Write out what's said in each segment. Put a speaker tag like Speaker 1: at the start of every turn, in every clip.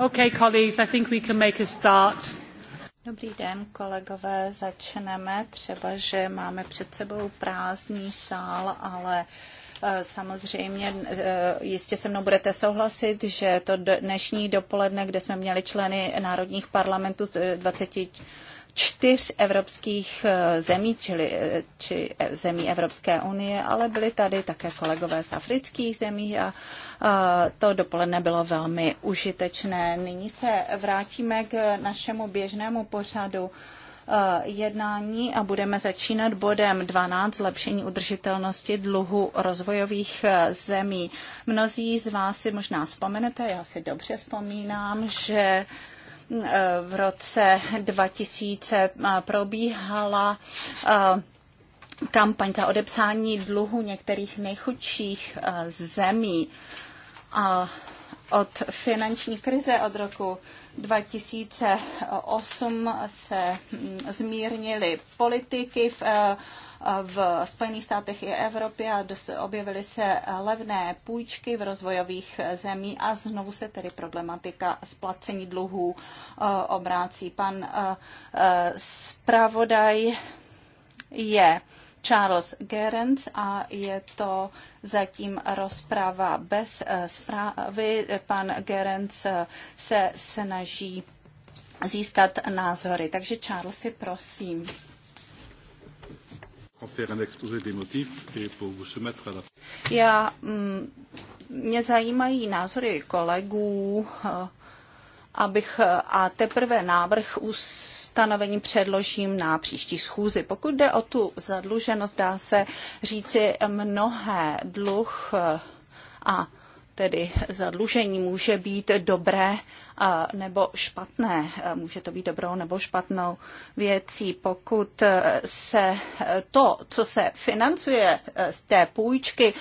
Speaker 1: Okay, colleagues, I think we can make a start. Dobrý den, kolegové, začneme. Třeba, že máme před sebou prázdný sál, ale eh, Samozřejmě eh, jistě se mnou budete souhlasit, že to dnešní dopoledne, kde jsme měli členy národních parlamentů z 20 eh, čtyř evropských eh, zemí, čili eh, či eh, zemí Evropské unie, ale byli tady také kolegové z afrických zemí a, a to dopoledne bylo velmi užitečné. Nyní se vrátíme k našemu běžnému pořadu jednání a budeme začínat bodem 12 zlepšení udržitelnosti dluhu rozvojových zemí. Mnozí z vás si možná vzpomenete, já si dobře vzpomínám, že v roce 2000 probíhala kampaň za odepsání dluhu některých nejchudších zemí. A od finanční krize od roku 2008 se mm, zmírnily politiky v v Spojených státech i Evropě a objevily se levné půjčky v rozvojových zemí a znovu se tedy problematika splacení dluhů eh, obrácí. Pan eh, eh, zpravodaj je Charles Gerens a je to zatím rozprava bez zprávy. Pan Gerens se snaží získat názory. Takže Charlesy, prosím. Já, mm, mě zajímají názory kolegů, eh, abych eh, a teprve návrh ustanovení předložím na příští schůzi. Pokud jde o tu zadluženost, dá se říci mnohé dluh eh, a tedy zadlužení může být dobré nebo špatné. E, může to být dobrou nebo špatnou věcí. Pokud e, se e, to, co se financuje z té půjčky,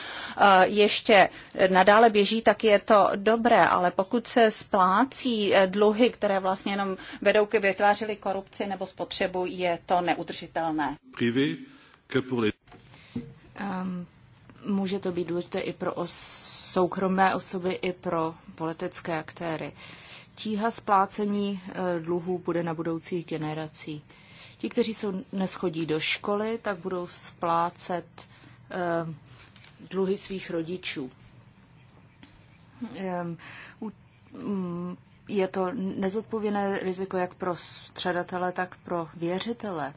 Speaker 1: ještě nadále běží, tak je to dobré, ale pokud se splácí dluhy, které vlastně jenom vedou k vytvářeli korupci nebo spotřebu, je
Speaker 2: to neudržitelné.
Speaker 1: Um,
Speaker 2: může to být důležité i pro os- soukromé osoby, i pro politické aktéry tíha splácení eh, dluhů bude na budoucích generací. Ti, kteří jsou neschodí do školy, tak budou splácet eh, dluhy svých rodičů. Ehm, mm, je to nezodpovědné riziko jak pro středatele, tak pro věřitele.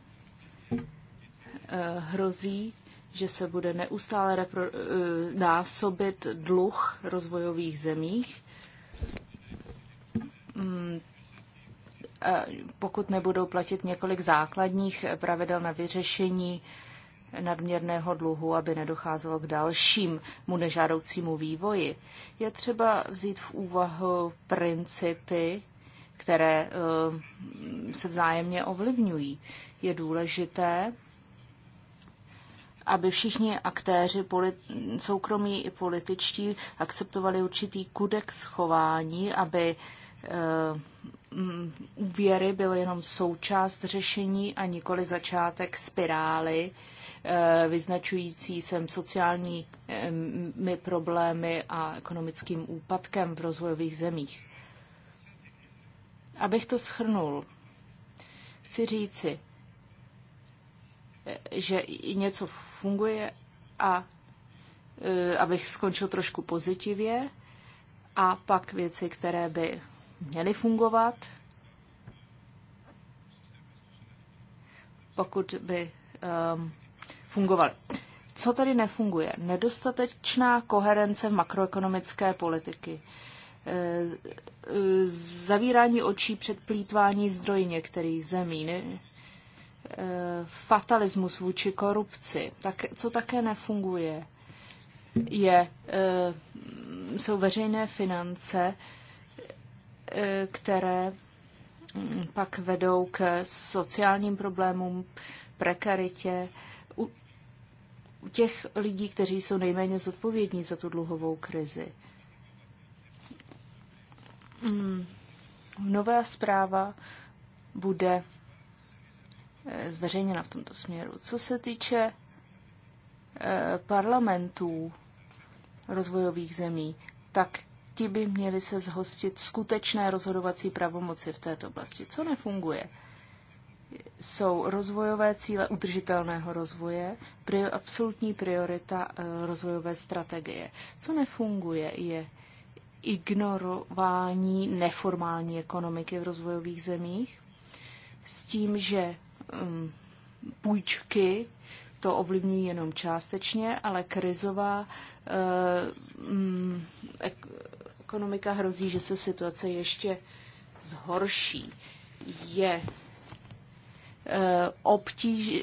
Speaker 2: Eh, hrozí, že se bude neustále repro- násobit dluh rozvojových zemích Mm, pokud nebudou platit několik základních pravidel na vyřešení nadměrného dluhu, aby nedocházelo k dalšímu nežádoucímu vývoji. Je třeba vzít v úvahu principy, které eh, se vzájemně ovlivňují. Je důležité, aby všichni aktéři, soukromí i političtí, akceptovali určitý kudex chování, aby Eh, mm, úvěry byly jenom součást řešení a nikoli začátek spirály, eh, vyznačující sem sociálními eh, problémy a ekonomickým úpadkem v rozvojových zemích. Abych to schrnul, chci říci, že něco funguje a abych skončil trošku pozitivně a pak věci, které by měly fungovat. Pokud by um, fungovaly. Co tady nefunguje? Nedostatečná koherence v makroekonomické politiky. Eh, zavírání očí před plítvání zdrojí některých zemí. Eh, fatalismus vůči korupci. Tak, co také nefunguje? je, eh, jsou veřejné finance které pak vedou k sociálním problémům, prekaritě u, u těch lidí, kteří jsou nejméně zodpovědní za tu dluhovou krizi. Hmm, nová zpráva bude eh, zveřejněna v tomto směru. Co se týče eh, parlamentů rozvojových zemí, tak ti by měli se zhostit skutečné rozhodovací pravomoci v této oblasti. Co nefunguje? Jsou rozvojové cíle udržitelného rozvoje, prior, absolutní priorita eh, rozvojové strategie. Co nefunguje, je ignorování neformální ekonomiky v rozvojových zemích s tím, že um, půjčky to ovlivňují jenom částečně, ale krizová um, ekonomika hrozí, že se situace ještě zhorší. Je e, obtíž,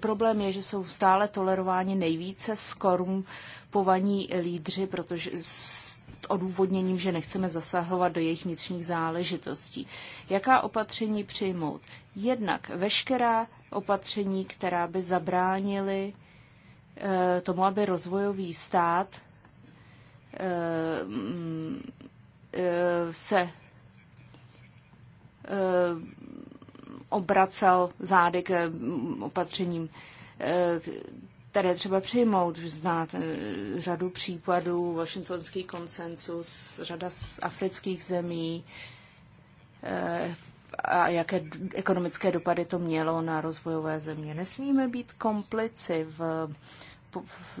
Speaker 2: problém je, že jsou stále tolerováni nejvíce skorumpovaní lídři, protože s odůvodněním, že nechceme zasahovat do jejich vnitřních záležitostí. Jaká opatření přijmout? Jednak veškerá opatření, která by zabránily e, tomu, aby rozvojový stát Eh, mm, eh, se eh, obracel zády k mm, opatřením, které třeba přijmout. Znát řadu případů, Washingtonský konsensus, řada z afrických zemí a jaké ekonomické dopady to mělo na rozvojové země. Nesmíme být komplici v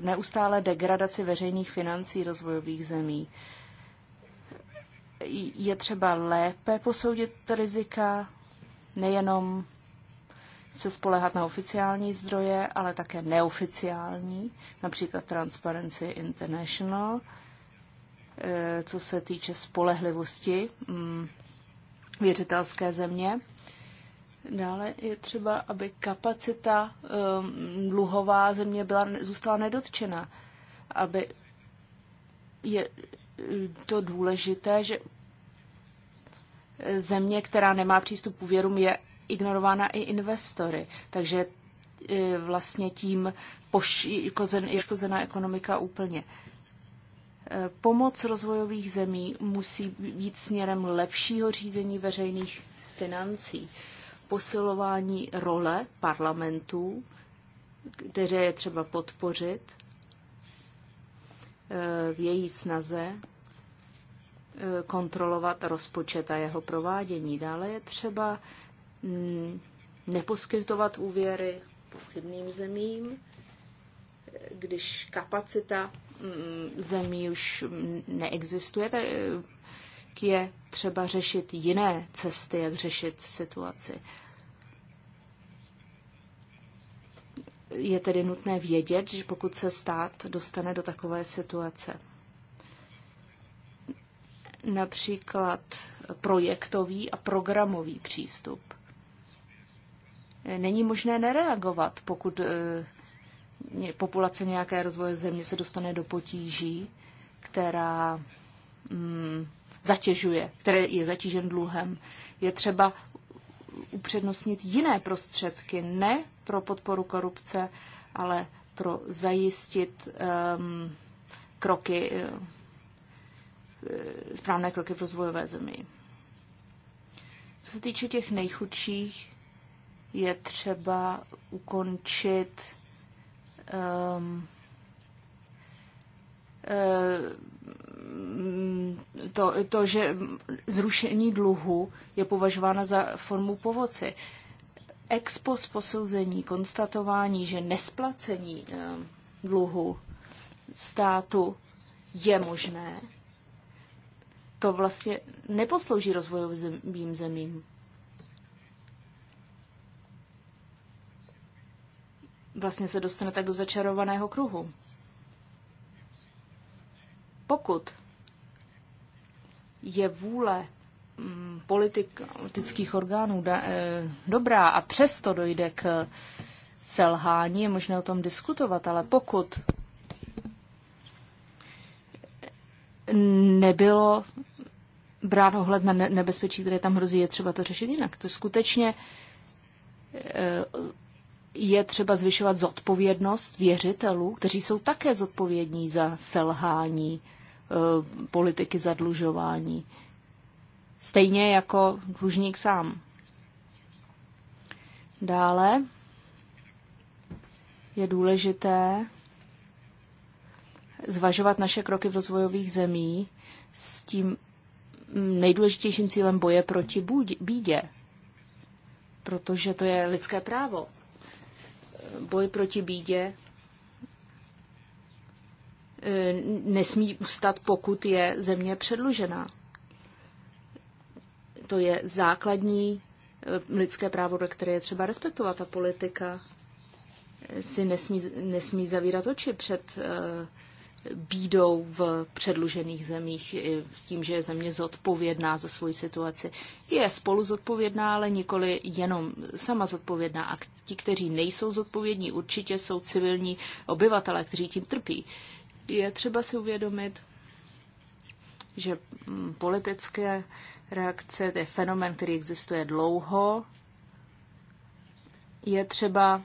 Speaker 2: neustále degradaci veřejných financí rozvojových zemí. Je třeba lépe posoudit rizika, nejenom se spolehat na oficiální zdroje, ale také neoficiální, například Transparency International, eh, co se týče spolehlivosti mm, věřitelské země. Dále je třeba, aby kapacita um, dluhová země byla, zůstala nedotčena. Aby je eh, to důležité, že země, která nemá přístup k úvěrům, je ignorována i investory. Takže eh, vlastně tím poškozená ekonomika úplně. Eh, pomoc rozvojových zemí musí být směrem lepšího řízení veřejných financí posilování role parlamentů, které je třeba podpořit eh, v její snaze eh, kontrolovat rozpočet a jeho provádění. Dále je třeba mm, neposkytovat úvěry pochybným zemím, eh, když kapacita mm, zemí už neexistuje, je třeba řešit jiné cesty, jak řešit situaci. Je tedy nutné vědět, že pokud se stát dostane do takové situace. Například projektový a programový přístup. Není možné nereagovat, pokud eh, populace nějaké rozvoje země se dostane do potíží, která mm, zatěžuje, které je zatížen dluhem. Je třeba upřednostnit jiné prostředky, ne pro podporu korupce, ale pro zajistit um, kroky, eh, správné kroky v rozvojové zemi. Co se týče těch nejchudších, je třeba ukončit um, Mm, to, to, že zrušení dluhu je považována za formu povoci. Ex post posouzení, konstatování, že nesplacení eh, dluhu státu je možné, to vlastně neposlouží rozvojovým zemím. Vlastně se dostanete tak do začarovaného kruhu. Pokud je vůle mm, politických orgánů eh, dobrá a přesto dojde k selhání, je možné o tom diskutovat, ale pokud nebylo brát ohled na nebezpečí, které tam hrozí, je třeba to řešit jinak. To skutečně eh, je třeba zvyšovat zodpovědnost věřitelů, kteří jsou také zodpovědní za selhání Eh, politiky zadlužování. Stejně jako dlužník sám. Dále je důležité zvažovat naše kroky v rozvojových zemí s tím nejdůležitějším cílem boje proti bídě, protože to je lidské právo. Boj proti bídě E, nesmí ustat, pokud je země předlužená. To je základní e, lidské právo, které je třeba respektovat. A politika si nesmí, nesmí zavírat oči před e, bídou v předlužených zemích s tím, že je země zodpovědná za svoji situaci. Je spolu zodpovědná, ale nikoli jenom sama zodpovědná. A ti, kteří nejsou zodpovědní, určitě jsou civilní obyvatele, kteří tím trpí. Uh, je třeba si uvědomit, že mm, politické reakce je fenomen, který existuje dlouho. Je třeba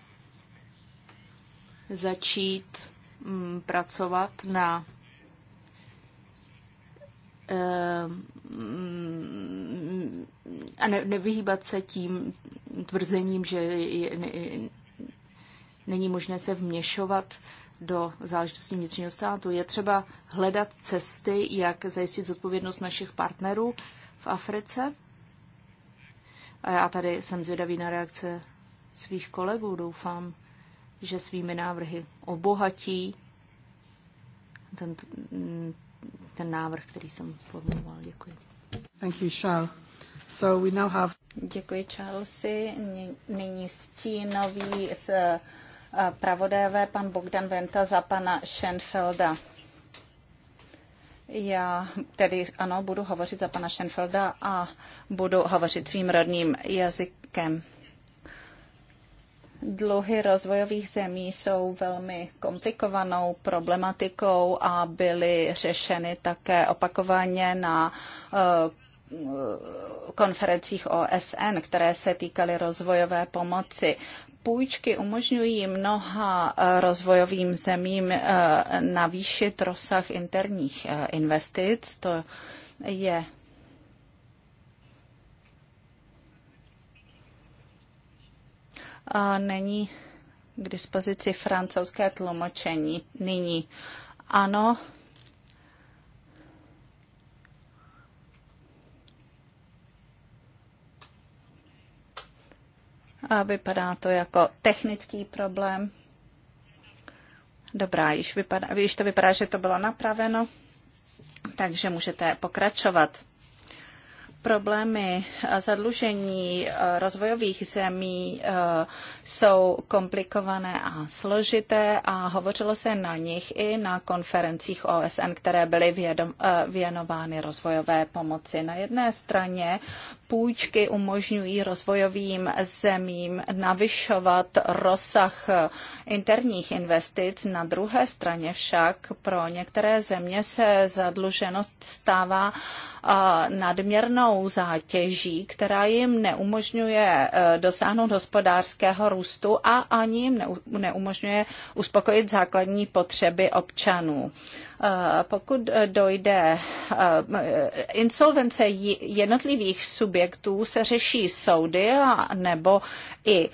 Speaker 2: začít mm, pracovat na eh, mm, a ne, nevyhýbat se tím tvrzením, že je, ne, není možné se vměšovat do záležitostí vnitřního státu. Je třeba hledat cesty, jak zajistit zodpovědnost našich partnerů v Africe. A já tady jsem zvědavý na reakce svých kolegů. Doufám, že svými návrhy obohatí ten, ten návrh, který jsem formuloval. Děkuji.
Speaker 1: Thank you, Charles. So we now have... Děkuji, Charlesi. Nyní stínový s pravodajové, pan Bogdan Venta za pana Schenfelda. Já tedy ano, budu hovořit za pana Schenfelda a budu hovořit svým rodným jazykem. Dluhy rozvojových zemí jsou velmi komplikovanou problematikou a byly řešeny také opakovaně na eh, konferencích OSN, které se týkaly rozvojové pomoci půjčky umožňují mnoha eh, rozvojovým zemím eh, navýšit rozsah interních eh, investic. To je není k dispozici francouzské tlumočení nyní. Ano, A vypadá to jako technický problém. Dobrá, již, vypadá, již to vypadá, že to bylo napraveno, takže můžete pokračovat problémy zadlužení eh, rozvojových zemí eh, jsou komplikované a složité a hovořilo se na nich i na konferencích OSN, které byly eh, věnovány rozvojové pomoci. Na jedné straně půjčky umožňují rozvojovým zemím navyšovat rozsah interních investic. Na druhé straně však pro některé země se zadluženost stává nadměrnou zátěží, která jim neumožňuje e, dosáhnout hospodářského růstu a ani jim neumožňuje uspokojit základní potřeby občanů. Eh, pokud eh, dojde eh, insolvence jednotlivých subjektů, se řeší soudy a nebo i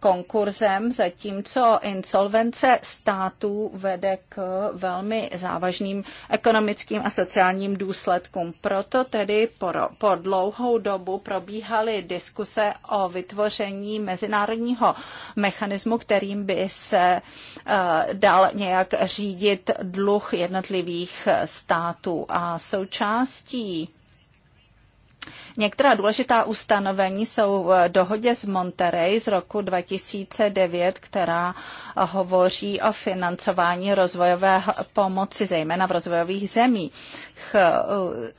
Speaker 1: konkurzem, zatímco insolvence států vede k velmi závažným ekonomickým a sociálním důsledkům. Proto tedy po, po dlouhou dobu probíhaly diskuse o vytvoření mezinárodního mechanismu, kterým by se dal nějak řídit dluh jednotlivých států a součástí Některá důležitá ustanovení jsou v dohodě z Monterey z roku 2009, která hovoří o financování rozvojové pomoci, zejména v rozvojových zemích. Eh, eh,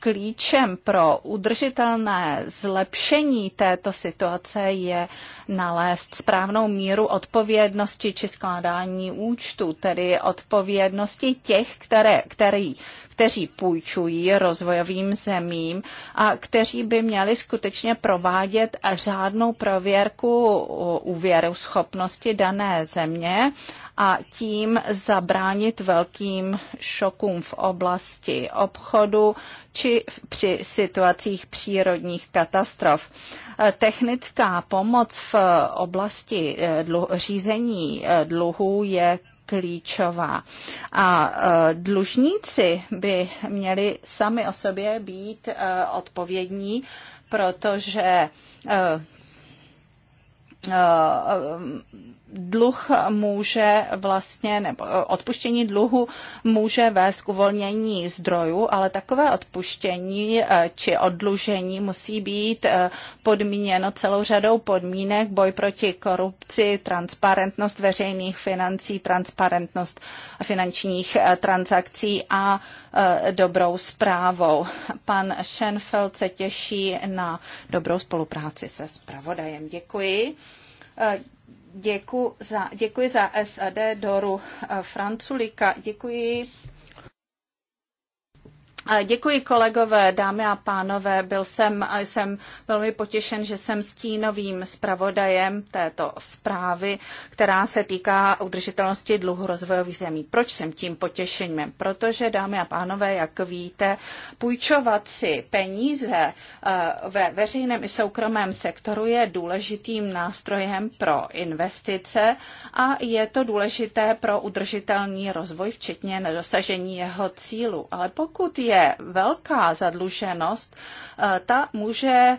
Speaker 1: klíčem pro udržitelné zlepšení této situace je nalézt správnou míru odpovědnosti či skládání účtu, tedy odpovědnosti těch, které, který kteří půjčují rozvojovým zemím a kteří by měli skutečně provádět řádnou prověrku úvěru schopnosti dané země a tím zabránit velkým šokům v oblasti obchodu či při situacích přírodních katastrof. Eh, technická pomoc v eh, oblasti eh, řízení dluhů je klíčová. A dlužníci by měli sami o sobě být odpovědní, protože dluh může vlastně, nebo e, odpuštění dluhu může vést k uvolnění zdrojů, ale takové odpuštění e, či odlužení musí být e, podmíněno celou řadou podmínek, boj proti korupci, transparentnost veřejných financí, transparentnost finančních transakcí a dobrou zprávou. Pan Schenfeld se těší na dobrou spolupráci se spravodajem. Děkuji. Děkuji za, děkuji za SAD Doru eh, Franculika. Děkuji Děkuji kolegové, dámy a pánové. Byl jsem, jsem velmi potěšen, že jsem stínovým zpravodajem této zprávy, která se týká udržitelnosti dluhu rozvojových zemí. Proč jsem tím potěšením? Protože, dámy a pánové, jak víte, půjčovat si peníze eh, ve veřejném i soukromém sektoru je důležitým nástrojem pro investice a je to důležité pro udržitelný rozvoj, včetně nedosažení jeho cílu. Ale pokud je je velká zadluženost, eh, ta může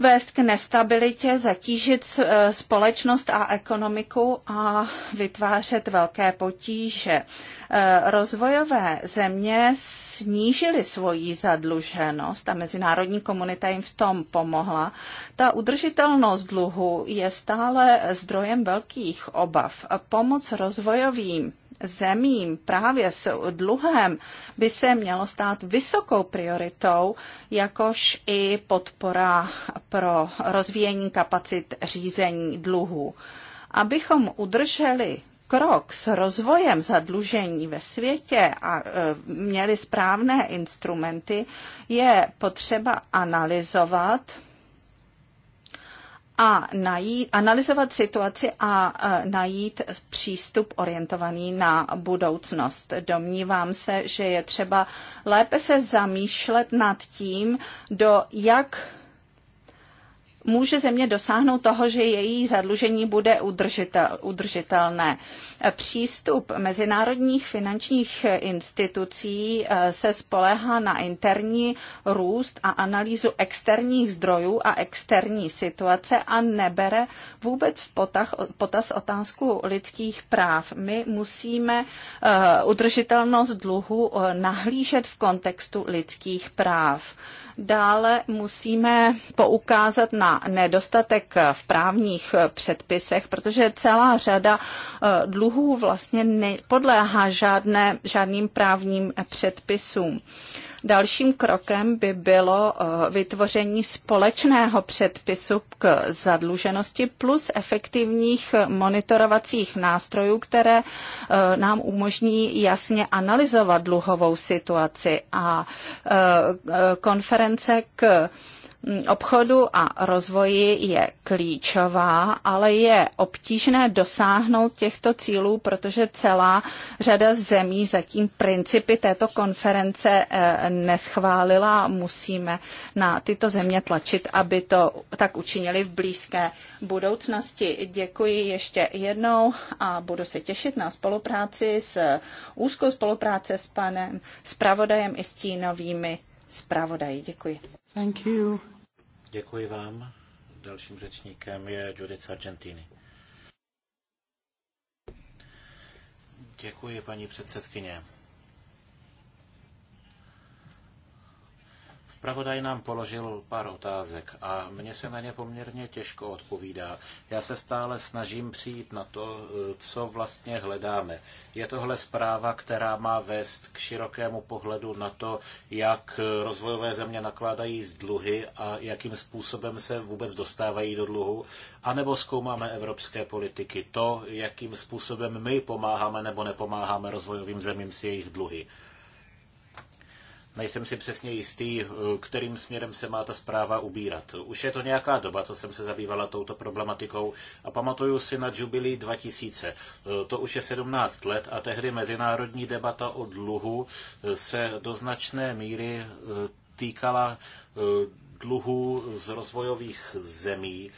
Speaker 1: vést k nestabilitě, zatížit eh, společnost a ekonomiku a vytvářet velké potíže. Eh, rozvojové země snížily svoji zadluženost a mezinárodní komunita jim v tom pomohla. Ta udržitelnost dluhu je stále zdrojem velkých obav. Pomoc rozvojovým zemím právě s dluhem by se mělo stát vysokou prioritou, jakož i podpora pro rozvíjení kapacit řízení dluhů. Abychom udrželi krok s rozvojem zadlužení ve světě a e, měli správné instrumenty, je potřeba analyzovat a najít, analyzovat situaci a najít přístup orientovaný na budoucnost. Domnívám se, že je třeba lépe se zamýšlet nad tím, do jak může země dosáhnout toho, že její zadlužení bude udržitel, udržitelné. Přístup mezinárodních finančních institucí eh, se spolehá na interní růst a analýzu externích zdrojů a externí situace a nebere vůbec v potah, potaz otázku lidských práv. My musíme eh, udržitelnost dluhu eh, nahlížet v kontextu lidských práv. Dále musíme poukázat na nedostatek v právních předpisech, protože celá řada eh, dluhů vlastně nepodléhá žádné, žádným právním předpisům. Dalším krokem by bylo eh, vytvoření společného předpisu k zadluženosti plus efektivních monitorovacích nástrojů, které eh, nám umožní jasně analyzovat dluhovou situaci a eh, konference k Mm, obchodu a rozvoji je klíčová, ale je obtížné dosáhnout těchto cílů, protože celá řada zemí zatím principy této konference eh, neschválila. Musíme na tyto země tlačit, aby to tak učinili v blízké budoucnosti. Děkuji ještě jednou a budu se těšit na spolupráci s úzkou spolupráce s panem zpravodajem i novými zpravodají. Děkuji.
Speaker 3: Thank you. Děkuji vám. Dalším řečníkem je Judith Argentini. Děkuji, paní předsedkyně. Spravodaj nám položil pár otázek a mně se na ně poměrně těžko odpovídá. Já se stále snažím přijít na to, eh, co vlastně hledáme. Je tohle zpráva, která má vést k širokému pohledu na to, jak eh, rozvojové země nakládají z dluhy a jakým způsobem se vůbec dostávají do dluhu, anebo zkoumáme evropské politiky, to, jakým způsobem my pomáháme nebo nepomáháme rozvojovým zemím s jejich dluhy. Nejsem si přesně jistý, eh, kterým směrem se má ta zpráva ubírat. Už je to nějaká doba, co jsem se zabývala touto problematikou a pamatuju si na Jubilee 2000. Eh, to už je 17 let a tehdy mezinárodní debata o dluhu eh, se do značné míry týkala dluhů z rozvojových zemí,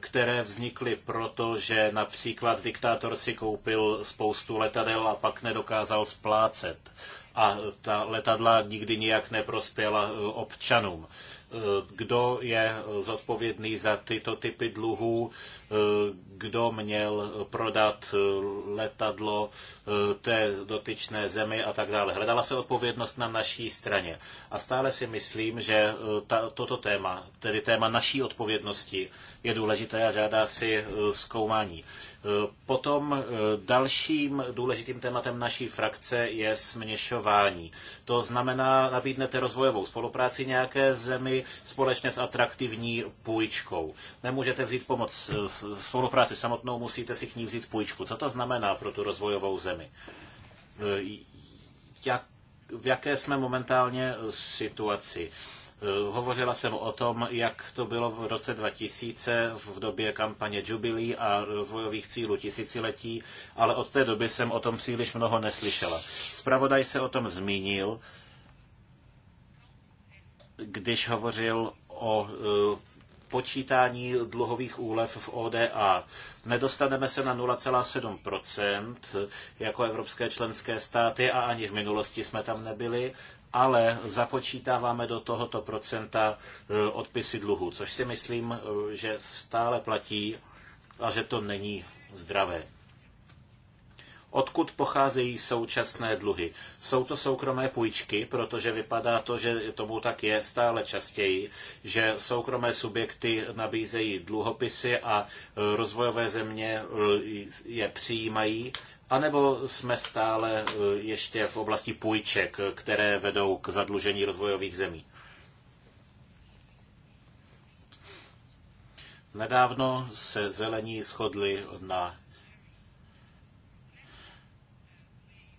Speaker 3: které vznikly proto, že například diktátor si koupil spoustu letadel a pak nedokázal splácet a ta letadla nikdy nijak neprospěla e, občanům. E, kdo je zodpovědný za tyto typy dluhů? E, kdo měl prodat letadlo té dotyčné zemi a tak dále? Hledala se odpovědnost na naší straně. A stále si myslím, že ta, toto téma, tedy téma naší odpovědnosti, je důležité a žádá si zkoumání. Potom eh, dalším důležitým tématem naší frakce je směšování. To znamená, nabídnete rozvojovou spolupráci nějaké zemi společně s atraktivní půjčkou. Nemůžete vzít pomoc eh, spolupráci samotnou, musíte si k ní vzít půjčku. Co to znamená pro tu rozvojovou zemi? Eh, jak, v jaké jsme momentálně situaci? Eh, hovořila jsem o tom, jak to bylo v roce 2000 v době kampaně Jubilee a rozvojových cílů tisíciletí, ale od té doby jsem o tom příliš mnoho neslyšela. Spravodaj se o tom zmínil, když hovořil o eh, počítání dluhových úlev v ODA. Nedostaneme se na 0,7% eh, jako evropské členské státy a ani v minulosti jsme tam nebyli ale započítáváme do tohoto procenta e, odpisy dluhu, což si myslím, e, že stále platí a že to není zdravé. Odkud pocházejí současné dluhy? Jsou to soukromé půjčky, protože vypadá to, že tomu tak je stále častěji, že soukromé subjekty nabízejí dluhopisy a e, rozvojové země je přijímají anebo jsme stále eh, ještě v oblasti půjček, které vedou k zadlužení rozvojových zemí? Nedávno se zelení shodli na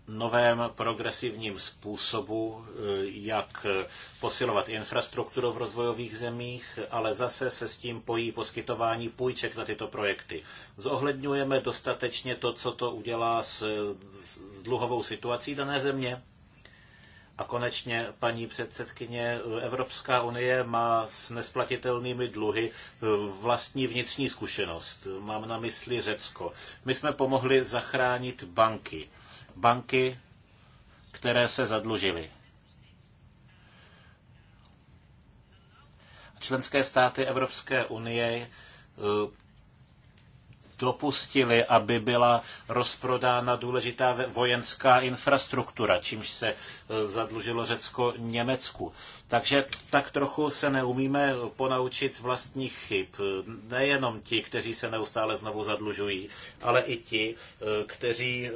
Speaker 3: novém progresivním způsobu, eh, jak posilovat infrastrukturu v rozvojových zemích, ale zase se s tím pojí poskytování půjček na tyto projekty. Zohledňujeme dostatečně to, co to udělá s, s dluhovou situací dané země? A konečně, paní předsedkyně, Evropská unie má s nesplatitelnými dluhy eh, vlastní vnitřní zkušenost. Mám na mysli Řecko. My jsme pomohli zachránit banky banky, které se zadlužily. Členské státy Evropské unie eh, dopustili, aby byla rozprodána důležitá vojenská infrastruktura, čímž se eh, zadlužilo Řecko Německu. Takže tak trochu se neumíme ponaučit z vlastních chyb. Nejenom ti, kteří se neustále znovu zadlužují, ale i ti, eh, kteří eh,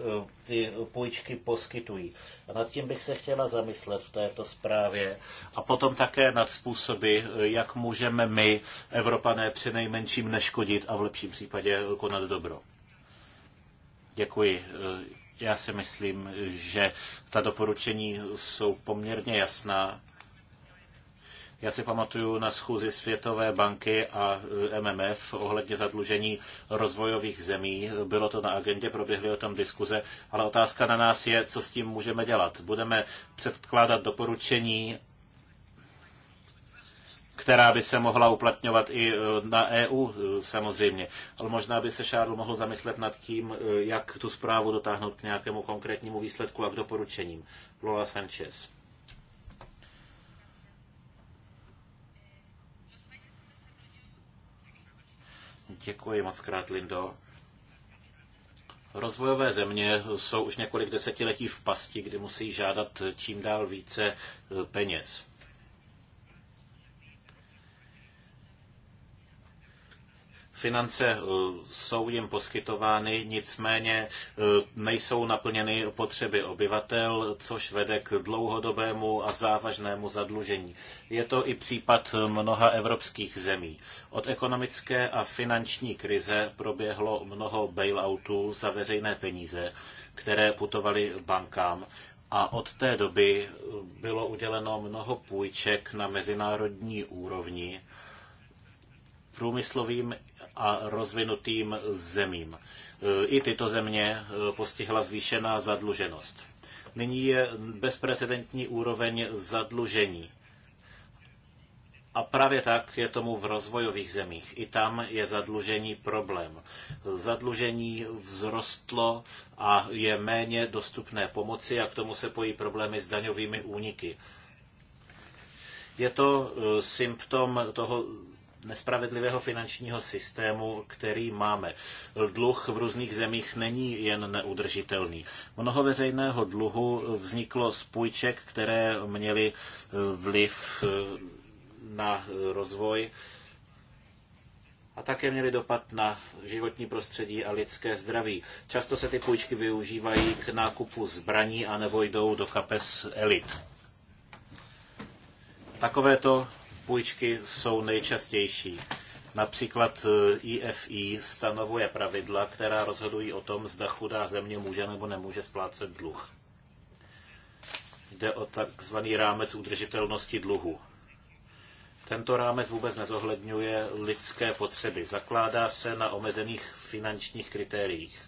Speaker 3: ty půjčky poskytují. A nad tím bych se chtěla zamyslet v této zprávě. A potom také nad způsoby, eh, jak můžeme my, Evropané, při nejmenším neškodit a v lepším případě konat dobro. Děkuji. Já si myslím, že ta doporučení jsou poměrně jasná já si pamatuju na schůzi Světové banky a e, MMF ohledně zadlužení rozvojových zemí. Bylo to na agendě, proběhly o tom diskuze, ale otázka na nás je, co s tím můžeme dělat. Budeme předkládat doporučení která by se mohla uplatňovat i e, na EU e, samozřejmě. Ale možná by se Šárl mohl zamyslet nad tím, jak tu zprávu dotáhnout k nějakému konkrétnímu výsledku a k doporučením. Lola Sanchez. Děkuji moc krát, Lindo. Rozvojové země jsou už několik desetiletí v pasti, kdy musí žádat čím dál více eh, peněz. Finance eh, jsou jim poskytovány, nicméně eh, nejsou naplněny potřeby obyvatel, což vede k dlouhodobému a závažnému zadlužení. Je to i případ mnoha evropských zemí. Od ekonomické a finanční krize proběhlo mnoho bailoutů za veřejné peníze, které putovaly bankám a od té doby eh, bylo uděleno mnoho půjček na mezinárodní úrovni průmyslovým a rozvinutým zemím. E, I tyto země e, postihla zvýšená zadluženost. Nyní je bezprecedentní úroveň zadlužení. A právě tak je tomu v rozvojových zemích. I tam je zadlužení problém. Zadlužení vzrostlo a je méně dostupné pomoci a k tomu se pojí problémy s daňovými úniky. Je to e, symptom toho nespravedlivého finančního systému, který máme. Dluh v různých zemích není jen neudržitelný. Mnoho veřejného dluhu vzniklo z půjček, které měly eh, vliv eh, na rozvoj a také měly dopad na životní prostředí a lidské zdraví. Často se ty půjčky využívají k nákupu zbraní a nebo jdou do kapes elit. Takovéto půjčky jsou nejčastější. Například IFI e, stanovuje pravidla, která rozhodují o tom, zda chudá země může nebo nemůže splácet dluh. Jde o takzvaný rámec udržitelnosti dluhu. Tento rámec vůbec nezohledňuje lidské potřeby. Zakládá se na omezených finančních kritériích.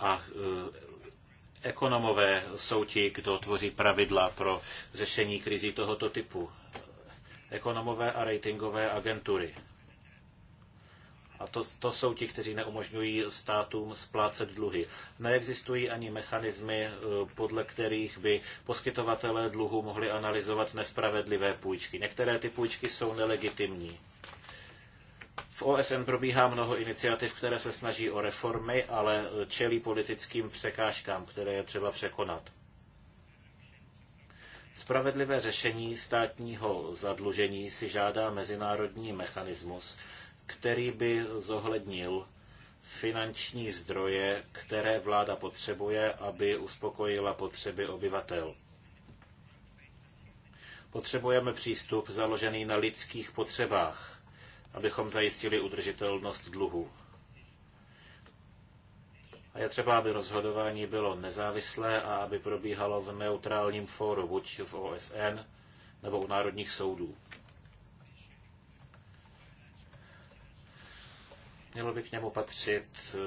Speaker 3: A e, ekonomové jsou ti, kdo tvoří pravidla pro řešení krizí tohoto typu. Ekonomové a ratingové agentury. A to, to jsou ti, kteří neumožňují státům splácet dluhy. Neexistují ani mechanismy, e, podle kterých by poskytovatelé dluhu mohli analyzovat nespravedlivé půjčky. Některé ty půjčky jsou nelegitimní. V OSN probíhá mnoho iniciativ, které se snaží o reformy, ale čelí politickým překážkám, které je třeba překonat. Spravedlivé řešení státního zadlužení si žádá mezinárodní mechanismus, který by zohlednil finanční zdroje, které vláda potřebuje, aby uspokojila potřeby obyvatel. Potřebujeme přístup založený na lidských potřebách abychom zajistili udržitelnost dluhu. A je třeba, aby rozhodování bylo nezávislé a aby probíhalo v neutrálním fóru, buď v OSN nebo u národních soudů. Mělo by k němu patřit eh,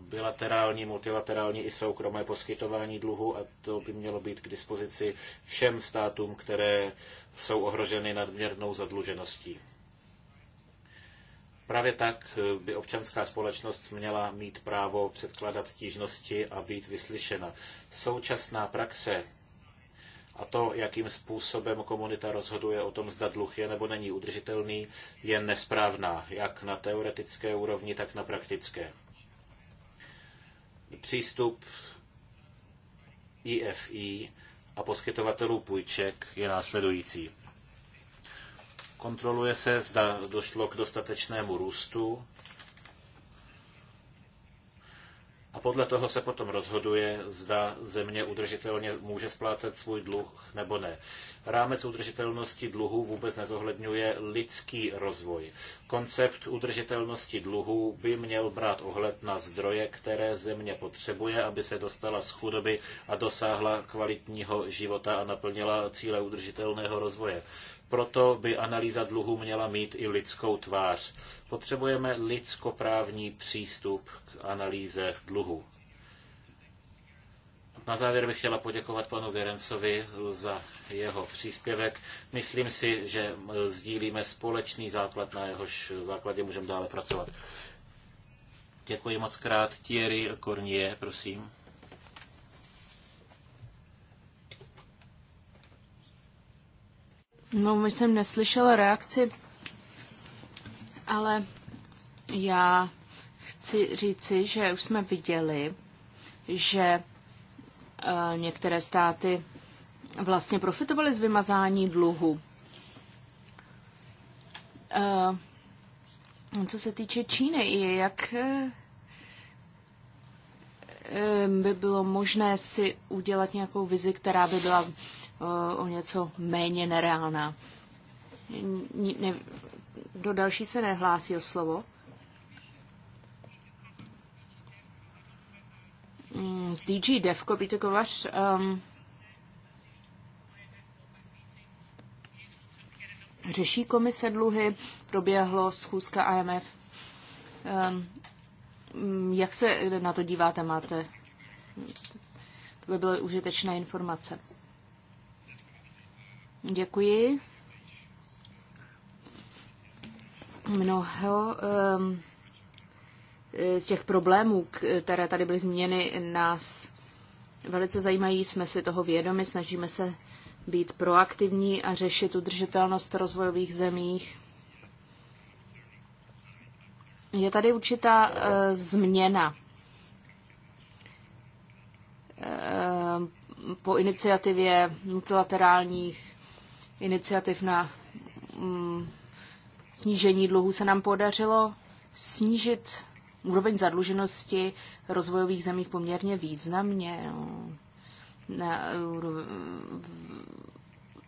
Speaker 3: bilaterální, multilaterální i soukromé poskytování dluhu a to by mělo být k dispozici všem státům, které jsou ohroženy nadměrnou zadlužeností. Právě tak by občanská společnost měla mít právo předkládat stížnosti a být vyslyšena. Současná praxe a to, jakým způsobem komunita rozhoduje o tom, zda dluh je nebo není udržitelný, je nesprávná, jak na teoretické úrovni, tak na praktické. Přístup IFI a poskytovatelů půjček je následující. Kontroluje se, zda došlo k dostatečnému růstu. A podle toho se potom rozhoduje, zda země udržitelně může splácet svůj dluh nebo ne. Rámec udržitelnosti dluhu vůbec nezohledňuje lidský rozvoj. Koncept udržitelnosti dluhu by měl brát ohled na zdroje, které země potřebuje, aby se dostala z chudoby a dosáhla kvalitního života a naplnila cíle udržitelného rozvoje. Proto by analýza dluhu měla mít i lidskou tvář. Potřebujeme lidskoprávní přístup k analýze dluhu. Na závěr bych chtěla poděkovat panu Gerencovi za jeho příspěvek. Myslím si, že sdílíme společný základ, na jehož základě můžeme dále pracovat. Děkuji moc krát. Thierry Cornier, prosím.
Speaker 2: No, my jsem neslyšela reakci, ale já chci říci, že už jsme viděli, že eh, některé státy vlastně profitovaly z vymazání dluhu. Eh, co se týče Číny, jak eh, by bylo možné si udělat nějakou vizi, která by byla Eh, o něco méně nereálná. do další se nehlásí o slovo. Mm, z DG Devko by to um, řeší komise dluhy, proběhlo schůzka IMF. Um, ehm, mm, jak se na to díváte? Máte? To by byly užitečné informace. Děkuji. Mnoho um, z těch problémů, které tady byly změny, nás velice zajímají, jsme si toho vědomi, snažíme se být proaktivní a řešit udržitelnost v rozvojových zemích. Je tady určitá uh, změna uh, po iniciativě multilaterálních iniciativ na mm, snížení dluhu se nám podařilo snížit úroveň zadluženosti rozvojových zemí poměrně významně. No, na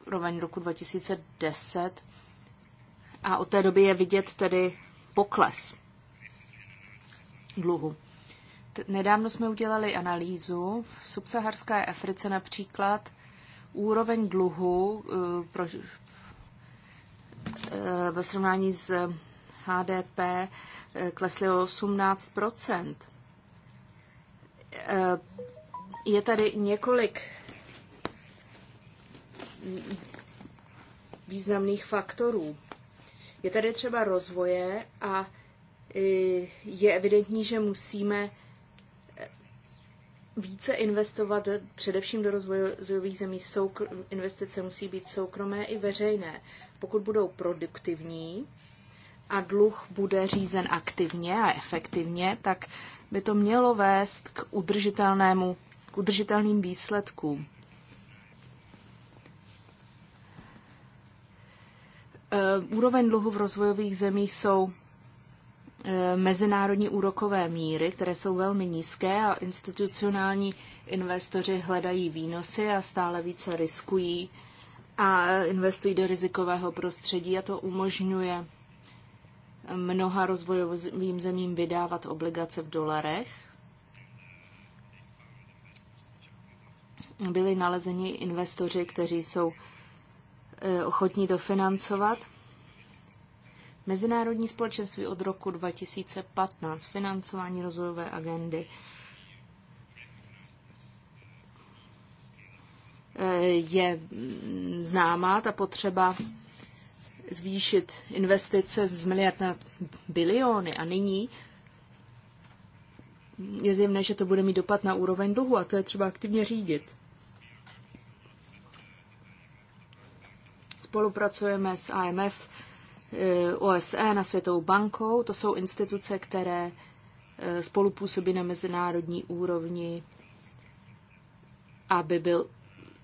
Speaker 2: úroveň roku 2010 a od té doby je vidět tedy pokles dluhu. Nedávno jsme udělali analýzu v subsaharské Africe například úroveň dluhu eh, pro, eh, ve srovnání s HDP eh, klesly o 18 Je tady několik významných faktorů. Je tady třeba rozvoje a je evidentní, že musíme více investovat především do rozvojových zemí. Soukr- investice musí být soukromé i veřejné. Pokud budou produktivní a dluh bude řízen aktivně a efektivně, tak by to mělo vést k udržitelnému, k udržitelným výsledkům. E, úroveň dluhu v rozvojových zemích jsou Eh, mezinárodní úrokové míry, které jsou velmi nízké a institucionální investoři hledají výnosy a stále více riskují a investují do rizikového prostředí a to umožňuje mnoha rozvojovým zemím vydávat obligace v dolarech. Byli nalezeni investoři, kteří jsou eh, ochotní to financovat – Mezinárodní společenství od roku 2015, financování rozvojové agendy. Eh, je známá ta potřeba zvýšit investice z miliard na biliony a nyní je zjemné, že to bude mít dopad na úroveň dluhu a to je třeba aktivně řídit. Spolupracujeme s IMF, Eh, OSN e a Světovou bankou. To jsou instituce, které eh, spolupůsobí na mezinárodní úrovni, aby byl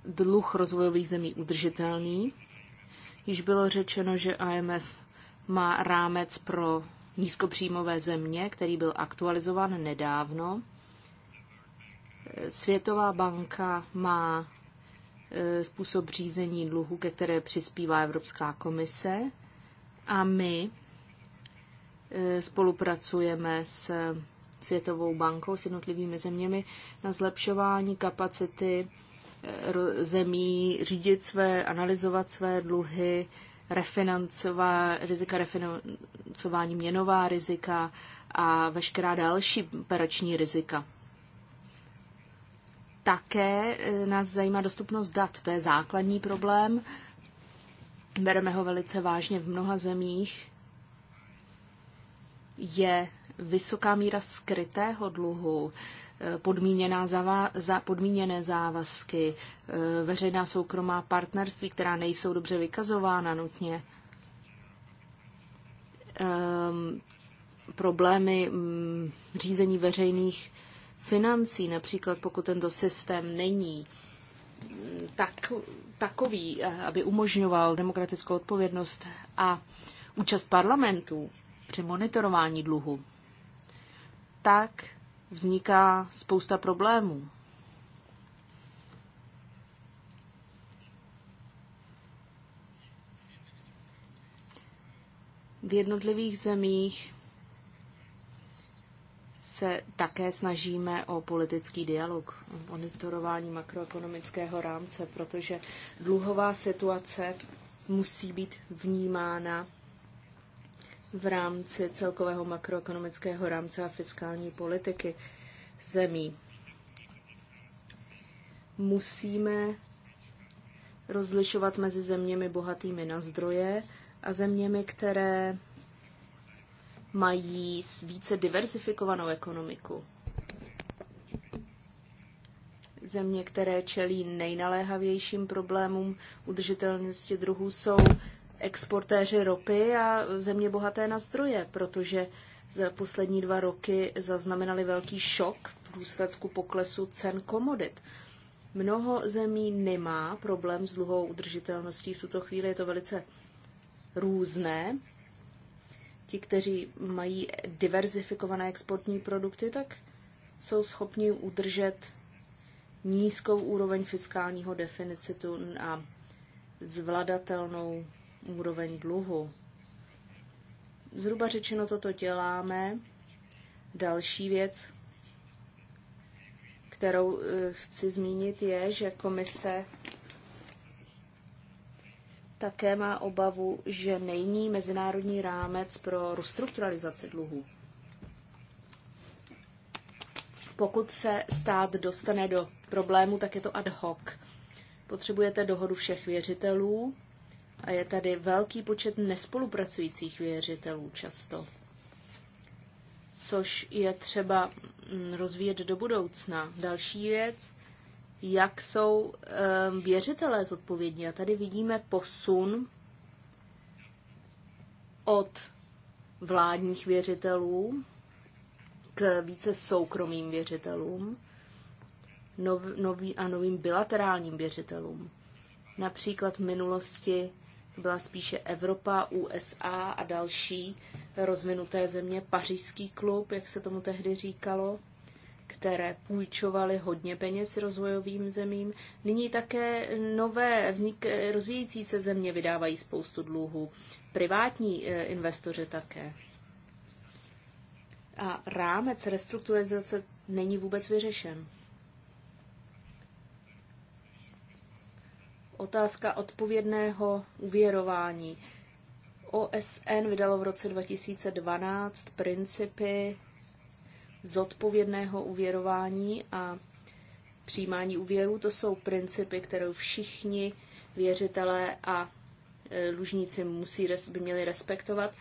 Speaker 2: dluh rozvojových zemí udržitelný. Již bylo řečeno, že IMF má rámec pro nízkopříjmové země, který byl aktualizován nedávno. Eh, Světová banka má způsob řízení dluhu, ke které přispívá Evropská komise. A my e, spolupracujeme s Světovou bankou, s jednotlivými zeměmi na zlepšování kapacity e, zemí řídit své, analyzovat své dluhy, refinancová, rizika refinancování, měnová rizika a veškerá další operační rizika. Také e, nás zajímá dostupnost dat, to je základní problém bereme ho velice vážně v mnoha zemích, je vysoká míra skrytého dluhu, eh, podmíněná zava, za, podmíněné závazky, eh, veřejná soukromá partnerství, která nejsou dobře vykazována nutně, um, problémy um, řízení veřejných financí, například pokud tento systém není tak, takový, eh, aby umožňoval demokratickou odpovědnost a účast parlamentů při monitorování dluhu, tak vzniká spousta problémů. V jednotlivých zemích se také snažíme o politický dialog, o monitorování makroekonomického rámce, protože dluhová situace musí být vnímána v rámci celkového makroekonomického rámce a fiskální politiky zemí. Musíme rozlišovat mezi zeměmi bohatými na zdroje a zeměmi, které mají více diversifikovanou ekonomiku. Země, které čelí nejnaléhavějším problémům udržitelnosti druhů, jsou exportéři ropy a země bohaté na zdroje, protože za poslední dva roky zaznamenali velký šok v důsledku poklesu cen komodit. Mnoho zemí nemá problém s dluhou udržitelností v tuto chvíli, je to velice různé ti, kteří mají diverzifikované exportní produkty, tak jsou schopni udržet nízkou úroveň fiskálního deficitu a zvladatelnou úroveň dluhu. Zhruba řečeno toto děláme. Další věc, kterou eh, chci zmínit, je, že komise také má obavu, že není mezinárodní rámec pro restrukturalizaci dluhů. Pokud se stát dostane do problému, tak je to ad hoc. Potřebujete dohodu všech věřitelů a je tady velký počet nespolupracujících věřitelů často, což je třeba mm, rozvíjet do budoucna. Další věc, jak jsou ehm, věřitelé zodpovědní. A tady vidíme posun od vládních věřitelů k více soukromým věřitelům nov, nový a novým bilaterálním věřitelům. Například v minulosti byla spíše Evropa, USA a další rozvinuté země, pařížský klub, jak se tomu tehdy říkalo, které půjčovaly hodně peněz rozvojovým zemím. Nyní také nové vznik, eh, rozvíjící se země vydávají spoustu dluhů. Privátní eh, investoři také. A rámec restrukturalizace není vůbec vyřešen. Otázka odpovědného uvěrování. OSN vydalo v roce 2012 principy zodpovědného uvěrování a přijímání úvěru. To jsou principy, které všichni věřitelé a e, dlužníci musí, by měli respektovat.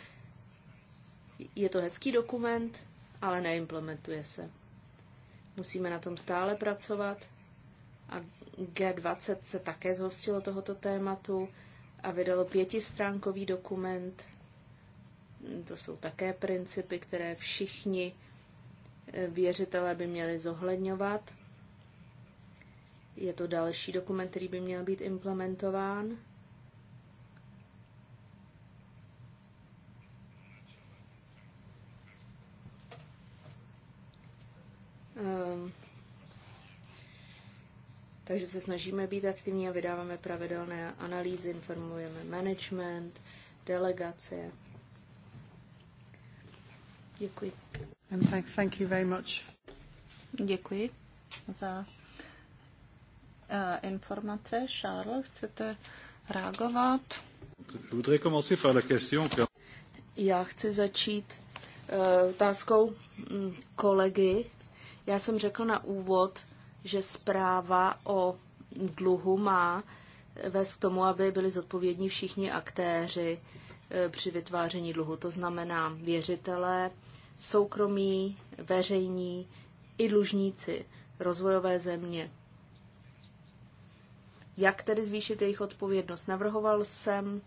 Speaker 2: Je to hezký dokument, ale neimplementuje se. Musíme na tom stále pracovat a G20 se také zhostilo tohoto tématu a vydalo pětistránkový dokument. To jsou také principy, které všichni věřitelé by měli zohledňovat. Je to další dokument, který by měl být implementován. Um, takže se snažíme být aktivní a vydáváme pravidelné analýzy, informujeme management, delegace. Děkuji. Děkuji
Speaker 1: za uh, informace. Charles, chcete reagovat?
Speaker 2: Já chci začít uh, otázkou mm, kolegy. Já jsem řekl na úvod, že zpráva o dluhu má vést k tomu, aby byli zodpovědní všichni aktéři eh, při vytváření dluhu, to znamená věřitelé, soukromí, veřejní i dlužníci, rozvojové země. Jak tedy zvýšit jejich odpovědnost? Navrhoval jsem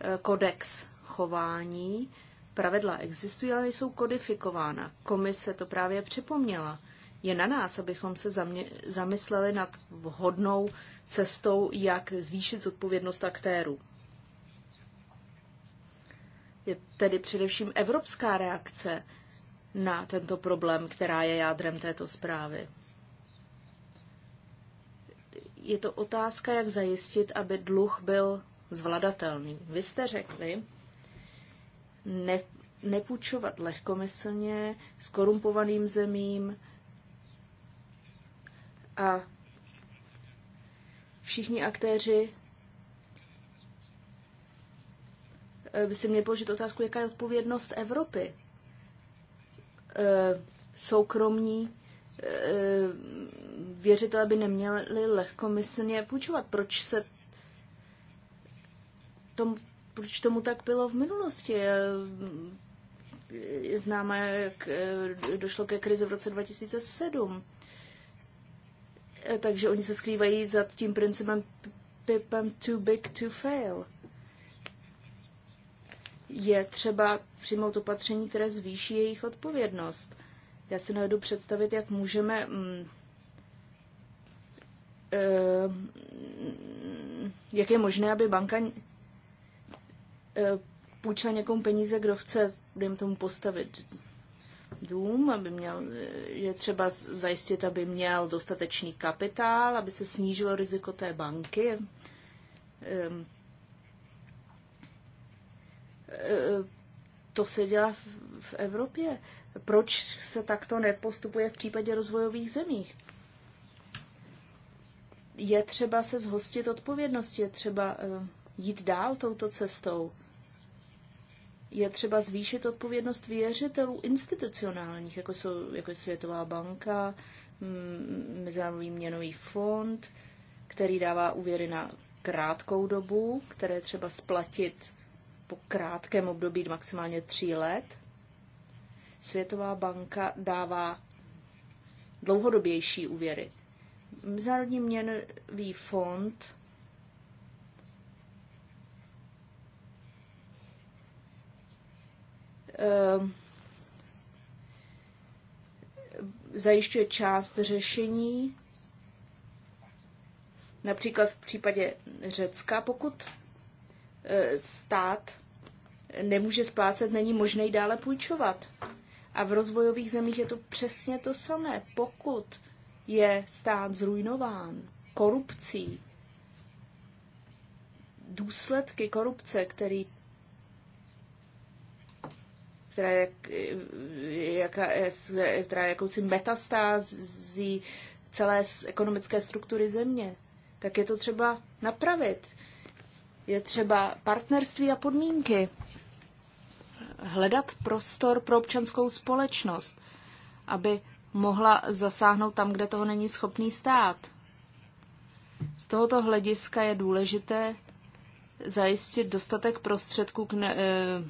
Speaker 2: eh, kodex chování. Pravidla existují, ale nejsou kodifikována. Komise to právě připomněla. Je na nás, abychom se zamě- zamysleli nad vhodnou cestou, jak zvýšit zodpovědnost aktérů. Je tedy především evropská reakce na tento problém, která je jádrem této zprávy. Je to otázka, jak zajistit, aby dluh byl zvladatelný. Vy jste řekli, ne, nepůjčovat lehkomyslně s korumpovaným zemím a všichni aktéři by si měli položit otázku, jaká je odpovědnost Evropy Eh, soukromní eh, věřitelé by neměli lehkomyslně půjčovat. Proč se tom, proč tomu tak bylo v minulosti? Eh, Známe, jak došlo ke krizi v roce 2007. Takže oni se skrývají za tím principem pipem too big to fail je třeba přijmout opatření, které zvýší jejich odpovědnost. Já si nevedu představit, jak můžeme mm, eh, jak je možné, aby banka eh, půjčila někomu peníze, kdo chce, dejme tomu, postavit dům, aby měl, eh, je třeba zajistit, aby měl dostatečný kapitál, aby se snížilo riziko té banky. Ehm, Eh, to se dělá v Evropě. Proč se takto nepostupuje v případě rozvojových zemích? Je třeba se zhostit odpovědnosti, je třeba eh, jít dál touto cestou. Je třeba zvýšit odpovědnost věřitelů institucionálních, jako, jsou, jako je Světová banka, mm, Mezinárodní měnový fond, který dává úvěry na krátkou dobu, které třeba splatit po krátkém období maximálně tří let. Světová banka dává dlouhodobější úvěry. Mezinárodní měnový fond eh, zajišťuje část řešení, například v případě Řecka, pokud E, stát nemůže splácet, není možné jí dále půjčovat. A v rozvojových zemích je to přesně to samé. Pokud je stát zrujnován korupcí, důsledky korupce, který která je, jaká, která je jakousi metastází celé ekonomické struktury země, tak je to třeba napravit. Je třeba partnerství a podmínky. Hledat prostor pro občanskou společnost, aby mohla zasáhnout tam, kde toho není schopný stát. Z tohoto hlediska je důležité zajistit dostatek prostředků, k ne, eh,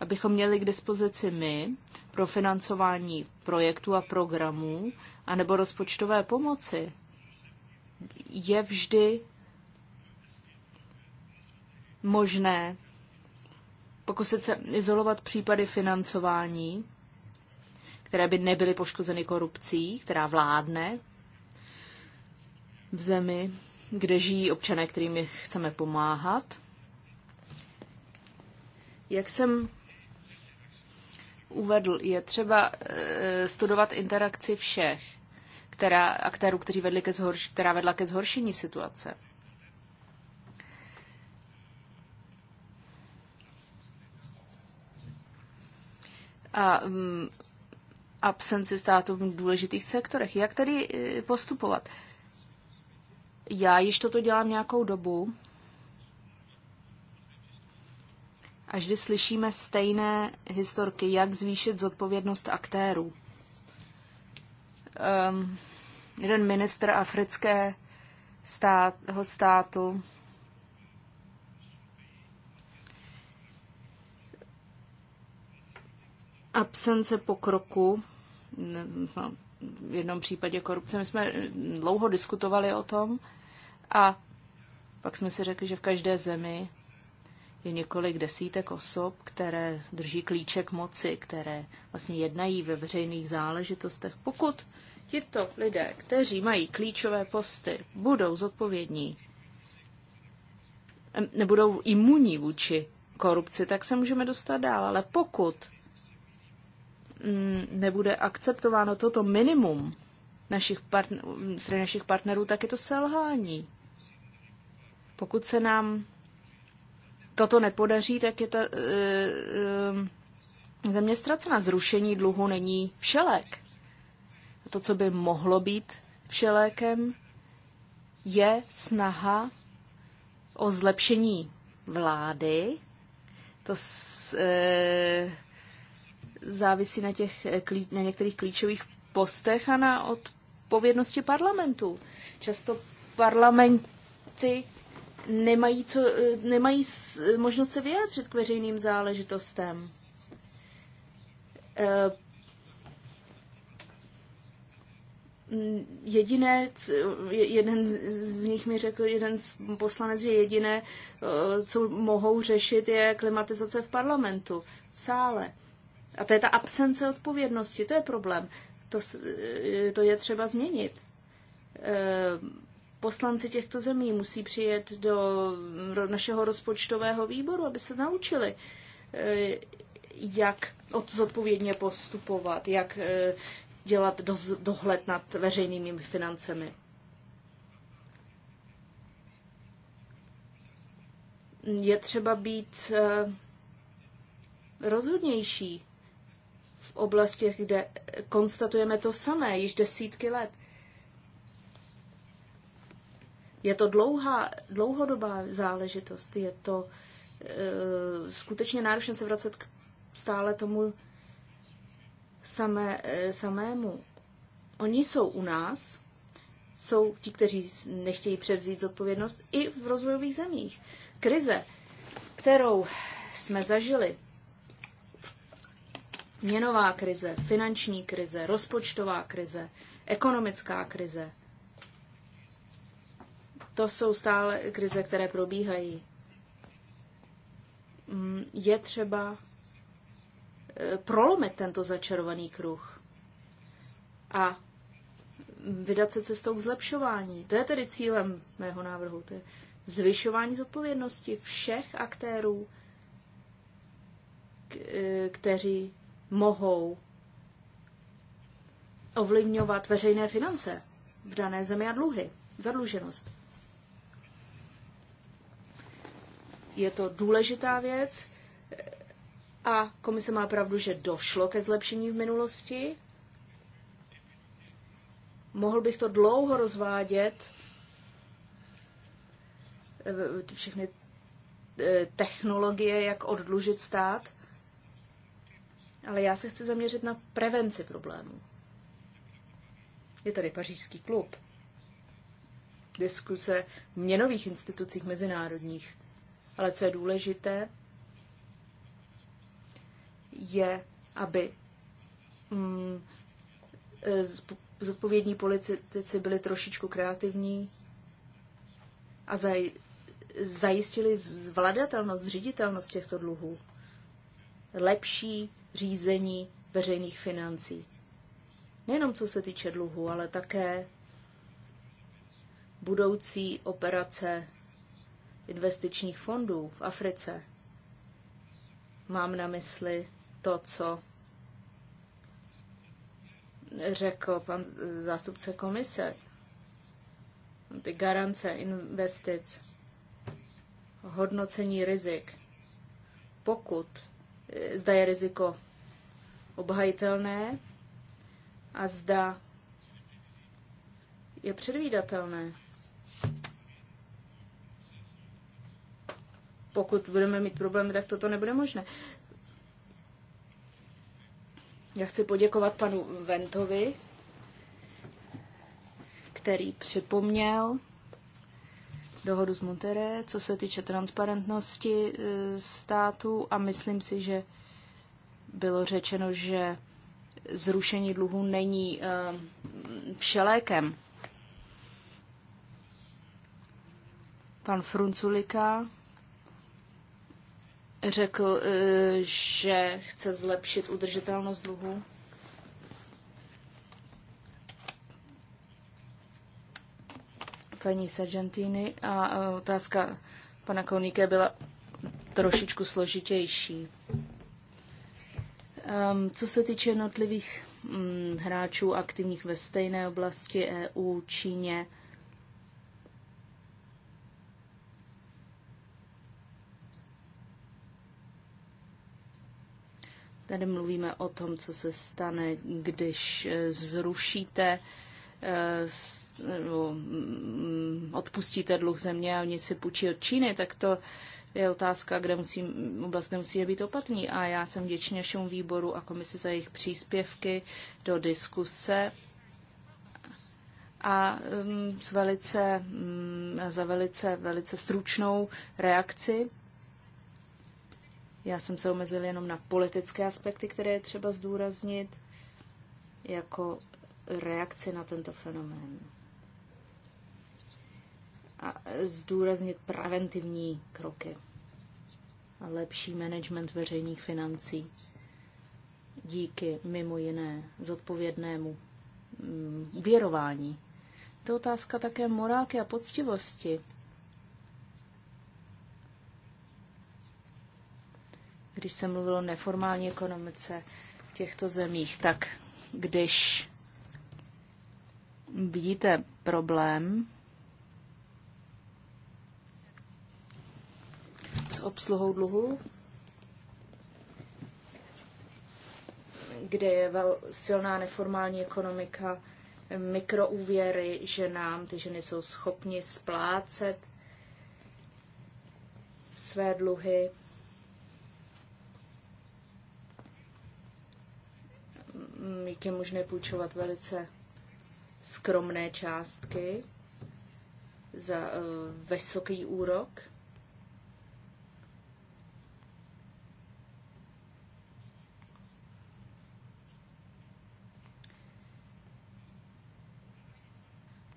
Speaker 2: abychom měli k dispozici my pro financování projektů a programů, anebo rozpočtové pomoci, je vždy možné pokusit se izolovat případy financování, které by nebyly poškozeny korupcí, která vládne v zemi, kde žijí občané, kterým chceme pomáhat. Jak jsem uvedl, je třeba eh, studovat interakci všech která, aktérů, kteří vedli ke zhorš- která vedla ke zhoršení situace. a mm, absenci státu v důležitých sektorech. Jak tedy e, postupovat? Já již toto dělám nějakou dobu a vždy slyšíme stejné historky, jak zvýšit zodpovědnost aktérů. Um, jeden minister afrického stát, státu absence pokroku, v jednom případě korupce, my jsme dlouho diskutovali o tom a pak jsme si řekli, že v každé zemi je několik desítek osob, které drží klíček moci, které vlastně jednají ve veřejných záležitostech. Pokud tito lidé, kteří mají klíčové posty, budou zodpovědní, nebudou imunní vůči korupci, tak se můžeme dostat dál. Ale pokud Mm, nebude akceptováno toto minimum našich partner, strany našich partnerů, tak je to selhání. Pokud se nám toto nepodaří, tak je ta e, e, země ztracena. Zrušení dluhu není všelek. A to, co by mohlo být všelékem, je snaha o zlepšení vlády, to s, e, závisí na, těch, na některých klíčových postech a na odpovědnosti parlamentu. Často parlamenty nemají, co, nemají možnost se vyjádřit k veřejným záležitostem. Eh, jediné, jeden z nich mi řekl, jeden z poslanec, že jediné, eh, co mohou řešit, je klimatizace v parlamentu, v sále a to je ta absence odpovědnosti, to je problém. To, e, to je třeba změnit. E, poslanci těchto zemí musí přijet do našeho rozpočtového výboru, aby se naučili, e, jak zodpovědně postupovat, jak dělat dohled nad veřejnými financemi. Je třeba být rozhodnější v oblastech, kde konstatujeme to samé již desítky let. Je to dlouhá, dlouhodobá záležitost, je to e, skutečně náročné se vracet k stále tomu samé, e, samému. Oni jsou u nás, jsou ti, kteří nechtějí převzít zodpovědnost i v rozvojových zemích. Krize, kterou jsme zažili, Měnová krize, finanční krize, rozpočtová krize, ekonomická krize. To jsou stále krize, které probíhají. Mm, je třeba eh, prolomit tento začarovaný kruh a vydat se cestou k zlepšování. To je tedy cílem mého návrhu. To je zvyšování zodpovědnosti všech aktérů, eh, kteří mohou ovlivňovat veřejné finance v dané zemi a dluhy, zadluženost. Je to důležitá věc a komise má pravdu, že došlo ke zlepšení v minulosti. Mohl bych to dlouho rozvádět, eh, všechny eh, technologie, jak oddlužit stát ale já se chci zaměřit na prevenci problémů. Je tady pařížský klub, diskuse v měnových institucích mezinárodních, ale co je důležité, je, aby mm, e, zodpovědní politici byli trošičku kreativní a zaj, zajistili zvladatelnost, ředitelnost těchto dluhů. Lepší řízení veřejných financí. Nejenom co se týče dluhu, ale také budoucí operace investičních fondů v Africe. Mám na mysli to, co řekl pan zástupce komise. Ty garance investic, hodnocení rizik. Pokud E, zda je riziko obhajitelné a zda je předvídatelné. Pokud budeme mít problémy, tak toto nebude možné. Já chci poděkovat panu Ventovi, který připomněl dohodu z Montere, co se týče transparentnosti e, státu a myslím si, že bylo řečeno, že zrušení dluhu není e, všelékem. Pan Frunculika řekl, e, že chce zlepšit udržitelnost dluhu. paní Sargentini a otázka pana Kouníka byla trošičku složitější. Um, co se týče jednotlivých um, hráčů aktivních ve stejné oblasti EU, Číně, Tady mluvíme o tom, co se stane, když e, zrušíte uh, Eh, mm, odpustíte dluh země a oni si půjčí od Číny, tak to je otázka, kde musím, oblast nemusí být opatrný. A já jsem vděčný našemu výboru a komisi za jejich příspěvky do diskuse a mm, s velice, mm, za velice, velice stručnou reakci. Já jsem se omezil jenom na politické aspekty, které je třeba zdůraznit, jako reakci na tento fenomén. A zdůraznit preventivní kroky a lepší management veřejných financí díky mimo jiné zodpovědnému mm, věrování. To je otázka také morálky a poctivosti. Když se mluvilo o neformální ekonomice v těchto zemích, tak když vidíte problém s obsluhou dluhu, kde je vel, silná neformální ekonomika, mikroúvěry ženám, ty ženy jsou schopni splácet své dluhy. Jak je možné půjčovat velice skromné částky za uh, vysoký úrok.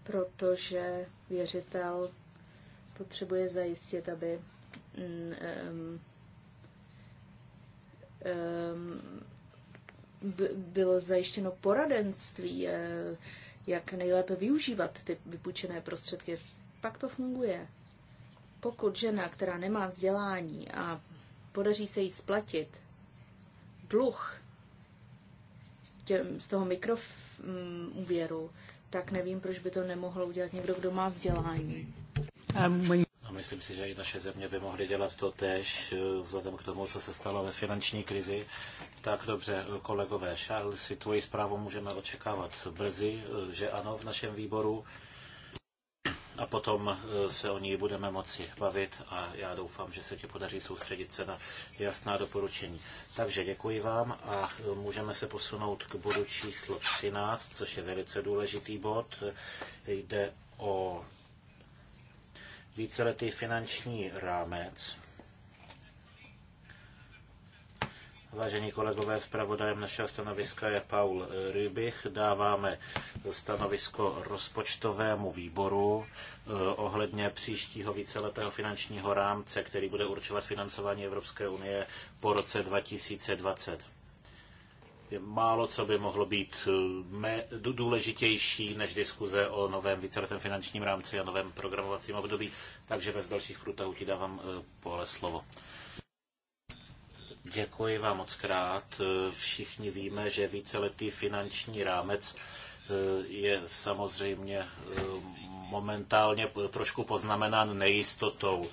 Speaker 2: Protože věřitel potřebuje zajistit, aby um, um, bylo zajištěno poradenství. Uh, jak nejlépe využívat ty vypůjčené prostředky. Pak to funguje. Pokud žena, která nemá vzdělání a podaří se jí splatit dluh těm, z toho mikroúvěru, mm, tak nevím, proč by to nemohl udělat někdo, kdo má vzdělání.
Speaker 3: Um, myslím si, že i naše země by mohly dělat to tež, eh, vzhledem k tomu, co se stalo ve finanční krizi. Tak dobře, eh, kolegové, Charles, si tvoji zprávu můžeme očekávat brzy, eh, že ano, v našem výboru. A potom se o ní budeme moci bavit a já doufám, že se ti podaří soustředit se na jasná doporučení. Takže děkuji vám a můžeme se posunout k bodu číslo 13, což je velice důležitý bod. Jde o víceletý finanční rámec. Vážení kolegové, zpravodajem našeho stanoviska je Paul Rybich. Dáváme stanovisko rozpočtovému výboru eh, ohledně příštího víceletého finančního rámce, který bude určovat financování Evropské unie po roce 2020 je málo co by mohlo být eh, důležitější než diskuze o novém víceletém finančním rámci a novém programovacím období, takže bez dalších průtahů ti dávám eh, pole slovo. Děkuji vám moc krát. Eh, všichni víme, že víceletý finanční rámec je samozřejmě momentálně trošku poznamenán nejistotou.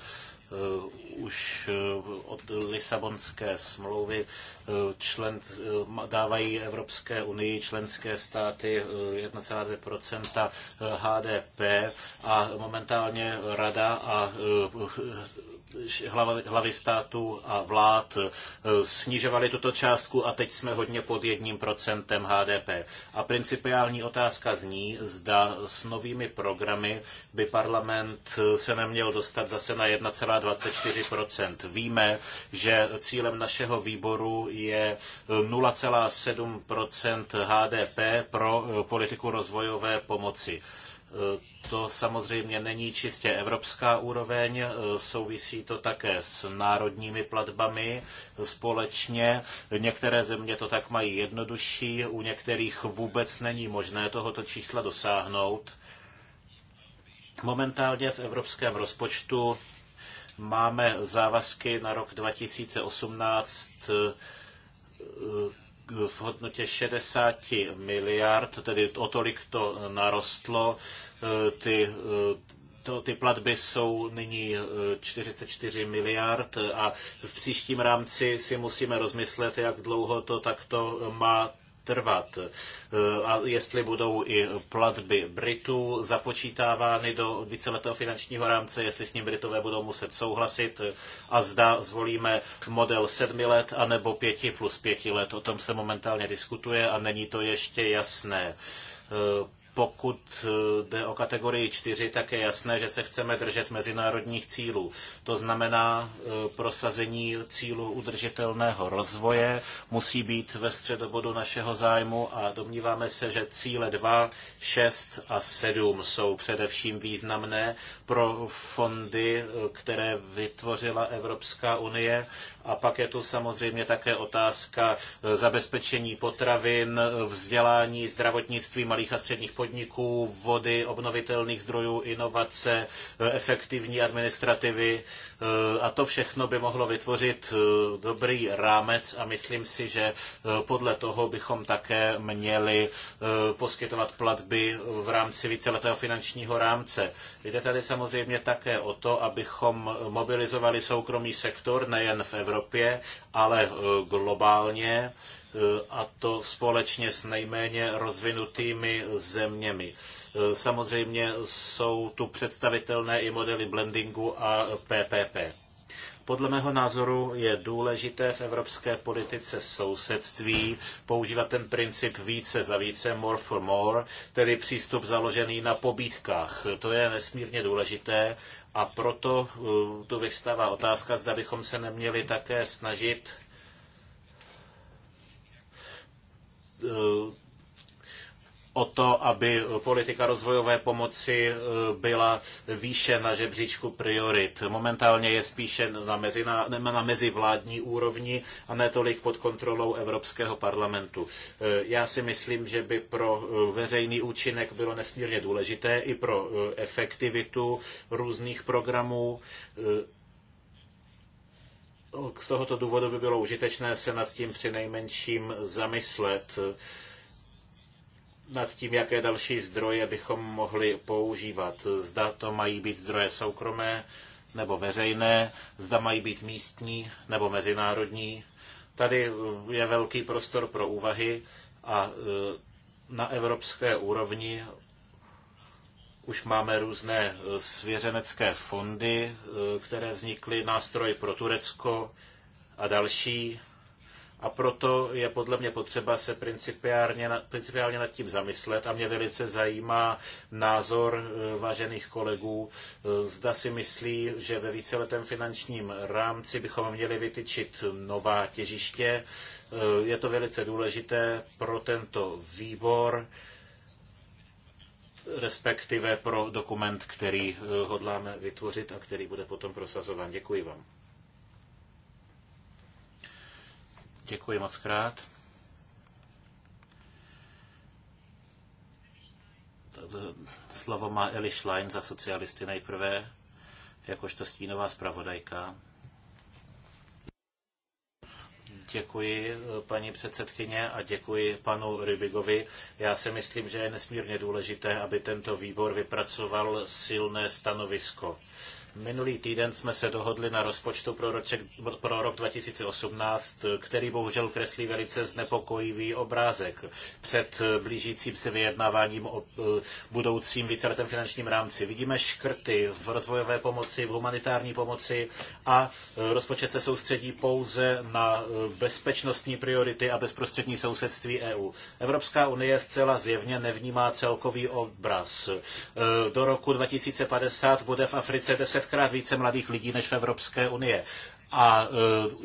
Speaker 3: Eh, už eh, od Lisabonské smlouvy eh, člen, dávají Evropské unii členské státy 1,2 HDP a momentálně Rada a hlavy států a vlád eh, snižovali tuto částku a teď jsme hodně pod jedním procentem HDP. A principiální otázka zní, zda s novými programy by parlament eh, se neměl dostat zase na 1,24%. Víme, že cílem našeho výboru je 0,7% eh, HDP pro politiku rozvojové pomoci to samozřejmě není čistě evropská úroveň, e, souvisí to také s národními platbami společně. Některé země to tak mají jednodušší, u některých vůbec není možné tohoto čísla dosáhnout. Momentálně v evropském rozpočtu máme závazky na rok 2018 e, v hodnotě 60 miliard, tedy o tolik to narostlo. E, ty e, to, ty platby jsou nyní 44 e, miliard a v příštím rámci si musíme rozmyslet, jak dlouho to takto má trvat e, a jestli budou i platby Britů započítávány do víceletého finančního rámce, jestli s ním Britové budou muset souhlasit e, a zda zvolíme model sedmi let anebo pěti plus pěti let. O tom se momentálně diskutuje a není to ještě jasné e, pokud eh, jde o kategorii 4, tak je jasné, že se chceme držet mezinárodních cílů. To znamená, eh, prosazení cílu udržitelného rozvoje musí být ve středobodu našeho zájmu a domníváme se, že cíle 2, 6 a 7 jsou především významné pro fondy, eh, které vytvořila Evropská unie a pak je tu samozřejmě také otázka e, zabezpečení potravin, e, vzdělání, zdravotnictví malých a středních podniků, vody, obnovitelných zdrojů, inovace, e, efektivní administrativy. A to všechno by mohlo vytvořit dobrý rámec a myslím si, že podle toho bychom také měli poskytovat platby v rámci víceletého finančního rámce. Jde tady samozřejmě také o to, abychom mobilizovali soukromý sektor nejen v Evropě, Evropě, ale eh, globálně eh, a to společně s nejméně rozvinutými zeměmi. Eh, samozřejmě jsou tu představitelné i modely blendingu a PPP. Podle mého názoru je důležité v evropské politice sousedství používat ten princip více za více, more for more, tedy přístup založený na pobídkách. To je nesmírně důležité a proto eh, tu vyvstává otázka, zda bychom se neměli také snažit eh, o to, aby politika rozvojové pomoci e, byla výše na žebříčku priorit. Momentálně je spíše na, mezi, na, na mezivládní úrovni a ne tolik pod kontrolou Evropského parlamentu. E, já si myslím, že by pro e, veřejný účinek bylo nesmírně důležité i pro efektivitu různých programů z tohoto důvodu by bylo užitečné se nad tím přinejmenším zamyslet nad tím, jaké další zdroje bychom mohli používat. Zda to mají být zdroje soukromé nebo veřejné, zda mají být místní nebo mezinárodní. Tady je velký prostor pro úvahy a e, na evropské úrovni už máme různé e, svěřenecké fondy, e, které vznikly, nástroj pro Turecko a další. A proto je podle mě potřeba se principiálně, principiálně nad tím zamyslet a mě velice zajímá názor e, vážených kolegů. E, zda si myslí, že ve víceletém finančním rámci bychom měli vytyčit nová těžiště. E, je to velice důležité pro tento výbor respektive pro dokument, který hodláme vytvořit a který bude potom prosazován. Děkuji vám. Děkuji moc krát. Slovo má Eli Schlein za socialisty nejprve, jakožto stínová zpravodajka. Děkuji paní předsedkyně a děkuji panu Rybigovi. Já si myslím, že je nesmírně důležité, aby tento výbor vypracoval silné stanovisko Minulý týden jsme se dohodli na rozpočtu pro, roček, pro rok 2018, který bohužel kreslí velice znepokojivý obrázek před blížícím se vyjednáváním o e, budoucím víceletém finančním rámci. Vidíme škrty v rozvojové pomoci, v humanitární pomoci a e, rozpočet se soustředí pouze na e, bezpečnostní priority a bezprostřední sousedství EU. Evropská unie zcela zjevně nevnímá celkový obraz. Do roku 2050 bude v Africe 10 desetkrát více mladých lidí než v Evropské unie. A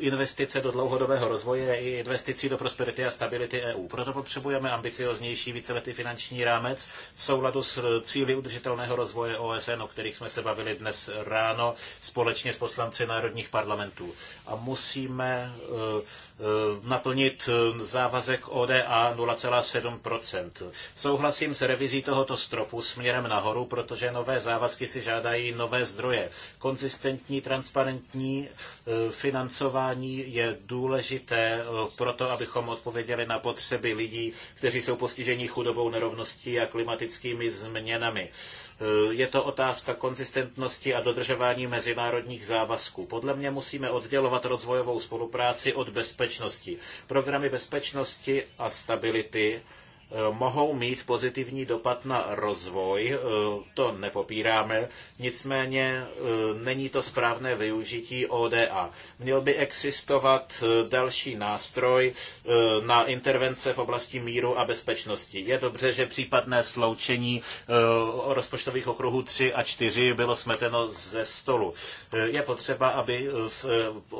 Speaker 3: e, investice do dlouhodobého rozvoje je i investicí do prosperity a stability EU. Proto potřebujeme ambicioznější víceletý finanční rámec v souladu s e, cíly udržitelného rozvoje OSN, o kterých jsme se bavili dnes ráno společně s poslanci národních parlamentů. A musíme e, naplnit závazek ODA 0,7 Souhlasím s revizí tohoto stropu směrem nahoru, protože nové závazky si žádají nové zdroje. Konzistentní, transparentní, Financování je důležité eh, pro to, abychom odpověděli na potřeby lidí, kteří jsou postiženi chudobou, nerovností a klimatickými změnami. Eh, je to otázka konzistentnosti a dodržování mezinárodních závazků. Podle mě musíme oddělovat rozvojovou spolupráci od bezpečnosti. Programy bezpečnosti a stability Eh, mohou mít pozitivní dopad na rozvoj, eh, to nepopíráme, nicméně eh, není to správné využití ODA. Měl by existovat další nástroj na intervence v oblasti míru a bezpečnosti. Je dobře, že případné sloučení rozpočtových okruhů 3 a 4 bylo smeteno ze stolu. Je potřeba, aby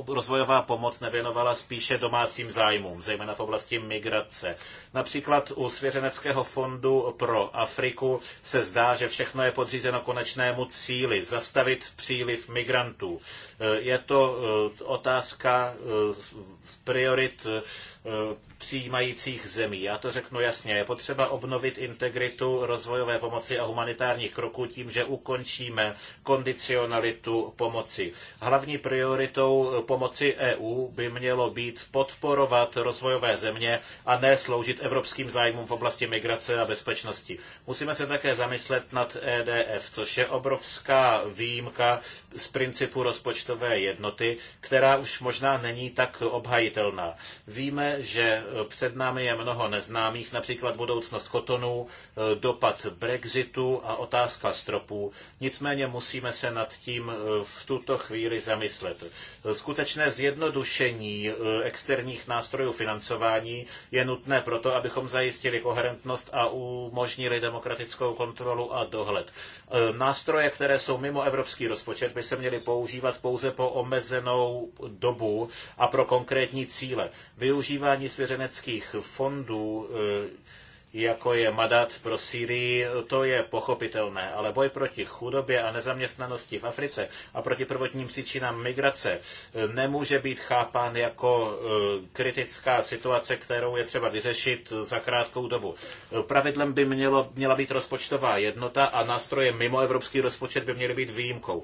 Speaker 3: rozvojová pomoc nevěnovala spíše domácím zájmům, zejména v oblasti migrace. Například u svěřeneckého fondu pro Afriku se zdá, že všechno je podřízeno konečnému cíli zastavit příliv migrantů. Eh, je to eh, otázka eh, priorit přijímajících zemí. Já to řeknu jasně. Je potřeba obnovit integritu rozvojové pomoci a humanitárních kroků tím, že ukončíme kondicionalitu pomoci. Hlavní prioritou pomoci EU by mělo být podporovat rozvojové země a ne sloužit evropským zájmům v oblasti migrace a bezpečnosti. Musíme se také zamyslet nad EDF, což je obrovská výjimka z principu rozpočtové jednoty, která už možná není tak obhajitelná. Víme, že před námi je mnoho neznámých, například budoucnost kotonů, eh, dopad Brexitu a otázka stropů. Nicméně musíme se nad tím eh, v tuto chvíli zamyslet. Skutečné zjednodušení eh, externích nástrojů financování je nutné proto, abychom zajistili koherentnost a umožnili demokratickou kontrolu a dohled. Nástroje, které jsou mimo evropský rozpočet, by se měly používat pouze po omezenou dobu a pro konkrétní cíle. Využívání svěřené svěřeneckých fondů eh, jako je Madat pro Sýrii, to je pochopitelné, ale boj proti chudobě a nezaměstnanosti v Africe a proti prvotním příčinám migrace e, nemůže být chápán jako e, kritická situace, kterou je třeba vyřešit za krátkou dobu. E, pravidlem by mělo, měla být rozpočtová jednota a nástroje mimo evropský rozpočet by měly být výjimkou.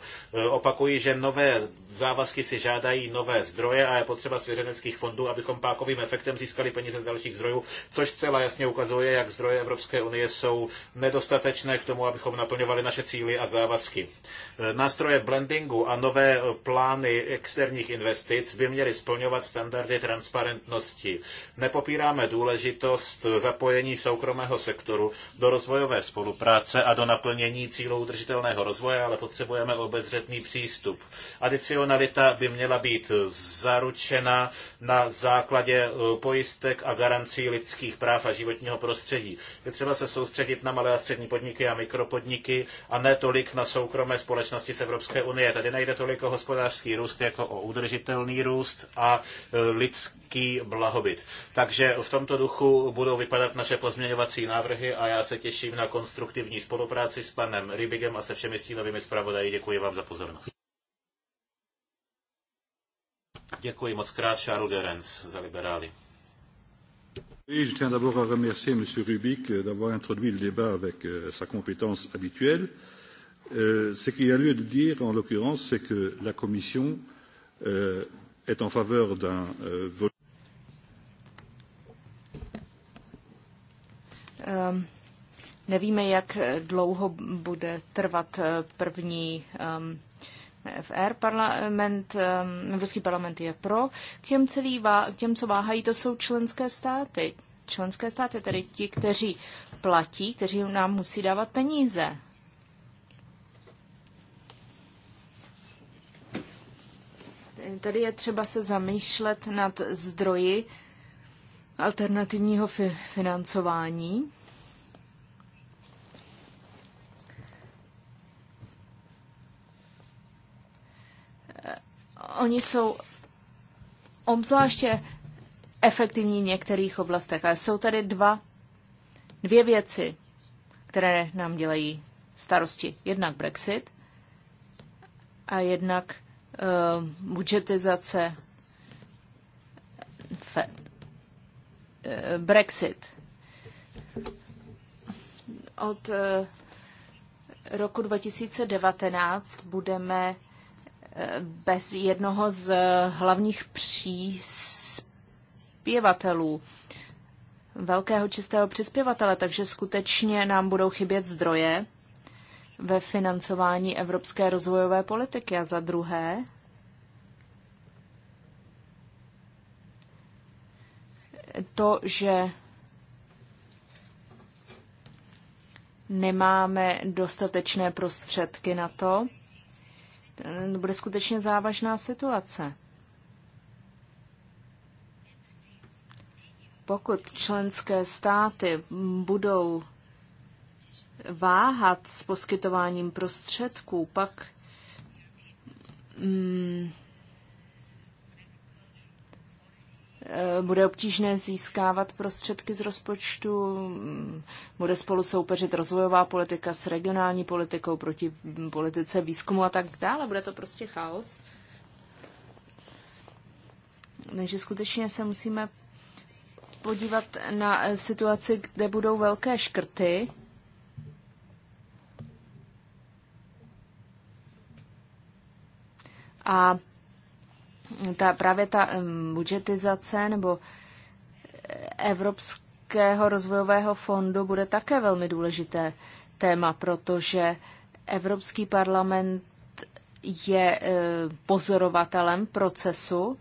Speaker 3: Opakuji, že nové závazky si žádají nové zdroje a je potřeba svěřeneckých fondů, abychom pákovým efektem získali peníze z dalších zdrojů, což zcela jasně ukazuje, jak zdroje Evropské unie jsou nedostatečné k tomu, abychom naplňovali naše cíly a závazky. E, nástroje blendingu a nové plány externích investic by měly splňovat standardy transparentnosti. Nepopíráme důležitost zapojení soukromého sektoru do rozvojové spolupráce a do naplnění cílů udržitelného rozvoje, ale potřebujeme obezřetný přístup. Adicionalita by měla být zaručena na základě e, pojistek a garancí lidských práv a životního prostředí prostředí. Je třeba se soustředit na malé a střední podniky a mikropodniky a ne tolik na soukromé společnosti z Evropské unie. Tady nejde tolik o hospodářský růst jako o udržitelný růst a e, lidský blahobyt. Takže v tomto duchu budou vypadat naše pozměňovací návrhy a já se těším na konstruktivní spolupráci s panem Rybigem a se všemi stínovými zpravodaji. Děkuji vám za pozornost. Děkuji moc krát, Charles Gerens, za liberály.
Speaker 2: Oui, je tiens d'abord à remercier M. Rubik euh, d'avoir introduit le débat avec euh, sa compétence habituelle. Euh, ce qu'il y a lieu de dire, en l'occurrence, c'est que la Commission
Speaker 1: euh, est en faveur d'un euh, volet.
Speaker 2: Um. Euh, nevíme, jak dlouho bude trvat první um, FR. Parlament, Evropský parlament je pro. K těm, celý, k těm, co váhají, to jsou členské státy. Členské státy, tedy ti, kteří platí, kteří nám musí dávat peníze. Tady je třeba se zamýšlet nad zdroji alternativního fi- financování Oni jsou obzvláště efektivní v některých oblastech. A jsou tady dva, dvě věci, které nám dělají starosti. Jednak Brexit a jednak uh, budžetizace fe, uh, Brexit. Od uh, roku 2019 budeme bez jednoho z hlavních příspěvatelů, velkého čistého přispěvatele, takže skutečně nám budou chybět zdroje ve financování evropské rozvojové politiky. A za druhé, to, že nemáme dostatečné prostředky na to, Eh, bude skutečně závažná situace. Pokud členské státy budou váhat s poskytováním prostředků, pak mm, Eh, bude obtížné získávat prostředky z rozpočtu, mm, bude spolu soupeřit rozvojová politika s regionální politikou proti mm, politice výzkumu a tak dále. Bude to prostě chaos. Takže skutečně se musíme podívat na eh, situaci, kde budou velké škrty. A ta, právě ta um, budžetizace nebo Evropského rozvojového fondu bude také velmi důležité téma, protože Evropský parlament je e, pozorovatelem procesu.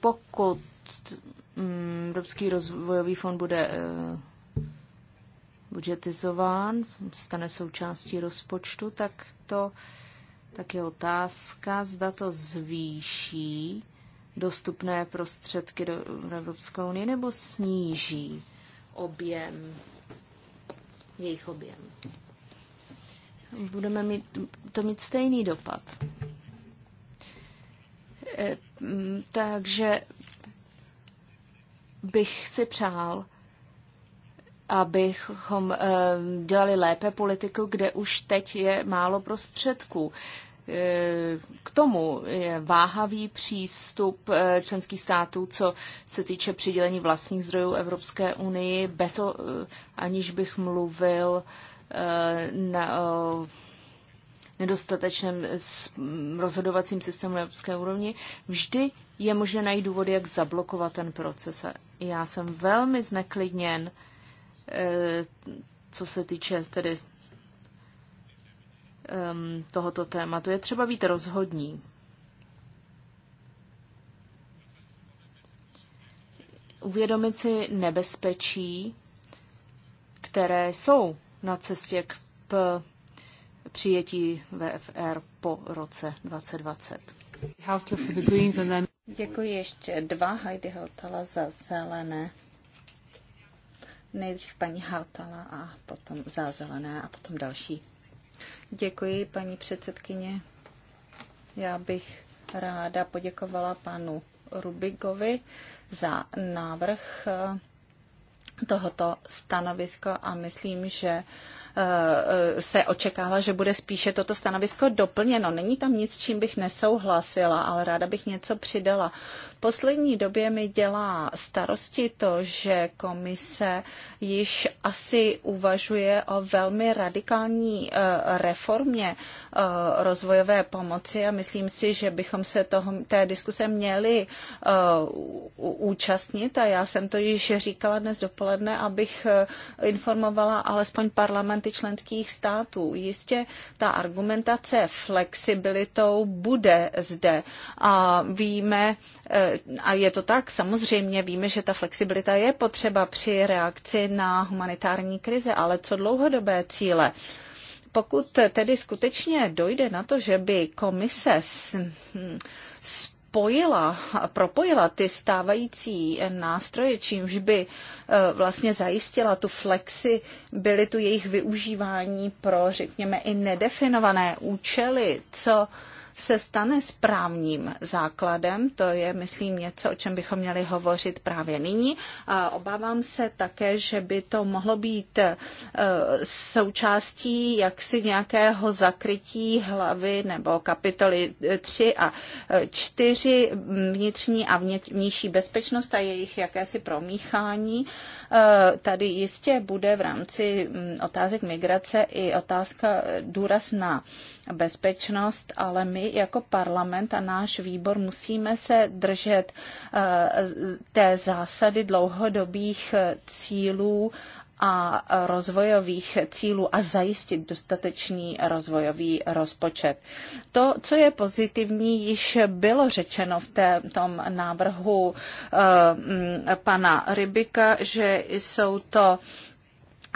Speaker 2: Pokud mm, Evropský rozvojový fond bude e, budžetizován, stane součástí rozpočtu, tak to tak je otázka, zda to zvýší dostupné prostředky do Evropské unie nebo sníží objem, jejich objem. Budeme mít, to mít stejný dopad. E, takže bych si přál, abychom eh, dělali lépe politiku, kde už teď je málo prostředků. Eh, k tomu je váhavý přístup eh, členských států, co se týče přidělení vlastních zdrojů Evropské unii, bez, aniž bych mluvil na, nedostatečném mm, rozhodovacím systému na evropské úrovni. Vždy je možné najít důvody, jak zablokovat ten proces. Já jsem velmi zneklidněn Eh, co se týče tedy tohoto tématu. Je třeba být rozhodní. Uvědomit si nebezpečí, které jsou na cestě k p- přijetí VFR po roce 2020.
Speaker 1: Děkuji ještě dva Heidi Hotala za zelené. Nejdřív paní Haltala a potom zázelené a potom další. Děkuji, paní předsedkyně. Já bych ráda poděkovala panu Rubigovi za návrh eh, tohoto stanovisko a myslím, že eh, eh, se očekává, že bude spíše toto stanovisko doplněno. Není tam nic, čím bych nesouhlasila, ale ráda bych něco přidala poslední době mi dělá starosti to, že komise již asi uvažuje o velmi radikální eh, reformě eh, rozvojové pomoci a myslím si, že bychom se toho, té diskuse měli eh, účastnit a já jsem to již říkala dnes dopoledne, abych informovala alespoň parlamenty členských států. Jistě ta argumentace flexibilitou bude zde a víme, Eh, a je to tak, samozřejmě víme, že ta flexibilita je potřeba při reakci na humanitární krize, ale co dlouhodobé cíle? Pokud tedy skutečně dojde na to, že by komise hm, spojila a spojila, propojila ty stávající nástroje, čímž by eh, vlastně zajistila tu flexibilitu jejich využívání pro, řekněme, i nedefinované účely, co se stane správním základem. To je, myslím, něco, o čem bychom měli hovořit právě nyní. Obávám se také, že by to mohlo být e, součástí jaksi nějakého zakrytí hlavy nebo kapitoly 3 a 4 vnitřní a vnější bezpečnost a jejich jakési promíchání. E, tady jistě bude v rámci mm, otázek migrace i otázka důraz na bezpečnost, ale my jako parlament a náš výbor musíme se držet eh, té zásady dlouhodobých eh, cílů a rozvojových cílů a zajistit dostatečný rozvojový rozpočet. To, co je pozitivní, již bylo řečeno v té, tom návrhu uh, pana Rybika, že jsou to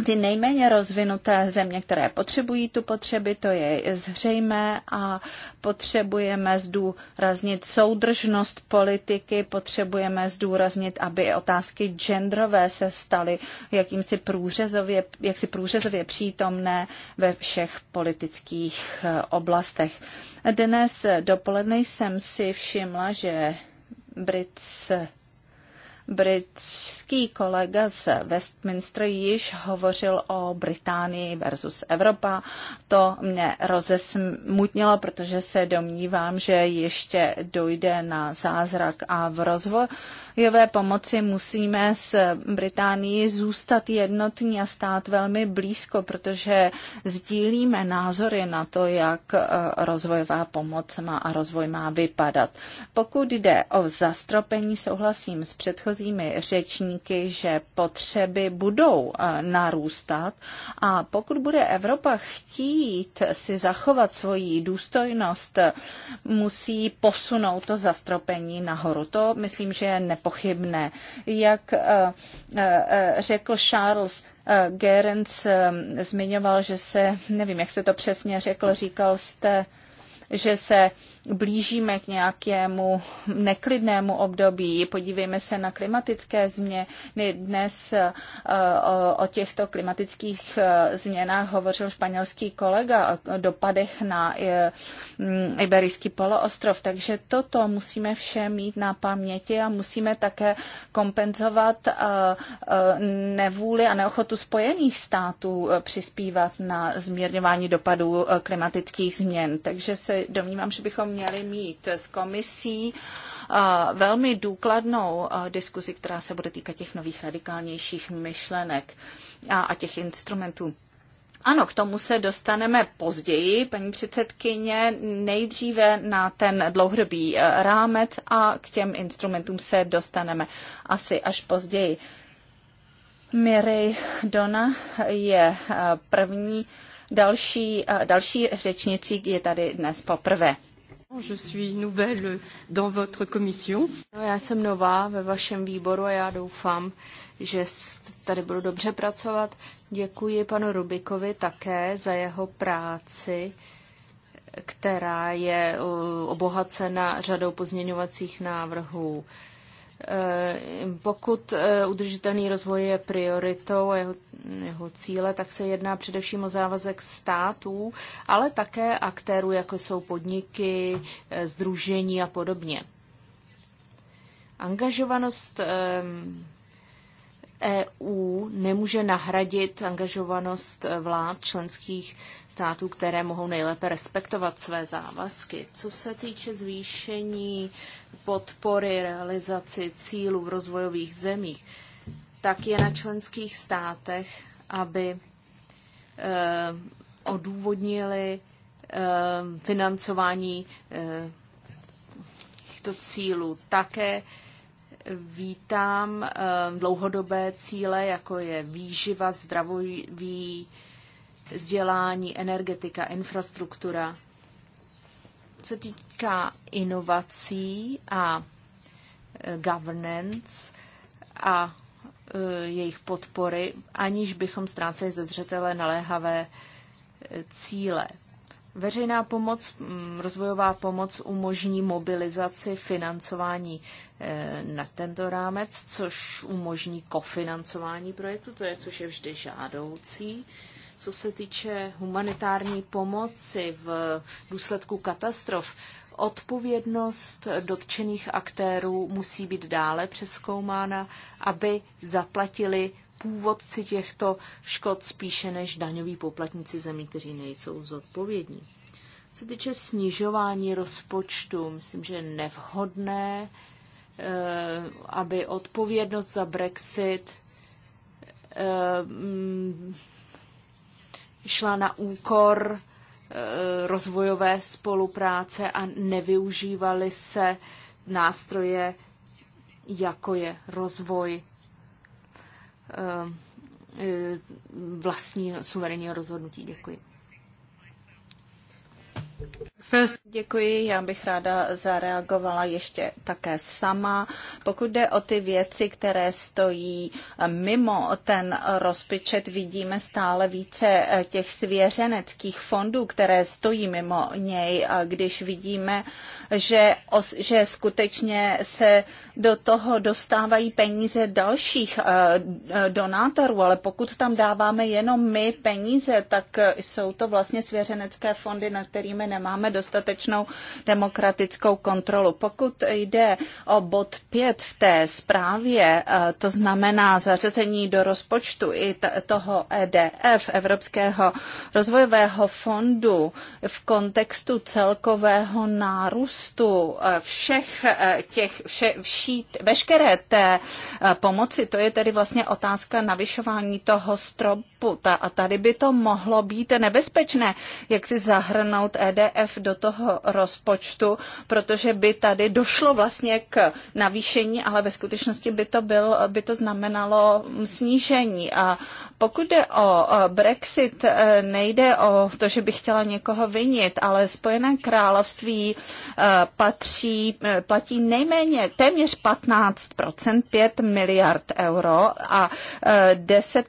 Speaker 1: ty nejméně rozvinuté země, které potřebují tu potřeby, to je zřejmé a potřebujeme zdůraznit soudržnost politiky, potřebujeme zdůraznit, aby otázky genderové se staly jakýmsi průřezově, jaksi průřezově přítomné ve všech politických eh, oblastech. Dnes dopoledne jsem si všimla, že Brits Britský kolega z Westminster již hovořil o Británii versus Evropa. To mě rozesmutnilo, protože se domnívám, že ještě dojde na zázrak a v rozvoji rozvojové pomoci musíme s Británií zůstat jednotní a stát velmi blízko, protože sdílíme názory na to, jak eh, rozvojová pomoc má a rozvoj má vypadat. Pokud jde o zastropení, souhlasím s předchozími řečníky, že potřeby budou eh, narůstat a pokud bude Evropa chtít si zachovat svoji důstojnost, eh, musí posunout to zastropení nahoru. To myslím, že je ne pochybné. Jak eh, eh, eh, řekl Charles Gerens, zmiňoval, že se, nevím, jak jste to přesně řekl, říkal jste, že se blížíme k nějakému neklidnému období. Podívejme se na klimatické změny. Dnes eh, o těchto klimatických eh, změnách hovořil španělský kolega o dopadech na eh, mm, Iberijský poloostrov. Takže toto musíme vše mít na paměti a musíme také kompenzovat nevůli a neochotu Spojených států přispívat na zmírňování dopadů klimatických změn. Takže se domnívám, že bychom měli mít s komisí eh, velmi důkladnou eh, diskuzi, která se bude týkat těch nových radikálnějších myšlenek a těch instrumentů. Ano, k tomu se dostaneme později, paní předsedkyně, nejdříve na ten dlouhodobý eh, rámec a k těm instrumentům se dostaneme asi až později. Mirej Dona je první, další, další
Speaker 2: řečnicí je tady dnes poprvé. Je suis nouvelle dans votre commission. No, já jsem nová ve vašem výboru a já doufám, že tady budu dobře pracovat. Děkuji panu Rubikovi také za jeho práci, která je eh, obohacena řadou pozměňovacích návrhů. Pokud eh, udržitelný rozvoj je prioritou a jeho, jeho cíle, tak se jedná především o závazek států, ale také aktérů, jako jsou podniky, združení eh, a podobně. Angažovanost ehm, EU nemůže nahradit angažovanost vlád členských států, které mohou nejlépe respektovat své závazky. Co se týče zvýšení podpory realizaci cílů v rozvojových zemích, tak je na členských státech, aby eh, odůvodnili eh, financování eh, těchto cílů. Také eh, Vítám eh, dlouhodobé cíle, jako je výživa, zdravový vzdělání, energetika, infrastruktura. Co se týká inovací a eh, governance a eh, jejich podpory, aniž bychom ztráceli ze zřetele naléhavé cíle. Veřejná pomoc, mm, rozvojová pomoc umožní mobilizaci financování eh, na tento rámec, což umožní kofinancování projektu, to je, což je vždy žádoucí. Co se týče humanitární pomoci v důsledku katastrof, odpovědnost dotčených aktérů musí být dále přeskoumána, aby zaplatili původci těchto škod spíše než daňoví poplatníci zemí, kteří nejsou zodpovědní. Se týče snižování rozpočtu, myslím, že je nevhodné, eh, aby odpovědnost za Brexit eh, šla na úkor eh, rozvojové spolupráce a nevyužívaly se nástroje, jako je rozvoj Eh, vlastní suverénního rozhodnutí. Děkuji. First. Děkuji, já bych ráda zareagovala ještě
Speaker 1: také sama. Pokud jde o ty věci, které stojí eh, mimo ten rozpočet, vidíme stále více eh, těch svěřeneckých fondů, které stojí mimo něj, když vidíme, že, os, že skutečně se do toho dostávají peníze dalších eh, eh, donátorů, ale pokud tam dáváme jenom my peníze, tak eh, jsou to vlastně svěřenecké fondy, na kterými nemáme dostatečnou demokratickou kontrolu. Pokud jde o bod 5 v té zprávě, to znamená zařazení do rozpočtu i toho EDF, Evropského rozvojového fondu, v kontextu celkového nárůstu všech těch všech vešít, veškeré té eh, pomoci, to je tedy vlastně otázka navyšování toho stropu stropu. Ta, a tady by to mohlo být nebezpečné, jak si zahrnout EDF do toho rozpočtu, protože by tady došlo vlastně k navýšení, ale ve skutečnosti by to, byl, by to znamenalo snížení. A pokud jde o Brexit, e, nejde o to, že bych chtěla někoho vinit, ale Spojené království e, patří, e, platí nejméně téměř 15 5 miliard euro a 10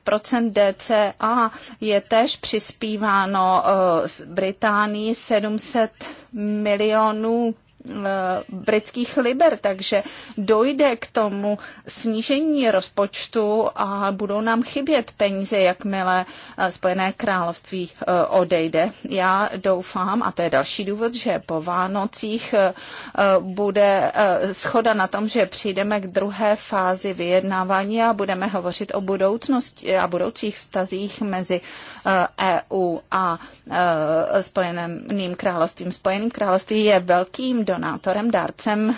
Speaker 1: DCE. USA je tež přispíváno eh, Británii 700 milionů Eh, britských liber, takže dojde k tomu snížení rozpočtu a budou nám chybět peníze, jakmile eh, Spojené království eh, odejde. Já doufám, a to je další důvod, že po Vánocích bude schoda na tom, že přijdeme k druhé fázi vyjednávání a budeme hovořit o budoucnosti a budoucích vztazích mezi EU e a Spojeným královstvím. Spojeným království je velkým do donátorem, dárcem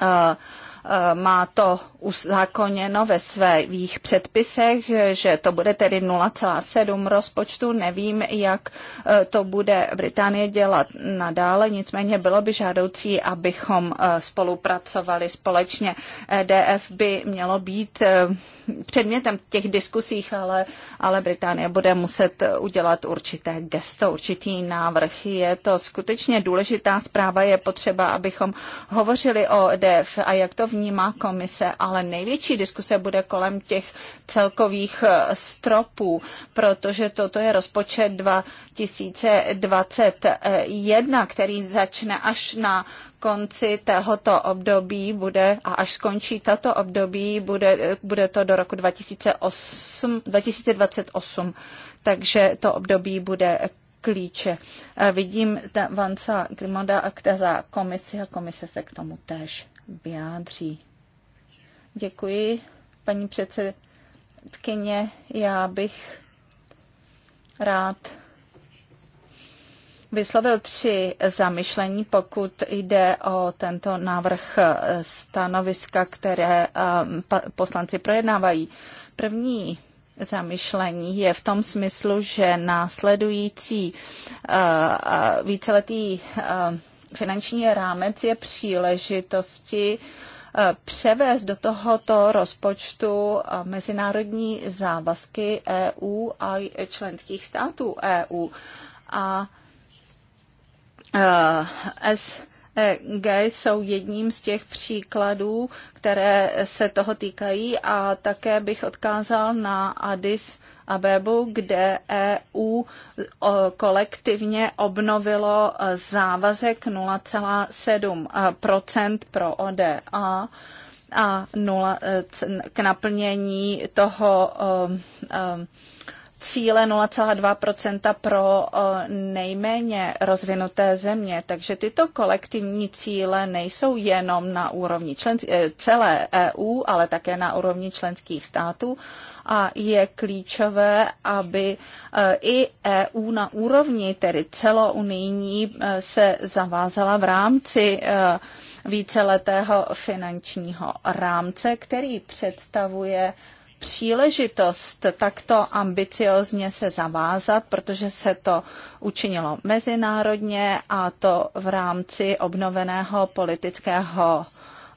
Speaker 1: eh, eh, má to uzákoněno ve svých předpisech, že to bude tedy 0,7 rozpočtu. Nevím, jak eh, to bude Británie dělat nadále, nicméně bylo by žádoucí, abychom spolupracovali společně. E DF by mělo být předmětem těch diskusích, ale, ale Británie bude muset udělat určité gesto, určitý návrh. Je to skutečně důležitá zpráva, je potřeba, abychom hovořili o DF a jak to vnímá komise, ale největší diskuse bude kolem těch celkových eh, stropů, protože toto je rozpočet 2021, eh, který začne až na konci tohoto období bude, a až skončí tato období, bude, bude to do roku 2008, 2028, takže to období bude klíče. Vidím Vanca Grimoda kde za komisi a komise se k tomu též vyjádří. Děkuji, paní předsedkyně. Já bych rád vyslovil tři zamyšlení, pokud jde o tento návrh stanoviska, které um, poslanci projednávají. První zamyšlení je v tom smyslu, že následující uh, uh, víceletý uh, finanční rámec je příležitosti převést do tohoto rozpočtu mezinárodní závazky EU a členských států EU. A Eh, Sg e jsou jedním z těch příkladů, které se toho týkají a také bych odkázal na Addis Abebu, kde EU kolektivně obnovilo eh, závazek 0,7 pro ODA a nula, eh, k naplnění toho cíle 0,2 pro nejméně rozvinuté země. Takže tyto kolektivní cíle nejsou jenom na úrovni člen, e, celé EU, ale také na úrovni členských států a je klíčové, aby e, i EU na úrovni, tedy celounijní, e, se zavázala v rámci víceletého finančního rámce, který představuje příležitost takto ambiciozně se zavázat, protože se to učinilo mezinárodně a to v rámci obnoveného politického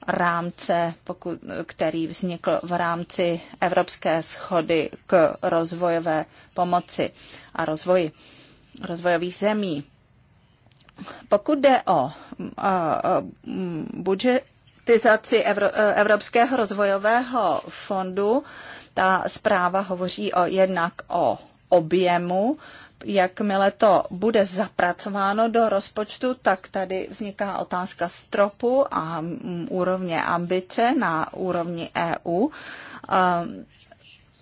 Speaker 1: rámce, pokud, který vznikl v rámci Evropské schody k rozvojové pomoci a rozvoji rozvojových zemí. Pokud jde o budžet, prioritizaci eh, Evropského rozvojového fondu. Ta zpráva hovoří o, jednak o objemu, jakmile to bude zapracováno do rozpočtu, tak tady vzniká otázka stropu a úrovně ambice na úrovni EU. Ehm,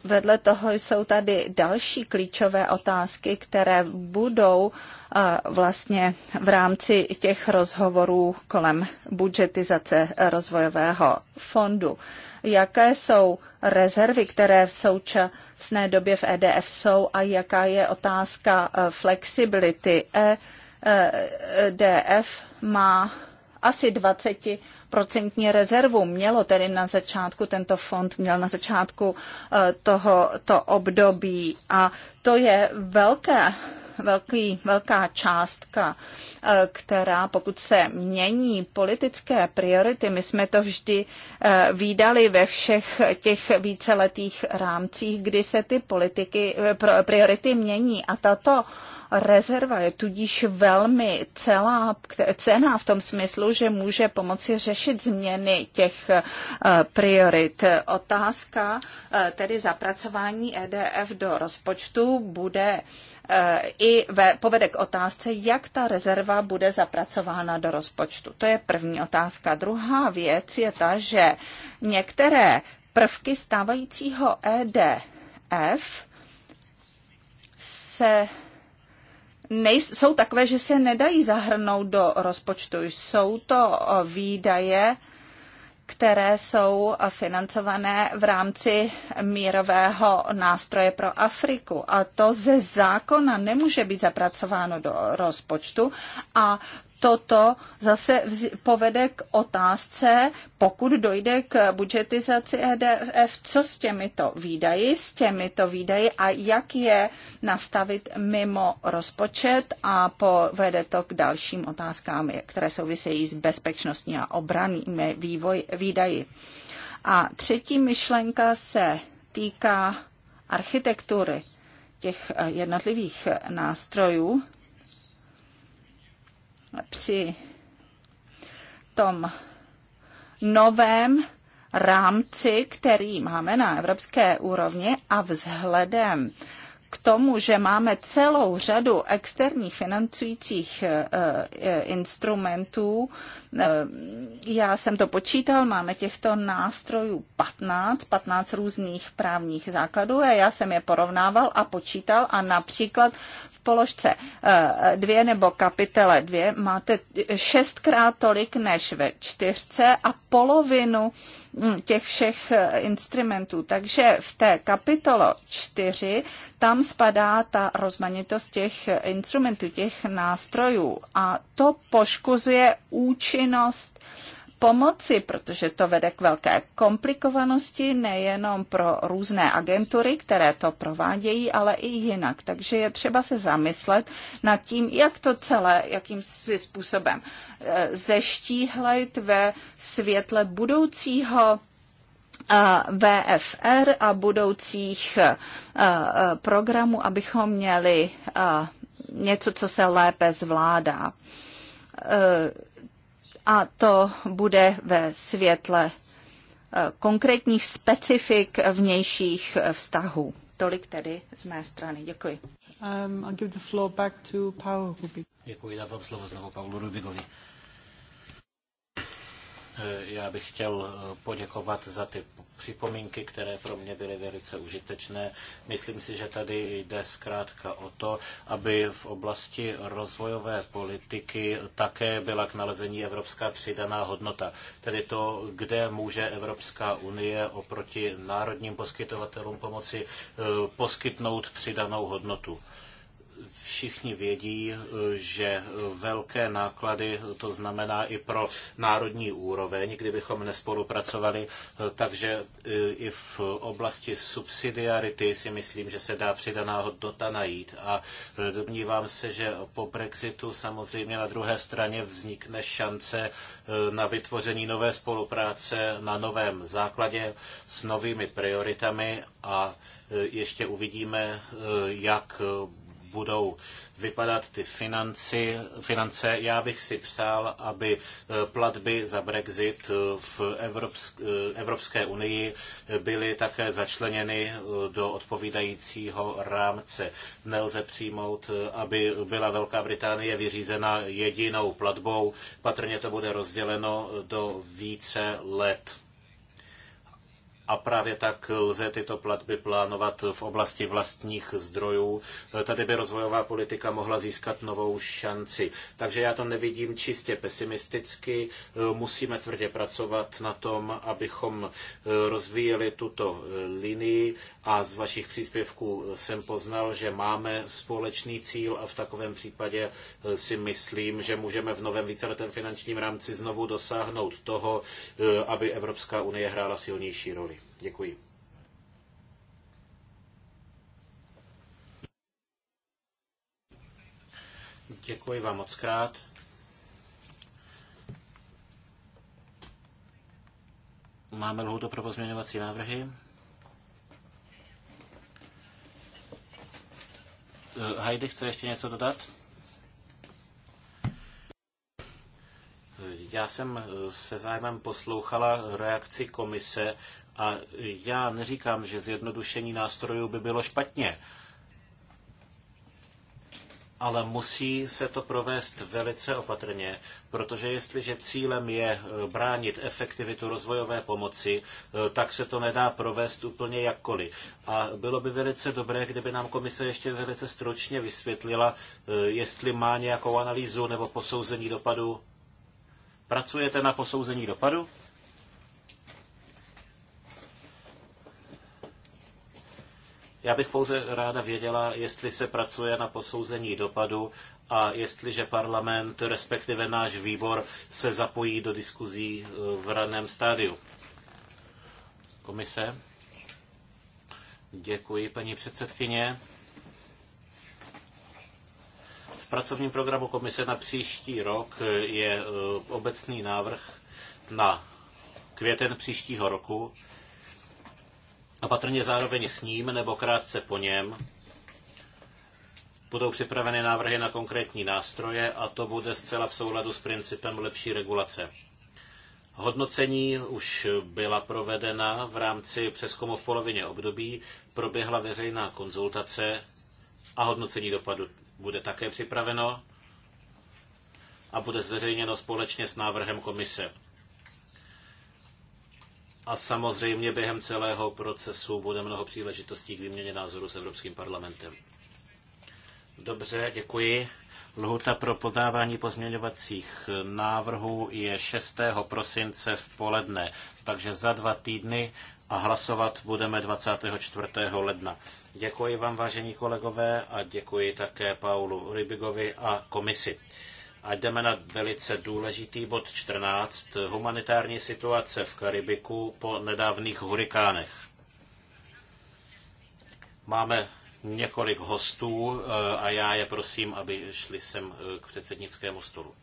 Speaker 1: Vedle toho jsou tady další klíčové otázky, které budou eh, vlastně v rámci těch rozhovorů kolem budžetizace rozvojového fondu. Jaké jsou rezervy, které v současné době v EDF jsou a jaká je otázka eh, flexibility? EDF e, má asi 20% rezervu. Mělo tedy na začátku, tento fond měl na začátku eh, tohoto období a to je velké velký, velká částka, eh, která pokud se mění politické priority, my jsme to vždy eh, výdali ve všech těch víceletých rámcích, kdy se ty politiky, priority mění a tato rezerva je tudíž velmi celá, cená v tom smyslu, že může pomoci řešit změny těch eh, priorit. Otázka eh, tedy zapracování EDF do rozpočtu bude eh, i ve, povede k otázce, jak ta rezerva bude zapracována do rozpočtu. To je první otázka. Druhá věc je ta, že některé prvky stávajícího EDF se nejs- jsou takové, že se nedají zahrnout do rozpočtu. Jsou to výdaje, které jsou financované v rámci mírového nástroje pro Afriku. A to ze zákona nemůže být zapracováno do rozpočtu a toto zase povede k otázce, pokud dojde k budžetizaci EDF, co s těmito výdaji, s těmito výdaji a jak je nastavit mimo rozpočet a povede to k dalším otázkám, které souvisejí s bezpečnostní a obranými vývoj, výdaji. A třetí myšlenka se týká architektury těch jednotlivých nástrojů při tom novém rámci, který máme na evropské úrovni a vzhledem k tomu, že máme celou řadu externích financujících eh, eh, instrumentů, eh, já jsem to počítal, máme těchto nástrojů 15, 15 různých právních základů a já jsem je porovnával a počítal a například položce eh, dvě nebo kapitele dvě máte šestkrát tolik než ve čtyřce a polovinu hm, těch všech eh, instrumentů. Takže v té kapitolo čtyři tam spadá ta rozmanitost těch eh, instrumentů, těch nástrojů a to poškozuje účinnost pomoci, protože to vede k velké komplikovanosti nejenom pro různé agentury, které to provádějí, ale i jinak. Takže je třeba se zamyslet nad tím, jak to celé, jakým způsobem eh, zeštíhlit ve světle budoucího eh, VFR a budoucích eh, programů, abychom měli něco, co se lépe zvládá a to bude ve světle eh, konkrétních specifik vnějších eh, vztahů. Tolik tedy z mé strany. Děkuji. Um, I'll give the floor back to
Speaker 3: Děkuji, dávám slovo znovu Pavlu Rubigovi. Eh, já bych chtěl eh, poděkovat za ty připomínky, které pro mě byly velice užitečné. Myslím si, že tady jde zkrátka o to, aby v oblasti rozvojové politiky také byla k nalezení evropská přidaná hodnota. Tedy to, kde může Evropská unie oproti národním poskytovatelům pomoci eh, poskytnout přidanou hodnotu všichni vědí, že velké náklady to znamená i pro národní úroveň, kdybychom nespolupracovali, takže i v oblasti subsidiarity si myslím, že se dá přidaná hodnota najít a domnívám se, že po Brexitu samozřejmě na druhé straně vznikne šance na vytvoření nové spolupráce na novém základě s novými prioritami a ještě uvidíme, jak budou vypadat ty financi, finance. Já bych si přál, aby eh, platby za Brexit eh, v eh, Evropské unii byly také začleněny do odpovídajícího rámce. Nelze přijmout, aby byla Velká Británie vyřízena jedinou platbou. Patrně to bude rozděleno do více let a právě tak lze tyto platby plánovat v oblasti vlastních zdrojů. Tady by rozvojová politika mohla získat novou šanci. Takže já to nevidím čistě pesimisticky. Musíme tvrdě pracovat na tom, abychom rozvíjeli tuto linii a z vašich příspěvků jsem poznal, že máme společný cíl a v takovém případě si myslím, že můžeme v novém víceletém finančním rámci znovu dosáhnout toho, aby Evropská unie hrála silnější roli zprávy. Děkuji. Děkuji vám moc krát. Máme lhůtu pro pozměňovací návrhy. Eh, Heidi, chce ještě něco dodat? Eh, já jsem eh, se zájmem poslouchala reakci komise a já neříkám, že zjednodušení nástrojů by bylo špatně, ale musí se to provést velice opatrně, protože jestliže cílem je eh, bránit efektivitu rozvojové pomoci, eh, tak se to nedá provést úplně jakkoliv. A bylo by velice dobré, kdyby nám komise ještě velice stručně vysvětlila, eh, jestli má nějakou analýzu nebo posouzení dopadu. Pracujete na posouzení dopadu? Já bych pouze ráda věděla, jestli se pracuje na posouzení dopadu a jestliže parlament, respektive náš výbor, se zapojí do diskuzí eh, v raném stádiu. Komise? Děkuji, paní předsedkyně. V pracovním programu komise na příští rok eh, je eh, obecný návrh na květen příštího roku a patrně zároveň s ním nebo krátce po něm budou připraveny návrhy na konkrétní nástroje a to bude zcela v souladu s principem lepší regulace. Hodnocení už byla provedena v rámci přeskumu v polovině období, proběhla veřejná konzultace a hodnocení dopadu bude také připraveno a bude zveřejněno společně s návrhem komise. A samozřejmě během celého procesu bude mnoho příležitostí k výměně názorů s Evropským parlamentem. Dobře, děkuji. Lhuta pro podávání pozměňovacích návrhů je 6. prosince v poledne, takže za dva týdny a hlasovat budeme 24. ledna. Děkuji vám, vážení kolegové, a děkuji také Paulu Rybigovi a komisi. A jdeme na velice důležitý bod 14. Humanitární situace v Karibiku po nedávných hurikánech. Máme několik hostů eh, a já je prosím, aby šli sem eh, k předsednickému stolu.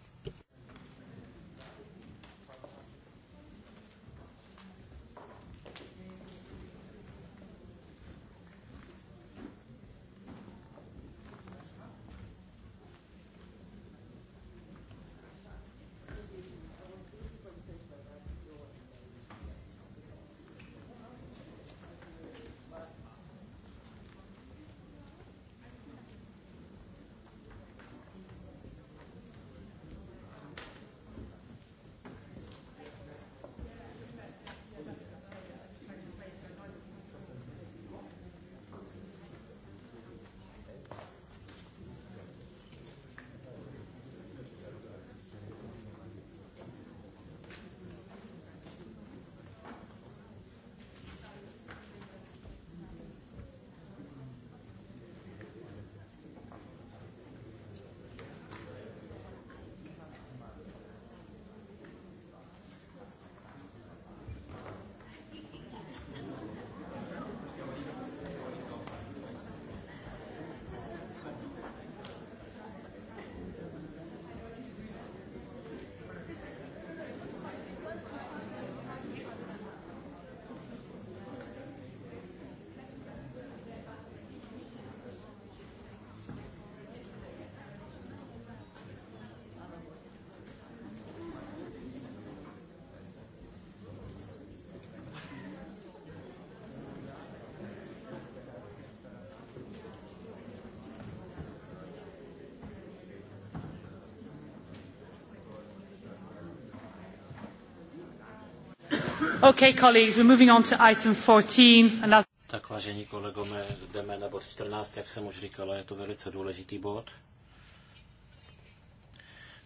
Speaker 1: Okay, colleagues, we're moving on to item 14.
Speaker 3: tak vážení kolegové, jdeme na bod 14, jak jsem už říkal, je to velice důležitý bod.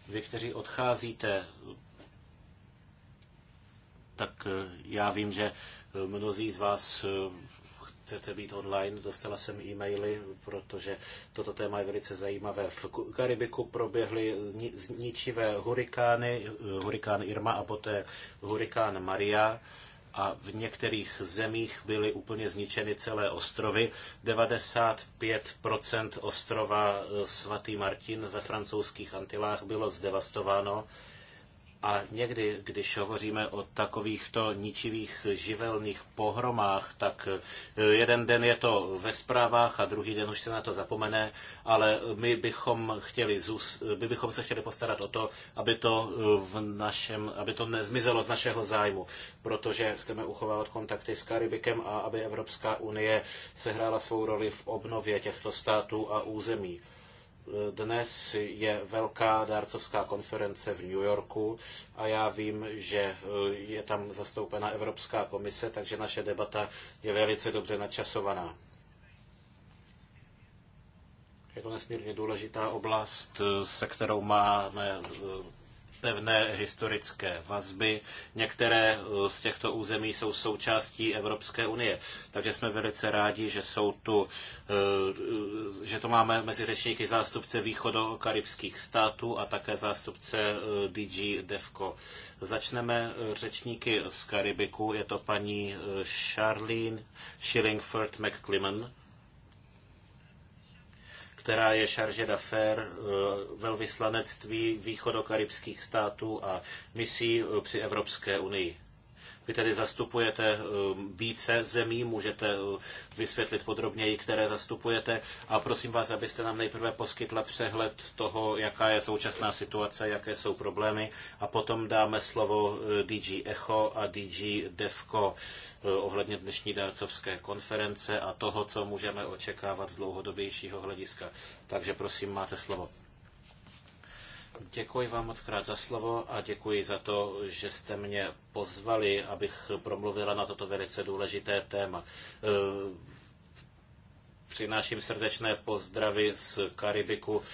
Speaker 3: Vy, kteří odcházíte, tak eh, já vím, že eh, mnozí z vás eh, chcete být online, dostala jsem e-maily, protože toto téma je velice zajímavé. V Karibiku proběhly zničivé hurikány, hurikán Irma a poté hurikán Maria a v některých zemích byly úplně zničeny celé ostrovy. 95% ostrova eh, svatý Martin ve francouzských Antilách bylo zdevastováno a někdy, když hovoříme o takovýchto ničivých živelných pohromách, tak e, jeden den je to ve zprávách a druhý den už se na to zapomene, ale my bychom, chtěli my bychom se chtěli postarat o to, aby to, e, v našem, aby to nezmizelo z našeho zájmu, protože chceme uchovávat kontakty s Karibikem a aby Evropská unie sehrála svou roli v obnově těchto států a území. Dnes je velká dárcovská konference v New Yorku a já vím, že eh, je tam zastoupena Evropská komise, takže naše debata je velice dobře načasovaná. Je to nesmírně důležitá oblast, eh, se kterou máme eh, pevné historické vazby. Některé eh, z těchto území jsou součástí Evropské unie, takže jsme velice rádi, že jsou tu, eh, že to máme mezi řečníky zástupce východokaribských států a také zástupce eh, DG DEFCO. Začneme řečníky z Karibiku, je to paní Charlene Schillingford McClimmon která je charge d'affaires eh, velvyslanectví východokaribských států a misí eh, při Evropské unii. Vy tedy zastupujete um, více zemí, můžete uh, vysvětlit podrobněji, které zastupujete. A prosím vás, abyste nám nejprve poskytla přehled toho, jaká je současná situace, jaké jsou problémy. A potom dáme slovo uh, DG Echo a DG Devco uh, ohledně dnešní dárcovské konference a toho, co můžeme očekávat z dlouhodobějšího hlediska. Takže prosím, máte slovo. Děkuji vám moc krát za slovo a děkuji za to, že jste mě pozvali, abych promluvila na toto velice důležité téma. E, přináším srdečné pozdravy z Karibiku, e,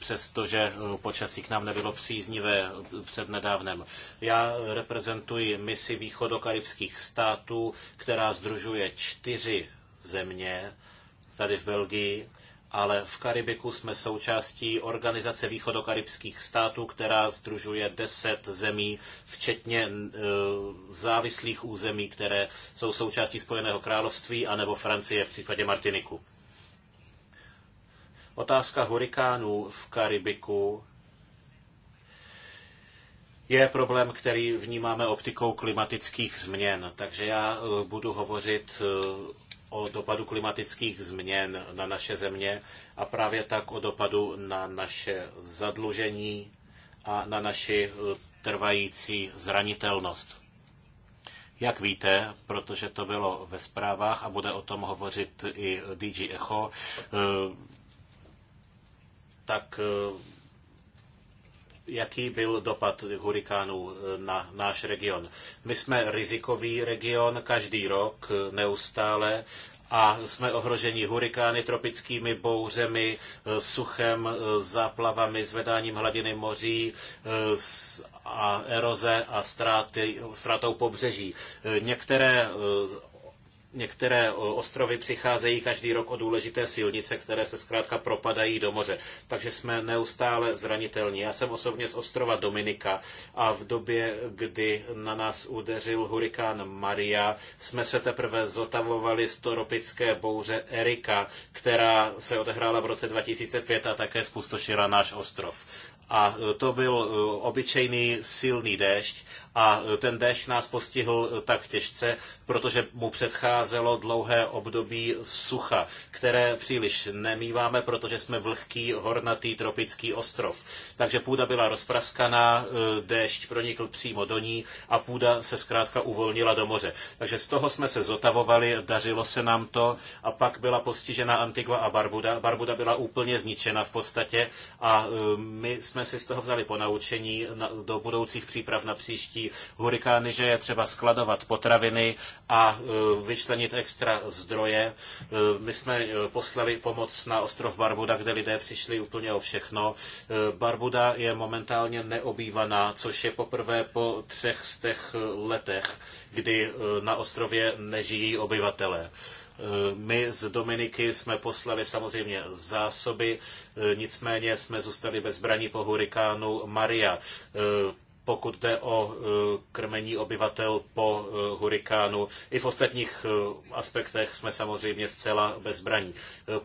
Speaker 3: přestože e, počasí k nám nebylo příznivé před nedávnem. Já reprezentuji misi východokaribských států, která združuje čtyři země tady v Belgii ale v Karibiku jsme součástí Organizace východokaribských států, která združuje deset zemí, včetně e, závislých území, které jsou součástí Spojeného království anebo Francie v případě Martiniku. Otázka hurikánů v Karibiku je problém, který vnímáme optikou klimatických změn. Takže já e, budu hovořit e, o dopadu klimatických změn na naše země a právě tak o dopadu na naše zadlužení a na naši eh, trvající zranitelnost. Jak víte, protože to bylo ve zprávách a bude o tom hovořit i DG Echo, eh, tak eh, jaký byl dopad hurikánů eh, na náš region. My jsme rizikový region každý rok eh, neustále a jsme ohroženi hurikány, tropickými bouřemi, eh, suchem, záplavami, zvedáním hladiny moří a eroze a ztráty, ztrátou pobřeží. Některé Některé ostrovy přicházejí každý rok o důležité silnice, které se zkrátka propadají do moře, takže jsme neustále zranitelní. Já jsem osobně z ostrova Dominika a v době, kdy na nás udeřil hurikán Maria, jsme se teprve zotavovali z tropické bouře Erika, která se odehrála v roce 2005 a také spustošila náš ostrov a e, to byl e, obyčejný silný déšť a e, ten déšť nás postihl tak těžce, protože mu předcházelo dlouhé období sucha, které příliš nemýváme, protože jsme vlhký, hornatý tropický ostrov. Takže půda byla rozpraskaná, déšť pronikl přímo do ní a půda se zkrátka uvolnila do moře. Takže z toho jsme se zotavovali, dařilo se nám to a pak byla postižena Antigua a Barbuda. Barbuda byla úplně zničena v podstatě a my jsme jsme si z toho vzali ponaučení do budoucích příprav na příští hurikány, že je třeba skladovat potraviny a e, vyčlenit extra zdroje. E, my jsme e, poslali pomoc na ostrov Barbuda, kde lidé přišli úplně o všechno. Barbuda je momentálně neobývaná, což je poprvé po třech letech, kdy na ostrově nežijí obyvatelé. My z Dominiky jsme poslali samozřejmě zásoby, e, nicméně jsme zůstali bez zbraní po hurikánu Maria. E, pokud jde o e, krmení obyvatel po e, hurikánu. I v ostatních e, aspektech jsme samozřejmě zcela bezbraní.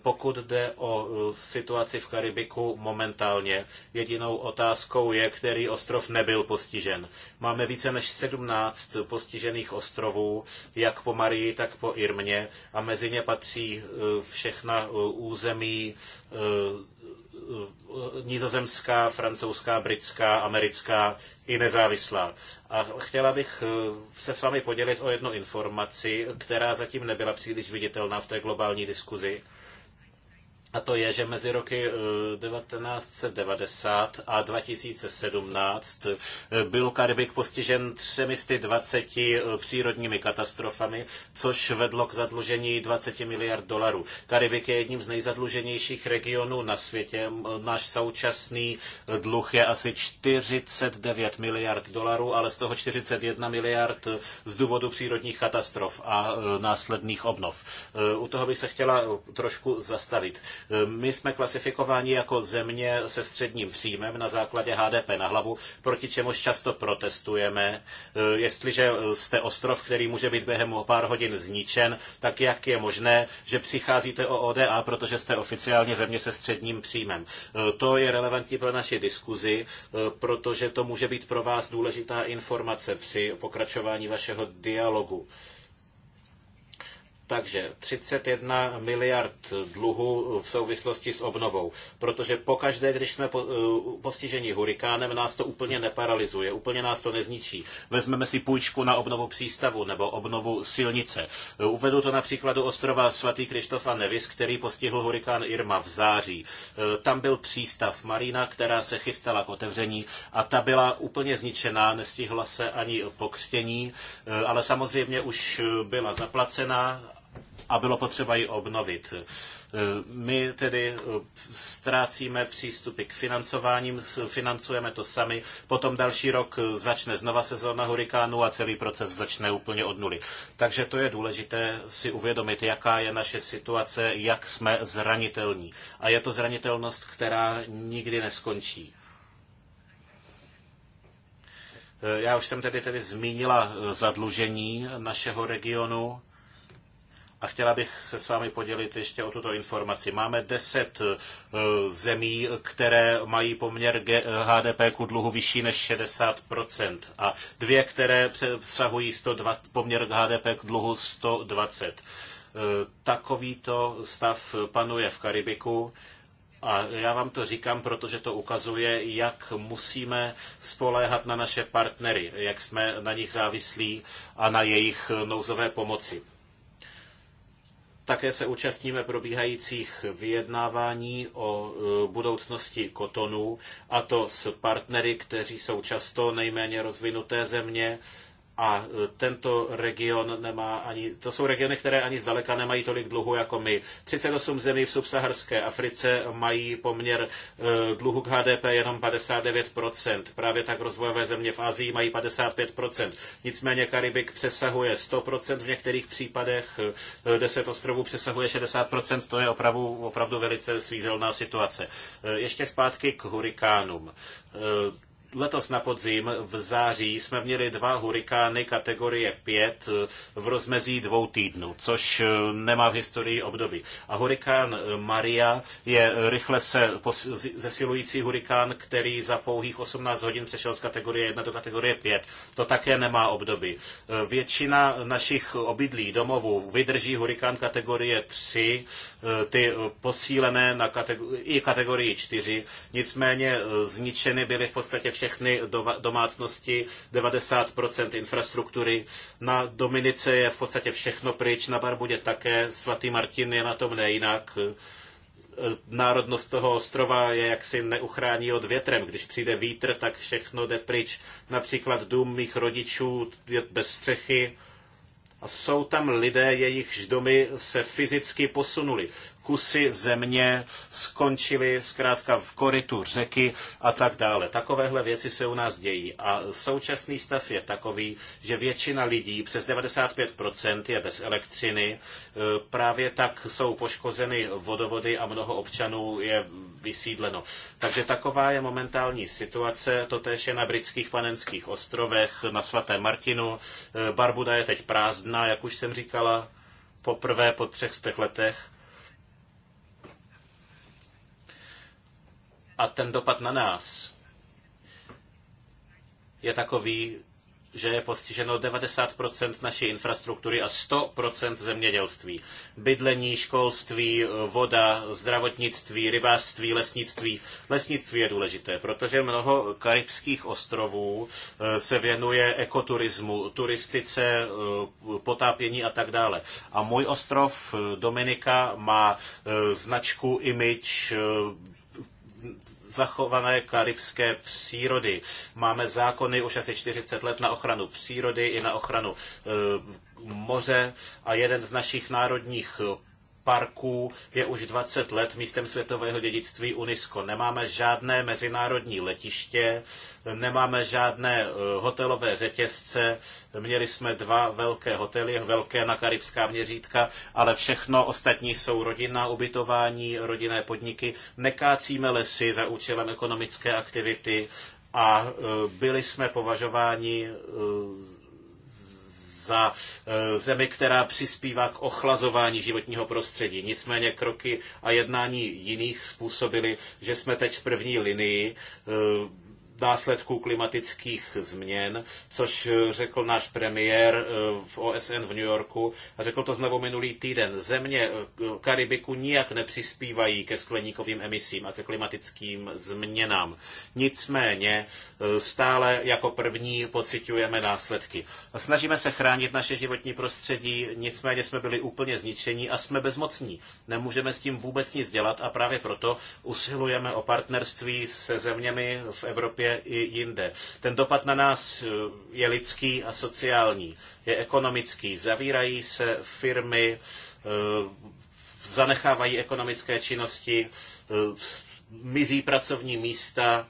Speaker 3: Pokud jde o situaci v Karibiku momentálně, jedinou otázkou je, který ostrov nebyl postižen. Máme více než 17 postižených ostrovů, jak po Marii, tak po Irmě a mezi ně patří všechna území Eh, nizozemská, francouzská, britská, americká i nezávislá. A chtěla bych eh, se s vámi podělit o jednu informaci, která zatím nebyla příliš viditelná v té globální diskuzi a to je, že mezi roky 1990 eh, a 2017 eh, byl Karibik postižen 320 eh, přírodními katastrofami, což vedlo k zadlužení 20 miliard dolarů. Karibik je jedním z nejzadluženějších regionů na světě. Náš současný dluh je asi 49 miliard dolarů, ale z toho 41 miliard z důvodu přírodních katastrof a následných obnov. U toho bych se chtěla trošku zastavit. My jsme klasifikováni jako země se středním příjmem na základě HDP na hlavu, proti čemuž často protestujeme. Eh, jestliže jste ostrov, který může být během pár hodin zničen, tak jak je možné, že přicházíte o ODA, protože jste oficiálně země se středním příjmem. Eh, to je relevantní pro naši diskuzi, eh, protože to může být pro vás důležitá informace při pokračování vašeho dialogu. Takže 31 miliard dluhu v souvislosti s obnovou. Protože pokaždé, když jsme eh, postiženi hurikánem, nás to úplně neparalizuje, úplně nás to nezničí. Vezmeme si půjčku na obnovu přístavu nebo obnovu silnice. Uvedu to na příkladu ostrova svatý Krištof a Nevis, který postihl hurikán Irma v září. Eh, tam byl přístav Marina, která se chystala k otevření a ta byla úplně zničená, nestihla se ani pokřtění, eh, ale samozřejmě už byla zaplacená a bylo potřeba ji obnovit. E, my tedy e, ztrácíme přístupy k financováním, financujeme to sami, potom další rok e, začne znova sezóna hurikánu a celý proces začne úplně od nuly. Takže to je důležité si uvědomit, jaká je naše situace, jak jsme zranitelní. A je to zranitelnost, která nikdy neskončí. Já už jsem tedy, tedy zmínila zadlužení našeho regionu a chtěla bych se s vámi podělit ještě o tuto informaci. Máme deset eh, zemí, které mají poměr HDP eh, ku dluhu vyšší než 60% a dvě, které přesahují 120, poměr HDP k dluhu 120. Eh, takovýto stav panuje v Karibiku. A já vám to říkám, protože to ukazuje, jak musíme spoléhat na naše partnery, jak jsme na nich závislí a na jejich nouzové pomoci. Také se účastníme probíhajících vyjednávání o e, budoucnosti kotonu, a to s partnery, kteří jsou často nejméně rozvinuté země, a e, tento region nemá ani, to jsou regiony, které ani zdaleka nemají tolik dluhu jako my. 38 zemí v subsaharské Africe mají poměr e, dluhu k HDP jenom 59%. Právě tak rozvojové země v Asii mají 55%. Nicméně Karibik přesahuje 100% v některých případech, 10 e, ostrovů přesahuje 60%, to je opravdu, opravdu velice svízelná situace. Ještě zpátky k hurikánům Letos na podzim v září jsme měli dva hurikány kategorie 5 v rozmezí dvou týdnů, což eh, nemá v historii období. A hurikán Maria je rychle se zesilující hurikán, který za pouhých 18 hodin přešel z kategorie 1 do kategorie 5. To také nemá období. Eh, většina našich obydlí domovů vydrží hurikán kategorie 3, eh, ty posílené na kategori- i kategorii 4, nicméně zničeny byly v podstatě všechny všechny domácnosti, 90% infrastruktury. Na Dominice je v podstatě všechno pryč, na Barbudě také, svatý Martin je na tom nejinak. Národnost toho ostrova je jaksi neuchrání od větrem. Když přijde vítr, tak všechno jde pryč. Například dům mých rodičů je bez střechy, a jsou tam lidé, jejichž domy se fyzicky posunuli kusy země skončily zkrátka v korytu řeky a tak dále. Takovéhle věci se u nás dějí a současný stav je takový, že většina lidí, přes 95% je bez elektřiny, e, právě tak jsou poškozeny vodovody a mnoho občanů je vysídleno. Takže taková je momentální situace, to též je na britských panenských ostrovech, na svatém Martinu. E, Barbuda je teď prázdná, jak už jsem říkala, poprvé po třech letech a ten dopad na nás je takový, že je postiženo 90% naší infrastruktury a 100% zemědělství. Bydlení, školství, voda, zdravotnictví, rybářství, lesnictví. Lesnictví je důležité, protože mnoho karibských ostrovů eh, se věnuje ekoturismu, turistice, eh, potápění a tak dále. A můj ostrov eh, Dominika má značku image zachované karibské přírody. Máme zákony už asi 40 let na ochranu přírody i na ochranu eh, moře a jeden z našich národních parků je už 20 let místem světového dědictví UNESCO. Nemáme žádné mezinárodní letiště, nemáme žádné eh, hotelové řetězce, měli jsme dva velké hotely, velké na karibská měřítka, ale všechno ostatní jsou rodinná ubytování, rodinné podniky. Nekácíme lesy za účelem ekonomické aktivity a eh, byli jsme považováni eh, za eh, zemi, která přispívá k ochlazování životního prostředí. Nicméně kroky a jednání jiných způsobily, že jsme teď v první linii eh, následků klimatických změn, což eh, řekl náš premiér eh, v OSN v New Yorku a řekl to znovu minulý týden. Země eh, Karibiku nijak nepřispívají ke skleníkovým emisím a ke klimatickým změnám. Nicméně stále jako první pociťujeme následky. Snažíme se chránit naše životní prostředí, nicméně jsme byli úplně zničení a jsme bezmocní. Nemůžeme s tím vůbec nic dělat a právě proto usilujeme o partnerství se zeměmi v Evropě, Evropě i jinde. Ten dopad na nás eh, je lidský a sociální, je ekonomický. Zavírají se firmy, eh, zanechávají ekonomické činnosti, eh, mizí pracovní místa,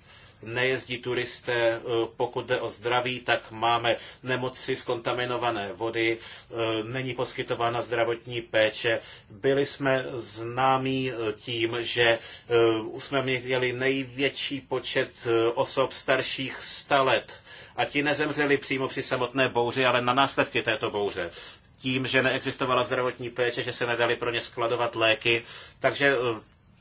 Speaker 3: nejezdí turisté, e, pokud jde o zdraví, tak máme nemoci z kontaminované vody, e, není poskytována zdravotní péče. Byli jsme známí e, tím, že jsme měli největší počet osob starších 100 let a ti nezemřeli přímo při samotné bouři, ale na následky této bouře tím, že neexistovala zdravotní péče, že se nedali pro ně skladovat léky. Takže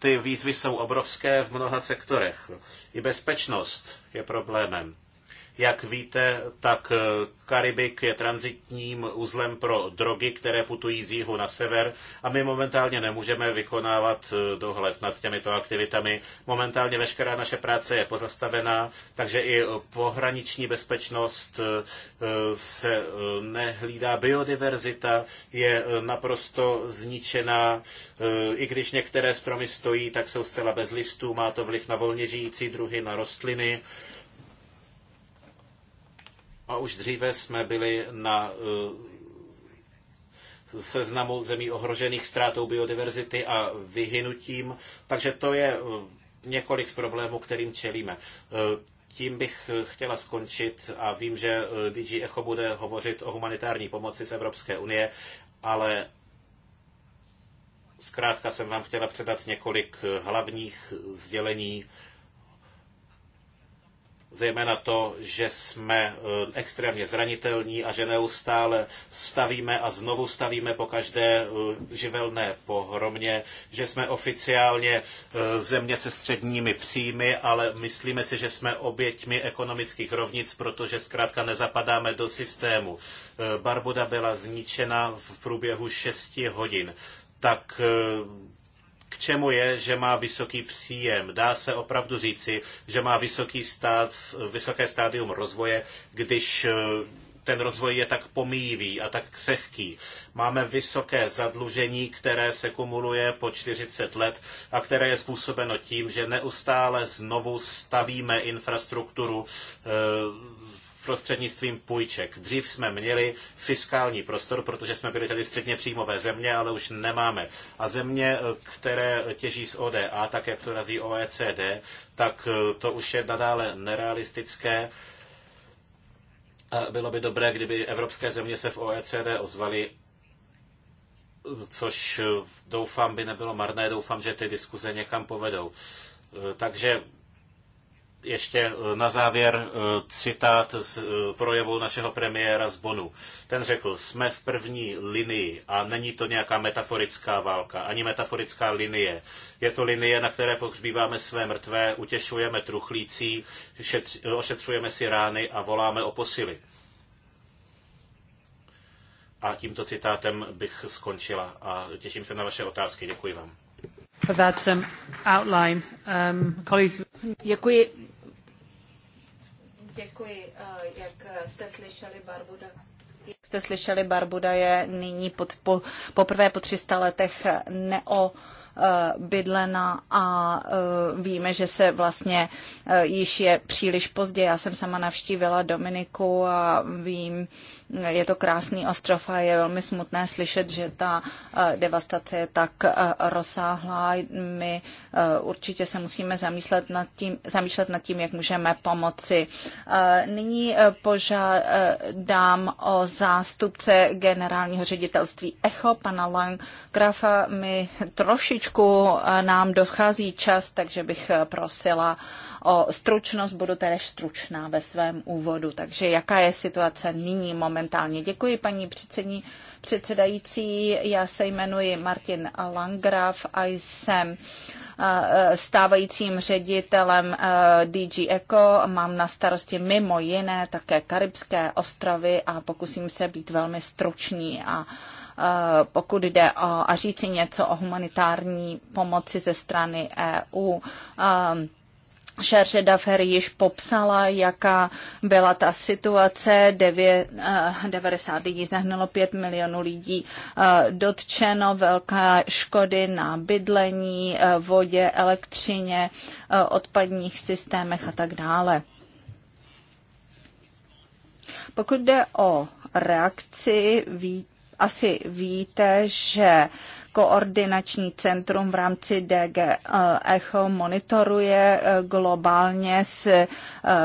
Speaker 3: ty výzvy jsou obrovské v mnoha sektorech. I bezpečnost je problémem. Jak víte, tak eh, Karibik je transitním uzlem pro drogy, které putují z jihu na sever a my momentálně nemůžeme vykonávat eh, dohled nad těmito aktivitami. Momentálně veškerá naše práce je pozastavená, takže i pohraniční bezpečnost eh, se nehlídá. Biodiverzita je naprosto zničená. I když některé stromy stojí, tak jsou zcela bez listů. Má to vliv na volně žijící druhy, na rostliny a už dříve jsme byli na eh, seznamu zemí ohrožených ztrátou biodiverzity a vyhynutím, takže to je eh, několik z problémů, kterým čelíme. Eh, tím bych chtěla skončit a vím, že DG Echo bude hovořit o humanitární pomoci z Evropské unie, ale zkrátka jsem vám chtěla předat několik hlavních sdělení zejména to, že jsme eh, extrémně zranitelní a že neustále stavíme a znovu stavíme po každé eh, živelné pohromě, že jsme oficiálně eh, země se středními příjmy, ale myslíme si, že jsme oběťmi ekonomických rovnic, protože zkrátka nezapadáme do systému. Barbuda byla zničena v průběhu šesti hodin tak k čemu je, že má vysoký příjem. Dá se opravdu říci, že má vysoký stát, vysoké stádium rozvoje, když eh, ten rozvoj je tak pomíjivý a tak křehký. Máme vysoké zadlužení, které se kumuluje po 40 let a které je způsobeno tím, že neustále znovu stavíme infrastrukturu eh, prostřednictvím půjček. Dřív jsme měli fiskální prostor, protože jsme byli tady středně příjmové země, ale už nemáme. A země, eh, které těží z ODA, tak jak to razí OECD, tak eh, to už je nadále nerealistické. Bylo by dobré, kdyby evropské země se v OECD ozvaly což eh, doufám by nebylo marné, doufám, že ty diskuze někam povedou. Takže ještě eh, na závěr eh, citát z eh, projevu našeho premiéra z Bonu. Ten řekl, jsme v první linii a není to nějaká metaforická válka, ani metaforická linie. Je to linie, na které pohřbíváme své mrtvé, utěšujeme truchlící, ošetřujeme si rány a voláme o posily. A tímto citátem bych skončila a těším se na vaše otázky. Děkuji vám
Speaker 2: for that um, outline. Um, colleagues... Děkuji.
Speaker 1: Děkuji. Uh, jak jste slyšeli, Barbuda, jak jste slyšeli, Barbuda je nyní pod, po, poprvé po 300 letech neo uh, bydlena a uh, víme, že se vlastně již je příliš pozdě. Já jsem sama navštívila Dominiku a vím, je to krásný ostrov a je velmi smutné slyšet, že ta eh, devastace je tak eh, rozsáhlá. My eh, určitě se musíme zamýšlet nad tím, zamýšlet nad tím jak můžeme pomoci. Nyní požádám o zástupce generálního ředitelství ECHO, pana Langgrafa. My trošičku nám dochází čas, takže bych prosila o stručnost. Budu tedy stručná ve svém úvodu. Takže jaká je situace nyní momentálně? momentálně. Děkuji, paní předsední, předsedající. Já se jmenuji Martin Langraf a jsem eh, stávajícím ředitelem eh, DG Eco. Mám na starosti mimo jiné také Karibské ostrovy a pokusím se být velmi stručný a eh, pokud jde o, a říci něco o humanitární pomoci ze strany EU. Um, Šerše Dafer již popsala, jaká byla ta situace. 9, 90 eh, lidí zahnulo 5 milionů lidí eh, dotčeno, velká škody na bydlení, eh, vodě, elektřině, odpadních systémech a tak dále. Pokud jde o reakci, ví, asi víte, že uh, Koordinační centrum v rámci DG eh, Echo monitoruje eh, globálně s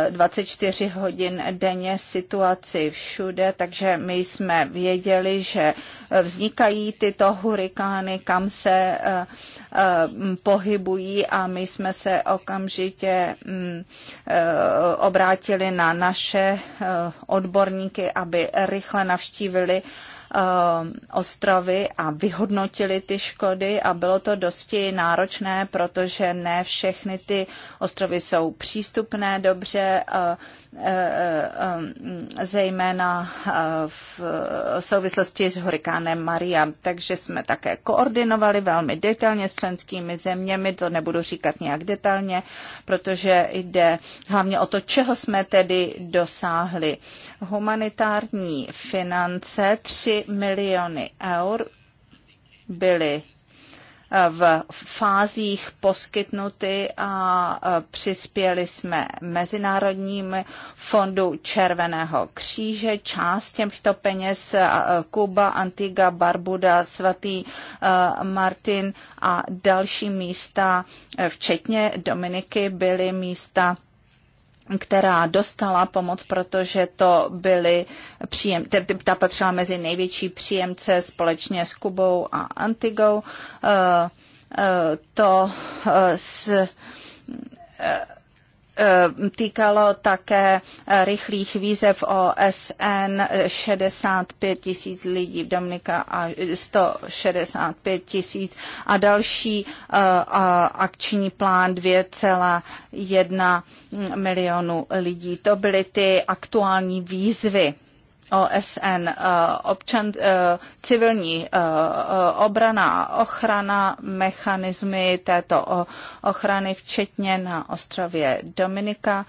Speaker 1: 24 eh, hodin denně situaci všude, takže my jsme věděli, že vznikají tyto hurikány, kam se pohybují a my jsme se okamžitě mm, obrátili na naše odborníky, aby rychle navštívili Um, ostrovy a vyhodnotili ty škody a bylo to dosti náročné, protože ne všechny ty ostrovy jsou přístupné dobře, uh, uh, um, zejména uh, v souvislosti s hurikánem Maria. Takže jsme také koordinovali velmi detailně s členskými zeměmi, to nebudu říkat nějak detailně, protože jde hlavně o to, čeho jsme tedy dosáhli. Humanitární finance, tři miliony eur byly eh, v fázích poskytnuty a eh, přispěli jsme Mezinárodním fondu Červeného kříže. Část těchto peněz eh, Kuba, Antigua, Barbuda, Svatý Martin a další místa, včetně Dominiky, byly místa která dostala pomoc, protože to byly příjem, ta patřila mezi největší příjemce společně s Kubou a Antigou. Eh, eh, to eh, s Eh, týkalo také eh, rychlých výzev OSN 65 eh, tisíc lidí v Dominika a 165 tisíc a další akční plán 2,1 milionu lidí. To byly ty aktuální výzvy. OSN, eh, občan, eh, civilní eh, obrana, ochrana, mechanismy této ochrany, včetně na ostrově Dominika.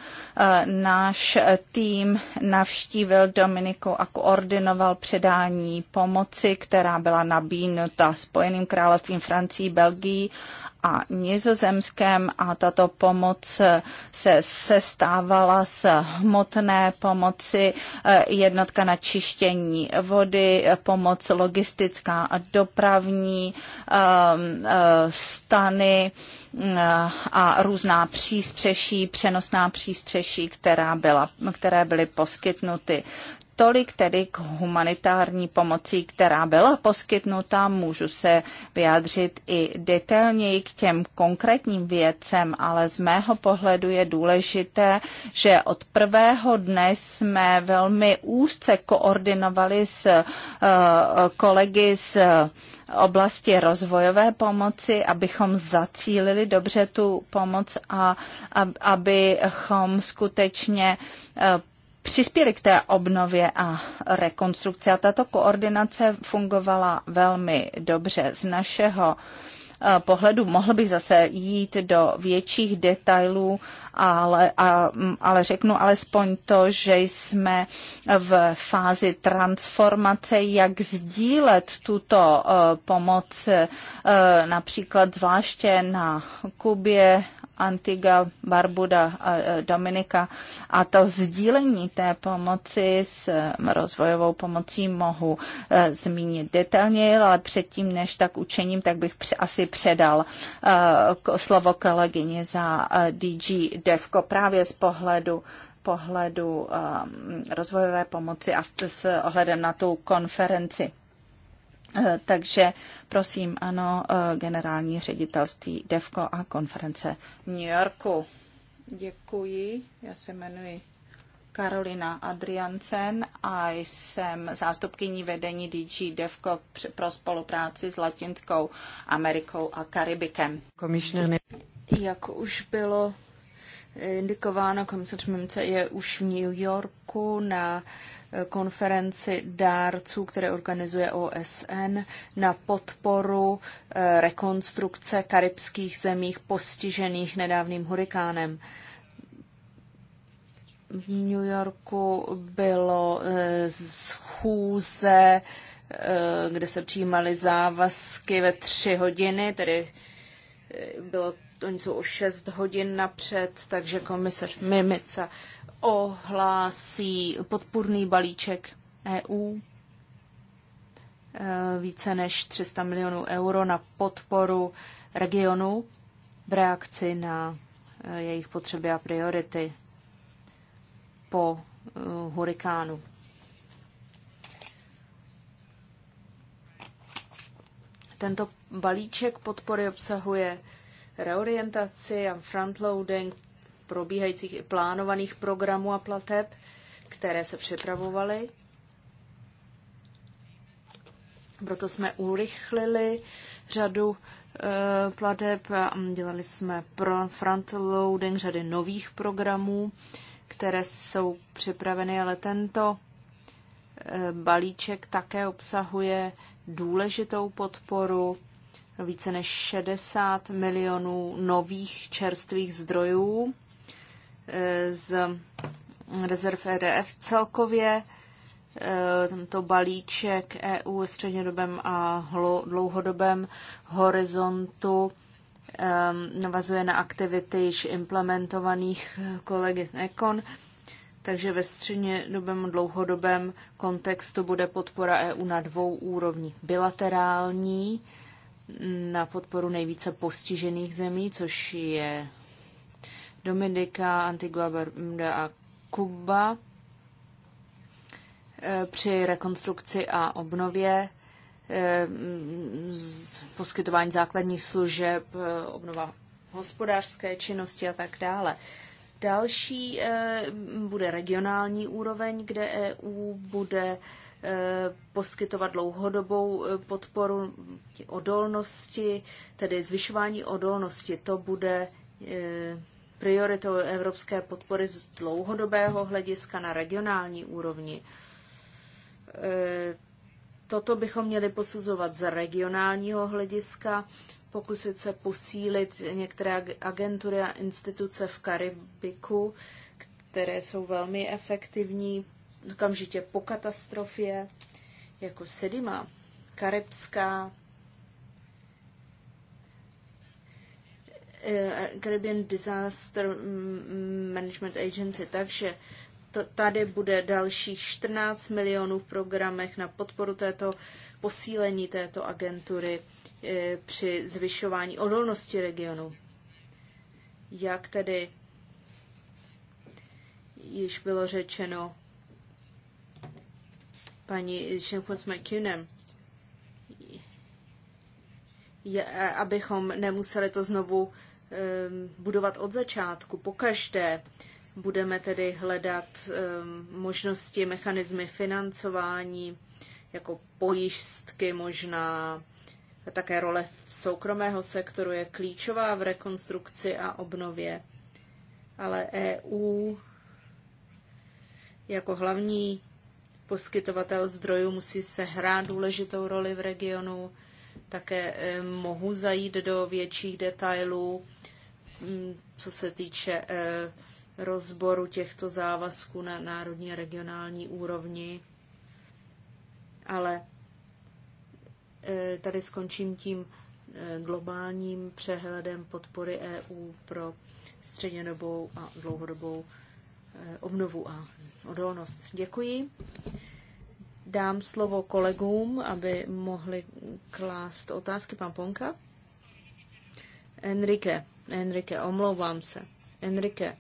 Speaker 1: Náš tým navštívil Dominiku a koordinoval předání pomoci, která byla nabídnuta Spojeným královstvím, Francií, Belgií a nizozemském a tato pomoc se sestávala z hmotné pomoci, eh, jednotka na čištění vody, pomoc logistická a dopravní, ehm, eh, stany eh, a různá přístřeší, přenosná přístřeší, která byla, které byly poskytnuty. Tolik tedy k humanitární pomoci, která byla poskytnuta. Můžu se vyjádřit i detailněji k těm konkrétním věcem, ale z mého pohledu je důležité, že od prvého dne jsme velmi úzce koordinovali s eh, kolegy z oblasti rozvojové pomoci, abychom zacílili dobře tu pomoc a abychom skutečně eh, přispěli k té obnově a rekonstrukci. A tato koordinace fungovala velmi dobře z našeho eh, pohledu. Mohl bych zase jít do větších detailů, ale, a, mm, ale řeknu alespoň to, že jsme v fázi transformace, jak sdílet tuto eh, pomoc eh, například zvláště na Kubě, Antiga, Barbuda a e, Dominika. A to sdílení té pomoci s e, rozvojovou pomocí mohu e, zmínit detailněji, ale předtím, než tak učením, tak bych asi předal slovo kolegyně za DG Devko právě z pohledu pohledu um, rozvojové pomoci a s ohledem na tu konferenci. Eh, takže prosím, ano, eh, generální ředitelství DEVKO a konference v New Yorku. Děkuji, já se jmenuji Karolina Adriancen a jsem zástupkyní vedení DG Devko pro spolupráci s Latinskou Amerikou a Karibikem.
Speaker 2: Komisionary. Jak už bylo indikováno, komisař Mimce je už v New Yorku na eh, konferenci dárců, které organizuje OSN na podporu eh, rekonstrukce karibských zemích postižených nedávným hurikánem. V New Yorku bylo eh, schůze, kde se přijímaly závazky ve tři hodiny, tedy bylo oni jsou o 6 hodin napřed, takže komisař Mimica ohlásí podpůrný balíček EU e, více než 300 milionů euro na podporu regionu v reakci na e, jejich potřeby a priority po e, hurikánu. Tento balíček podpory obsahuje reorientaci a frontloading probíhajících plánovaných programů a plateb, které se připravovaly. Proto jsme urychlili řadu eh, plateb a dělali jsme pro frontloading řady nových programů, které jsou připraveny, ale tento eh, balíček také obsahuje důležitou podporu více než 60 milionů nových čerstvých zdrojů eh, z rezerv EDF. Celkově eh, tento balíček EU ve střednědobém a dlouhodobém horizontu eh, navazuje na aktivity již implementovaných kolegy Econ, takže ve střednědobém dlouhodobém kontextu bude podpora EU na dvou úrovních. Bilaterální, na podporu nejvíce postižených zemí, což je Dominika, Antigua, Barbuda a Kuba. E, při rekonstrukci a obnově e, poskytování základních služeb, e, obnova hospodářské činnosti a tak dále. Další bude regionální úroveň, kde EU bude Eh, poskytovat dlouhodobou eh, podporu odolnosti, tedy zvyšování odolnosti. To bude eh, prioritou evropské podpory z dlouhodobého hlediska na regionální úrovni. Toto bychom měli posuzovat z regionálního hlediska, pokusit se posílit některé agentury a instituce v Karibiku, které jsou velmi efektivní okamžitě po katastrofě, jako Sedima, Karibská, eh, Caribbean Disaster Management Agency, takže to, tady bude dalších 14 milionů v programech na podporu této posílení této agentury eh, při zvyšování odolnosti regionu. Jak tedy již bylo řečeno, paní Šenfos McCunem, je, abychom nemuseli to znovu um, budovat od začátku. Pokaždé budeme tedy hledat um, možnosti, mechanismy financování, jako pojistky možná, také role soukromého sektoru je klíčová v rekonstrukci a obnově. Ale EU jako hlavní poskytovatel zdrojů musí sehrát důležitou roli v regionu. Také eh, mohu zajít do větších detailů, mm, co se týče eh, rozboru těchto závazků na národní a regionální úrovni. Ale eh, tady skončím tím globálním přehledem podpory EU pro střednědobou a dlouhodobou Eh, obnovu a odolnost. Děkuji. Dám slovo kolegům, aby mohli klást otázky. Pan Ponka? Enrique, Enrique, omlouvám se. Enrique.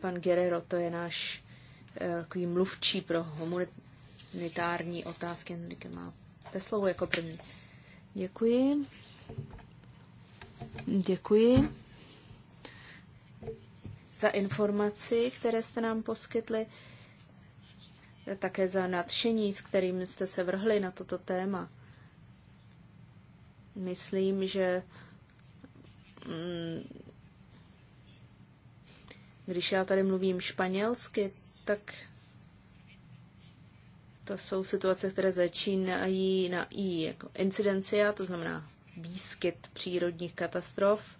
Speaker 2: Pan Guerrero, to je náš eh, takový mluvčí pro humanitární otázky. Enrique má te slovo jako první. Děkuji. Děkuji za informaci, které jste nám poskytli, také za nadšení, s kterým jste se vrhli na toto téma. Myslím, že mm, když já tady mluvím španělsky, tak to jsou situace, které začínají na I, jako incidencia, to znamená výskyt přírodních katastrof,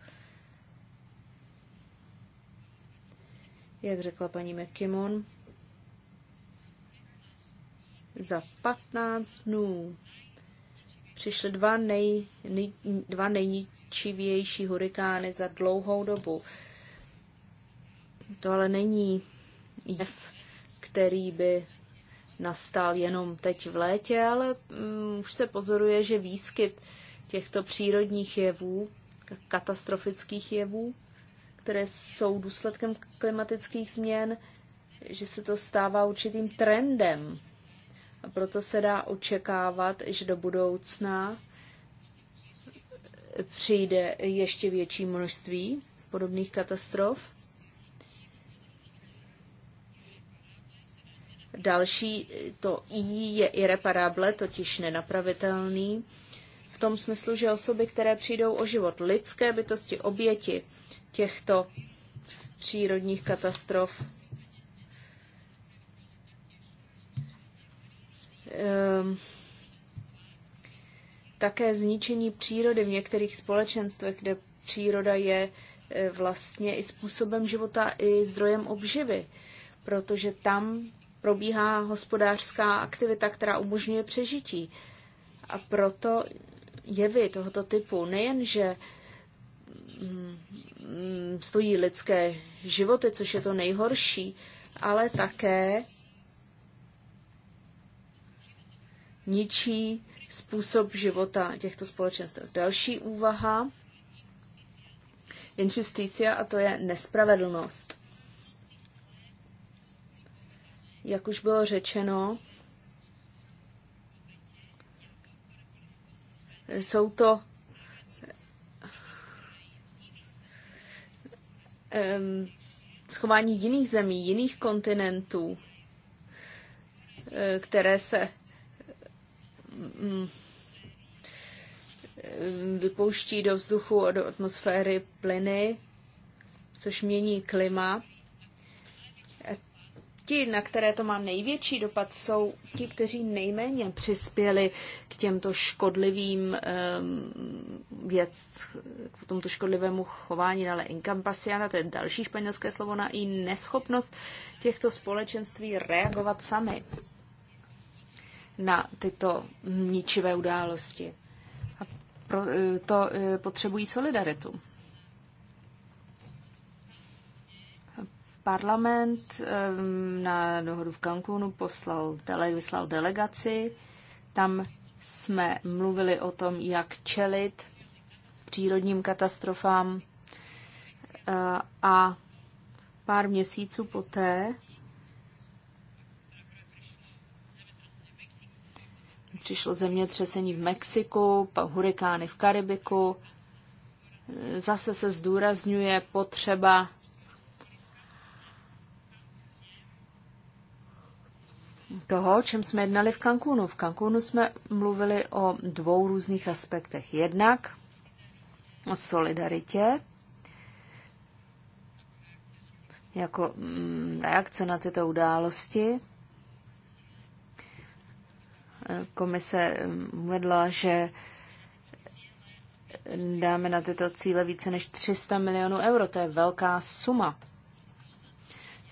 Speaker 2: jak řekla paní McKimon, za 15 dnů přišly dva, nej, nej, dva nejničivější hurikány za dlouhou dobu. To ale není jev, který by nastal jenom teď v létě, ale mm, už se pozoruje, že výskyt těchto přírodních jevů, katastrofických jevů, které jsou důsledkem klimatických změn, že se to stává určitým trendem. A proto se dá očekávat, že do budoucna přijde ještě větší množství podobných katastrof. Další to I je irreparable, totiž nenapravitelný, v tom smyslu, že osoby, které přijdou o život, lidské bytosti, oběti, těchto přírodních katastrof. Ehm, také zničení přírody v některých společenstvech, kde příroda je e, vlastně i způsobem života, i zdrojem obživy, protože tam probíhá hospodářská aktivita, která umožňuje přežití. A proto jevy tohoto typu nejenže mm, Mm, stojí lidské životy, což je to nejhorší, ale také ničí způsob života těchto společenstv. Další úvaha, injusticia, a to je nespravedlnost. Jak už bylo řečeno, jsou to schování jiných zemí, jiných kontinentů, e, které se mm, e, vypouští do vzduchu, a do atmosféry plyny, což mění klima ti, na které to má největší dopad, jsou ti, kteří nejméně přispěli k těmto škodlivým um, věc, k tomuto škodlivému chování, ale incampaciana, to je další španělské slovo na i neschopnost těchto společenství reagovat sami na tyto ničivé události. A pro, eh, to eh, potřebují solidaritu. Parlament na dohodu v Cancúnu poslal, dele, vyslal delegaci. Tam jsme mluvili o tom, jak čelit přírodním katastrofám e, a pár měsíců poté přišlo zemětřesení v Mexiku, hurikány v Karibiku. E, zase se zdůrazňuje potřeba toho, o čem jsme jednali v Cancúnu. V Cancúnu jsme mluvili o dvou různých aspektech. Jednak o solidaritě, jako mm, reakce na tyto události. Komise mm, uvedla, že dáme na tyto cíle více než 300 milionů euro. To je velká suma.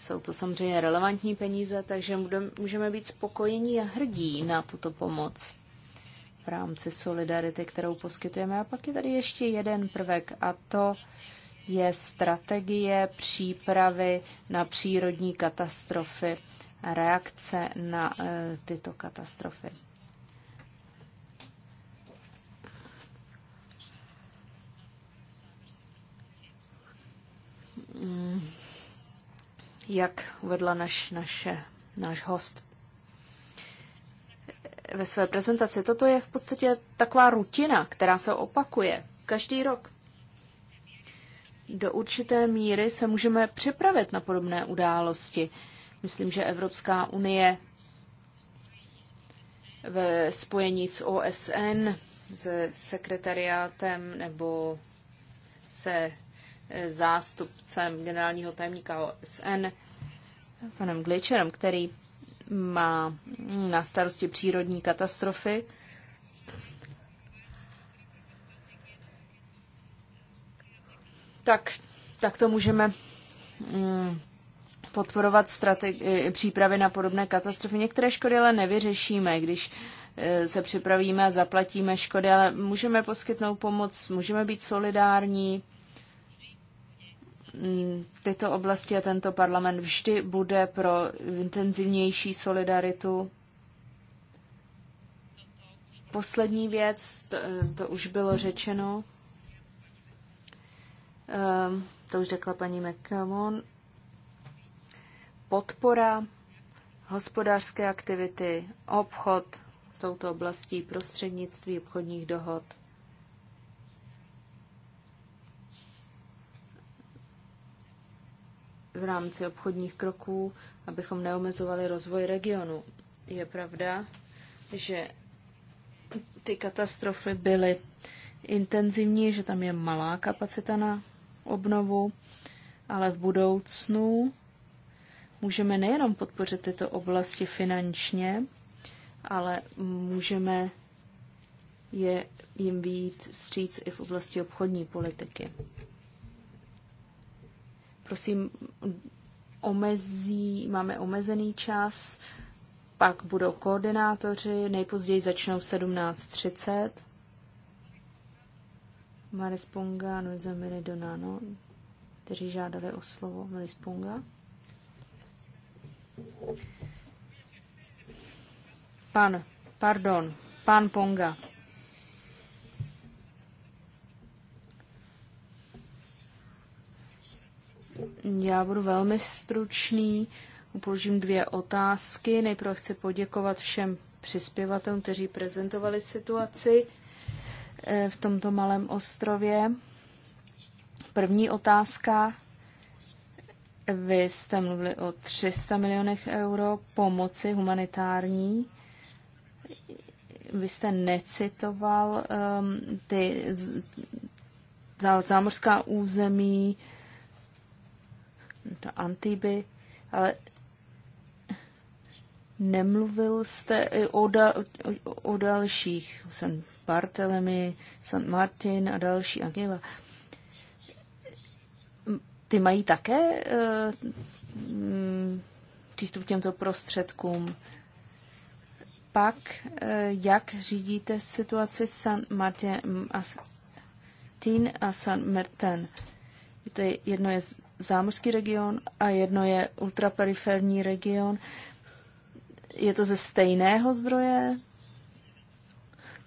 Speaker 2: Jsou to samozřejmě relevantní peníze, takže můžeme být spokojení a hrdí na tuto pomoc v rámci solidarity, kterou poskytujeme. A pak je tady ještě jeden prvek a to je strategie přípravy na přírodní katastrofy a reakce na eh, tyto katastrofy. Mm jak uvedla naš, naše, náš host ve své prezentaci, toto je v podstatě taková rutina, která se opakuje každý rok. Do určité míry se můžeme připravit na podobné události. Myslím, že Evropská unie ve spojení s OSN, se sekretariátem nebo se zástupcem generálního tajemníka OSN, panem Glitcherem, který má na starosti přírodní katastrofy. Tak, tak to můžeme mm, podporovat strategi- přípravy na podobné katastrofy. Některé škody ale nevyřešíme, když e, se připravíme a zaplatíme škody, ale můžeme poskytnout pomoc, můžeme být solidární tyto oblasti a tento parlament vždy bude pro intenzivnější solidaritu. Poslední věc, to, to už bylo řečeno, ehm, to už řekla paní McCammon, podpora hospodářské aktivity, obchod s touto oblastí prostřednictví obchodních dohod v rámci obchodních kroků, abychom neomezovali rozvoj regionu. Je pravda, že ty katastrofy byly intenzivní, že tam je malá kapacita na obnovu, ale v budoucnu můžeme nejenom podpořit tyto oblasti finančně, ale můžeme je jim výjít stříc i v oblasti obchodní politiky prosím, omezí, máme omezený čas, pak budou koordinátoři, nejpozději začnou 17.30. Marisponga, Nuzamine Donano, kteří žádali o slovo Marisponga. Pan, pardon, pan Ponga. Já budu velmi stručný, položím dvě otázky. Nejprve chci poděkovat všem přispěvatelům, kteří prezentovali situaci eh, v tomto malém ostrově. První otázka. Vy jste mluvili o 300 milionech euro pomoci humanitární. Vy jste necitoval um, ty zámořská území, Antiby, ale nemluvil jste o, da, o, o dalších, San Barthelemy, San Martin a další Angela. Ty mají také uh, přístup k těmto prostředkům. Pak, uh, jak řídíte situaci San Martin a a San Merten? To je jedno je z zámořský region a jedno je ultraperiferní region. Je to ze stejného zdroje?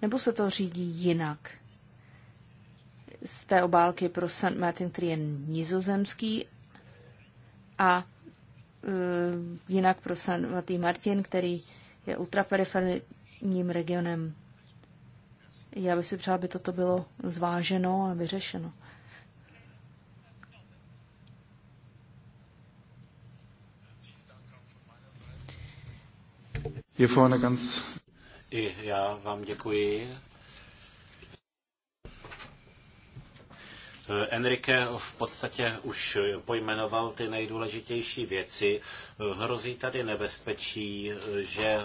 Speaker 2: Nebo se to řídí jinak? Z té obálky pro St. Martin, který je nizozemský, a e, jinak pro St. Martin, který je ultraperiferním regionem. Já bych si přála, aby toto bylo zváženo a vyřešeno.
Speaker 1: Hier vorne ganz.
Speaker 3: I já vám děkuji. Eh, Enrique v podstatě už pojmenoval ty nejdůležitější věci. Eh, Hrozí tady nebezpečí, eh, že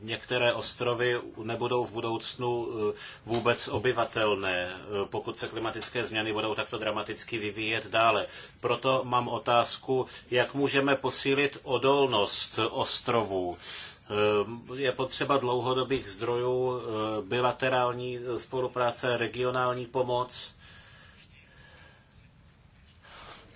Speaker 3: některé ostrovy nebudou v budoucnu eh, vůbec obyvatelné, eh, pokud se klimatické změny budou takto dramaticky vyvíjet dále. Proto mám otázku, jak můžeme posílit odolnost ostrovů. Eh, je potřeba dlouhodobých zdrojů, bilaterální spolupráce, regionální pomoc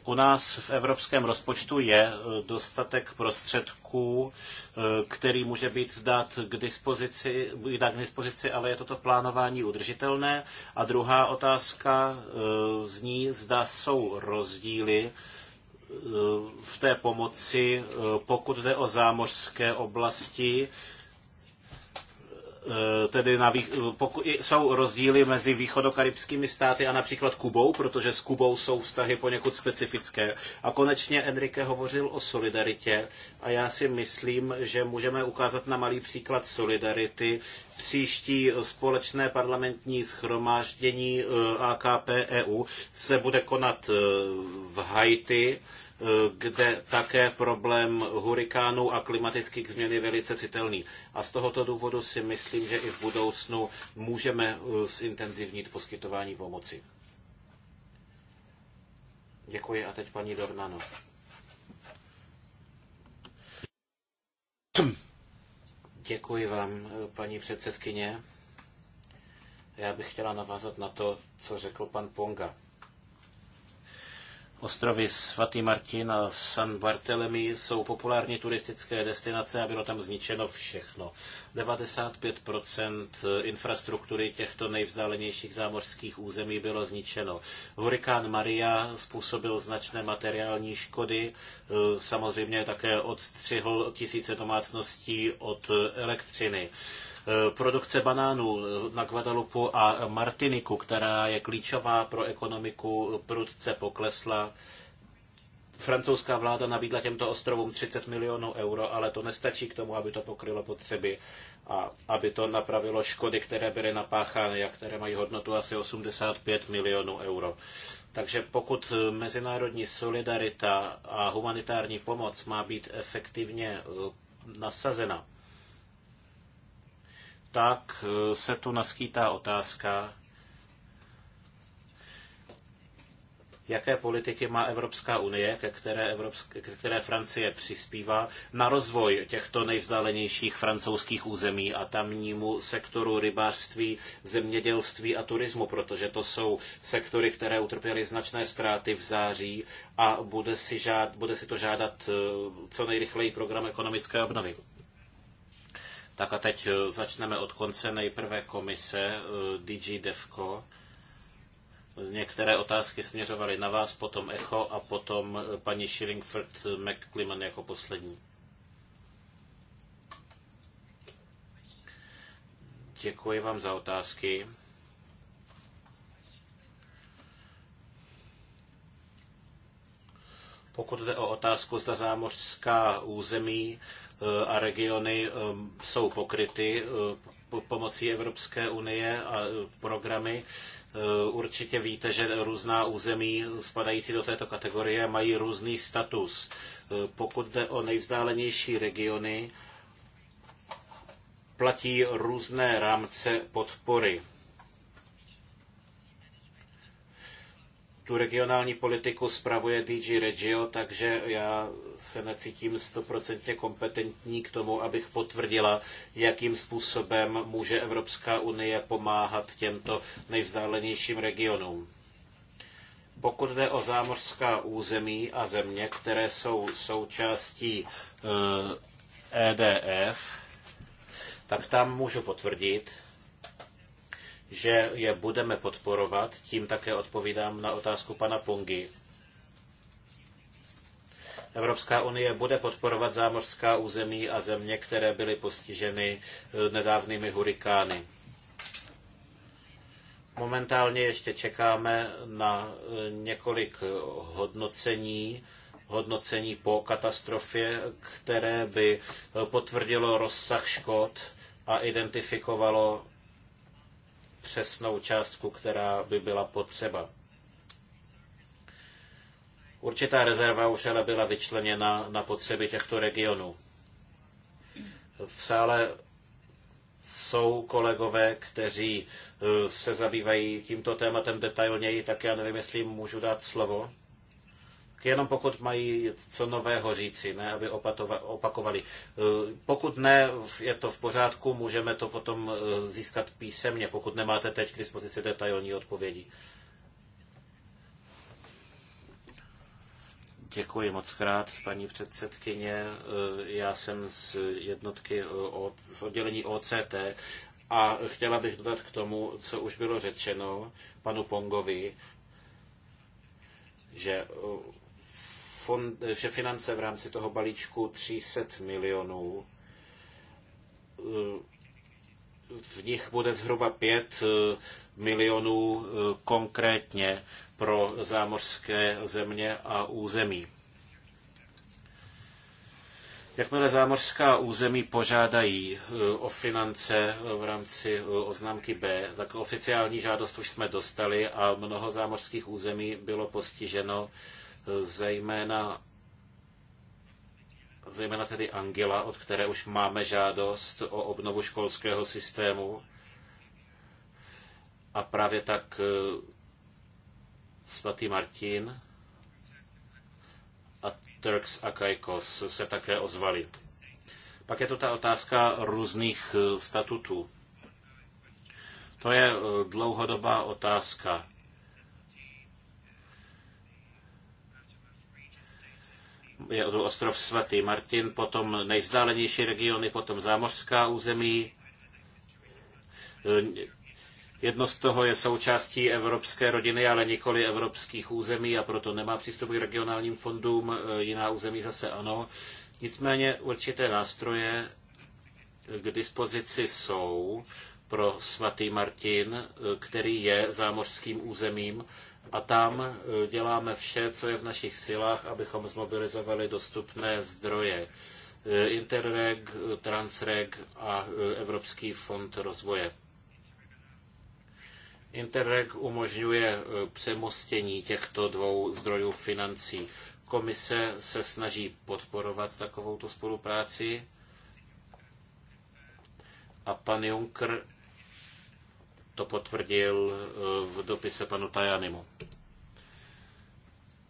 Speaker 3: u nás v evropském rozpočtu je e, dostatek prostředků, e, který může být dát k dispozici, dát k dispozici, ale je toto plánování udržitelné. A druhá otázka e, zní, zda jsou rozdíly v té pomoci, pokud jde o zámořské oblasti, Eh, tedy na, eh, poku, jsou rozdíly mezi východokaribskými státy a například Kubou, protože s Kubou jsou vztahy poněkud specifické. A konečně Enrique hovořil o solidaritě a já si myslím, že můžeme ukázat na malý příklad solidarity. Příští společné parlamentní schromáždění eh, AKP EU se bude konat v Haiti kde také problém hurikánů a klimatických změn je velice citelný. A z tohoto důvodu si myslím, že i v budoucnu můžeme eh, zintenzivnit poskytování pomoci. Děkuji a teď paní Dornano. Děkuji vám, paní předsedkyně. Já bych chtěla navázat na to, co řekl pan Ponga. Ostrovy Svatý Martin a San Barthélemy jsou populární turistické destinace a bylo tam zničeno všechno. 95% infrastruktury těchto nejvzdálenějších zámořských území bylo zničeno. Hurikán Maria způsobil značné materiální škody, e, samozřejmě také odstřihl tisíce domácností od elektřiny. Eh, produkce banánů eh, na Guadalupu a Martiniku, která je klíčová pro ekonomiku, prudce poklesla. Francouzská vláda nabídla těmto ostrovům 30 milionů euro, ale to nestačí k tomu, aby to pokrylo potřeby a aby to napravilo škody, které byly napáchány a které mají hodnotu asi 85 milionů euro. Takže pokud eh, mezinárodní solidarita a humanitární pomoc má být efektivně nasazena, tak eh, se tu naskýtá otázka, jaké politiky má Evropská unie, ke které, Evropské, ke které Francie přispívá, na rozvoj těchto nejvzdálenějších francouzských území a tamnímu sektoru rybářství, zemědělství a turismu, protože to jsou sektory, které utrpěly značné ztráty v září a bude si, žád, bude si to žádat eh, co nejrychleji program ekonomické obnovy. Tak a teď eh, začneme od konce. Nejprve komise eh, DG Devco. Některé otázky směřovaly na vás, potom Echo a potom eh, paní Schillingford McCliman jako poslední. Děkuji vám za otázky. Pokud jde o otázku, zda zámořská území eh, a regiony eh, jsou pokryty eh, pomocí Evropské unie a programy, určitě víte, že různá území spadající do této kategorie mají různý status. Pokud jde o nejvzdálenější regiony, platí různé rámce podpory tu regionální politiku spravuje DG Regio, takže já se necítím stoprocentně kompetentní k tomu, abych potvrdila, jakým způsobem může Evropská unie pomáhat těmto nejvzdálenějším regionům. Pokud jde o zámořská území a země, které jsou součástí EDF, eh, e tak tam můžu potvrdit, že je budeme podporovat, tím také odpovídám na otázku pana Pungy. Evropská unie bude podporovat zámořská území a země, které byly postiženy eh, nedávnými hurikány. Momentálně ještě čekáme na eh, několik hodnocení, hodnocení po katastrofě, které by eh, potvrdilo rozsah škod a identifikovalo přesnou částku, která by byla potřeba. Určitá rezerva už ale byla vyčleněna na potřeby těchto regionů. V sále jsou kolegové, kteří eh, se zabývají tímto tématem detailněji, tak já nevím, jestli jim můžu dát slovo jenom pokud mají co nového říci, ne aby opatova, opakovali. Eh, pokud ne, je to v pořádku, můžeme to potom eh, získat písemně, pokud nemáte teď k dispozici detailní odpovědi. Děkuji moc krát, paní předsedkyně. Eh, já jsem z jednotky z oddělení OCT a chtěla bych dodat k tomu, co už bylo řečeno panu Pongovi, že fond, že finance v rámci toho balíčku 300 milionů, eh, v nich bude zhruba 5 eh, milionů eh, konkrétně pro zámořské země a území. Jakmile zámořská území požádají o finance v rámci oznámky B, tak oficiální žádost už jsme dostali a mnoho zámořských území bylo postiženo zejména zejména tedy Angela, od které už máme žádost o obnovu školského systému. A právě tak eh, svatý Martin a Turks a Kaikos se také ozvali. Pak je to ta otázka různých eh, statutů. To je eh, dlouhodobá otázka. je ostrov svatý Martin, potom nejvzdálenější regiony, potom zámořská území. Jedno z toho je součástí evropské rodiny, ale nikoli evropských území a proto nemá přístup k regionálním fondům, jiná území zase ano. Nicméně určité nástroje k dispozici jsou pro svatý Martin, který je zámořským územím a tam e, děláme vše, co je v našich silách, abychom zmobilizovali dostupné zdroje. E, Interreg, Transreg a e, Evropský fond rozvoje. Interreg umožňuje přemostění těchto dvou zdrojů financí. Komise se snaží podporovat takovouto spolupráci a pan Juncker to potvrdil eh, v dopise panu Tajanimu.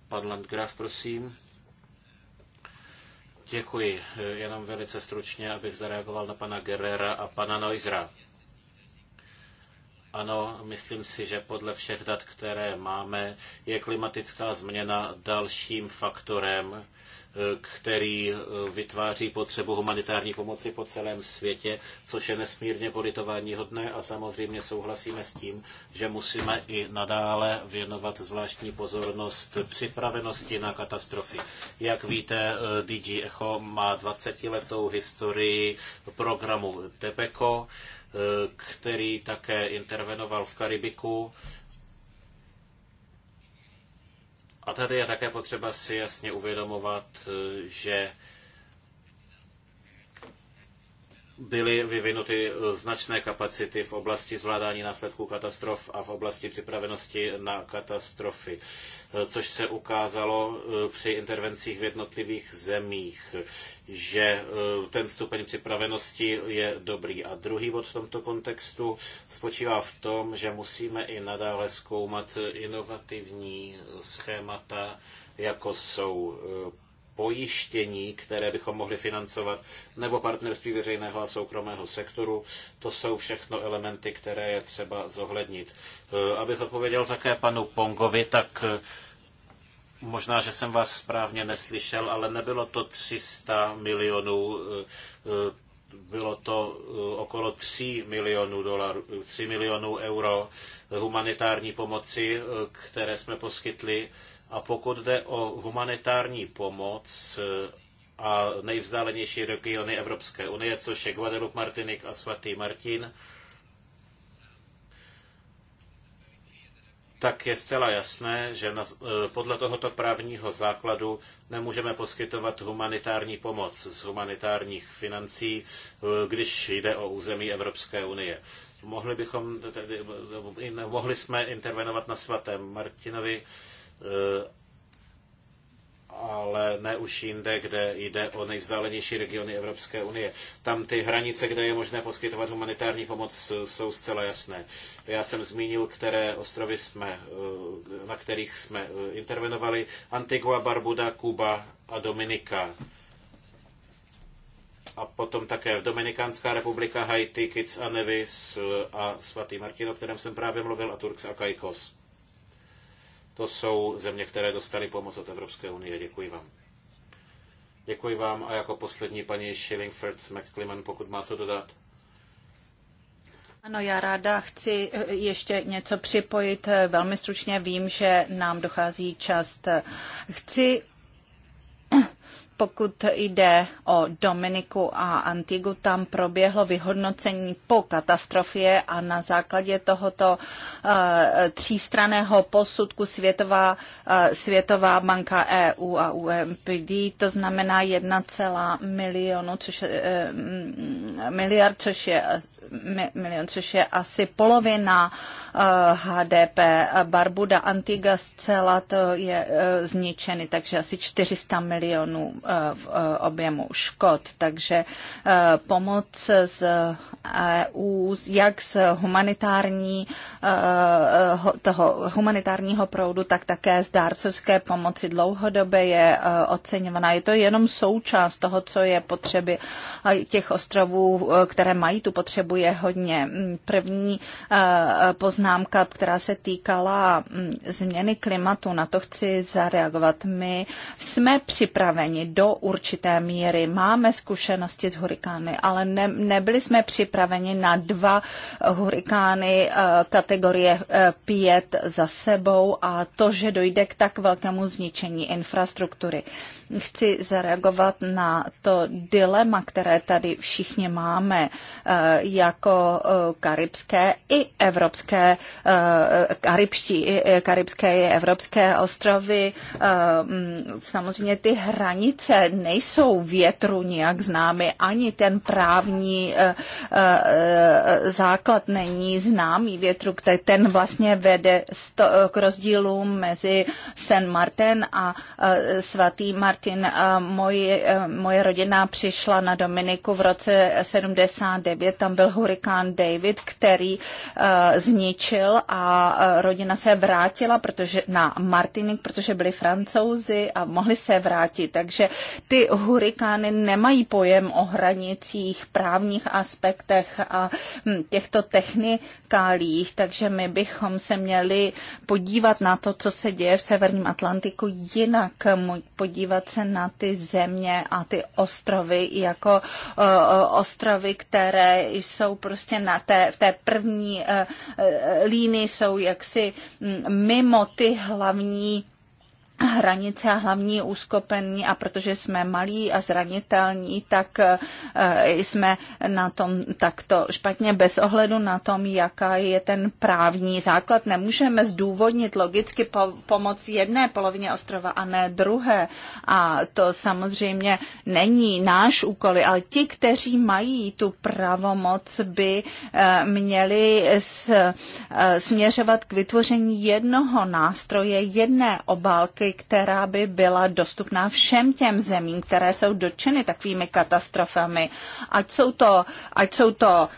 Speaker 3: Pan Landgraf, prosím. Děkuji. Eh, jenom velice stručně, abych zareagoval na pana Gerrera a pana Noizra. Ano, myslím si, že podle všech dat, které máme, je klimatická změna dalším faktorem, který eh, vytváří potřebu humanitární pomoci po celém světě, což je nesmírně politování hodné a samozřejmě souhlasíme s tím, že musíme i nadále věnovat zvláštní pozornost připravenosti na katastrofy. Jak víte, eh, DG Echo má 20-letou historii programu Debeco, eh, který také intervenoval v Karibiku a tady je také potřeba si jasně uvědomovat, že byly vyvinuty značné kapacity v oblasti zvládání následků katastrof a v oblasti připravenosti na katastrofy, což se ukázalo eh, při intervencích v jednotlivých zemích, že eh, ten stupeň připravenosti je dobrý. A druhý bod v tomto kontextu spočívá v tom, že musíme i nadále zkoumat inovativní schémata, jako jsou eh, pojištění, které bychom mohli financovat, nebo partnerství veřejného a soukromého sektoru. To jsou všechno elementy, které je třeba zohlednit. Eh, abych odpověděl také panu Pongovi, tak eh, Možná, že jsem vás správně neslyšel, ale nebylo to 300 milionů, eh, bylo to okolo 3 milionů, dolarů, 3 milionů euro humanitární pomoci, které jsme poskytli a pokud jde o humanitární pomoc eh, a nejvzdálenější regiony Evropské unie, což je Guadeloupe, Martinik a svatý Martin, tak je zcela jasné, že eh, podle tohoto právního základu nemůžeme poskytovat humanitární pomoc z humanitárních financí, eh, když jde o území Evropské unie. Mohli, bychom, tedy, mohli jsme intervenovat na svatém Martinovi, Eh, ale ne už jinde, kde jde o nejvzdálenější regiony Evropské unie. Tam ty hranice, kde je možné poskytovat humanitární pomoc, jsou zcela jasné. Já jsem zmínil, které ostrovy jsme, eh, na kterých jsme eh, intervenovali. Antigua, Barbuda, Kuba a Dominika. A potom také v Dominikánská republika, Haiti, Kitts a Nevis a svatý Martin, o kterém jsem právě mluvil, a Turks a Caicos. To jsou země, které dostaly pomoc od Evropské unie. Děkuji vám. Děkuji vám a jako poslední paní Schillingford McCliman, pokud má co dodat.
Speaker 1: Ano, já ráda chci eh, ještě něco připojit. Eh, velmi stručně vím, že nám dochází čas. Eh, chci pokud jde o Dominiku a Antigu, tam proběhlo vyhodnocení po katastrofě a na základě tohoto eh, třístraného posudku Světová, eh, Světová banka EU a UMPD, to znamená 1, milionu, což je, eh, mm, mm, miliard, což je milion, což je asi polovina HDP. Eh, Barbuda Antigua zcela to je eh, zničeny, takže asi 400 milionů eh, v objemu škod. Takže pomoc z EU, jak z humanitární, toho humanitárního proudu, tak také z dárcovské pomoci dlouhodobě je oceňovaná. Je to jenom součást toho, co je potřeby těch ostrovů, které mají tu potřebu je hodně. Mm, první eh, poznámka, která se týkala mm, změny klimatu, na to chci zareagovat. My jsme připraveni do určité míry, máme zkušenosti s hurikány, ale ne, nebyli jsme připraveni na dva hurikány eh, kategorie 5 eh, za sebou a to, že dojde k tak velkému zničení infrastruktury. Chci zareagovat na to dilema, které tady všichni máme. Já jako eh, karibské i evropské, eh, karibští, i karibské i evropské ostrovy. Eh, mm, samozřejmě ty hranice nejsou větru nijak známy, ani ten právní základ není známý větru, který ten vlastně vede k rozdílům mezi San Martin a svatý Martin. Moje, moje rodina přišla na Dominiku v roce 79, tam byl byl hurikán David, který uh, zničil a uh, rodina se vrátila protože na Martinique, protože byli francouzi a mohli se vrátit. Takže ty hurikány nemají pojem o hranicích, právních aspektech a hm, těchto technikálích, takže my bychom se měli podívat na to, co se děje v Severním Atlantiku jinak, podívat se na ty země a ty ostrovy jako eh, ostrovy, které jsou prostě na té, v té první eh, eh, línii, jsou jaksi mm, mimo ty hlavní hranice a hlavní úskopení a protože jsme malí a zranitelní, tak eh, jsme na tom takto špatně bez ohledu na tom, jaká je ten právní základ. Nemůžeme zdůvodnit logicky po- pomoc jedné polovině ostrova a ne druhé. A to samozřejmě není náš úkol, ale ti, kteří mají tu pravomoc, by eh, měli s, eh, směřovat k vytvoření jednoho nástroje, jedné obálky, která by byla dostupná všem těm zemím, které jsou dotčeny takovými katastrofami. Ať jsou to, ať jsou to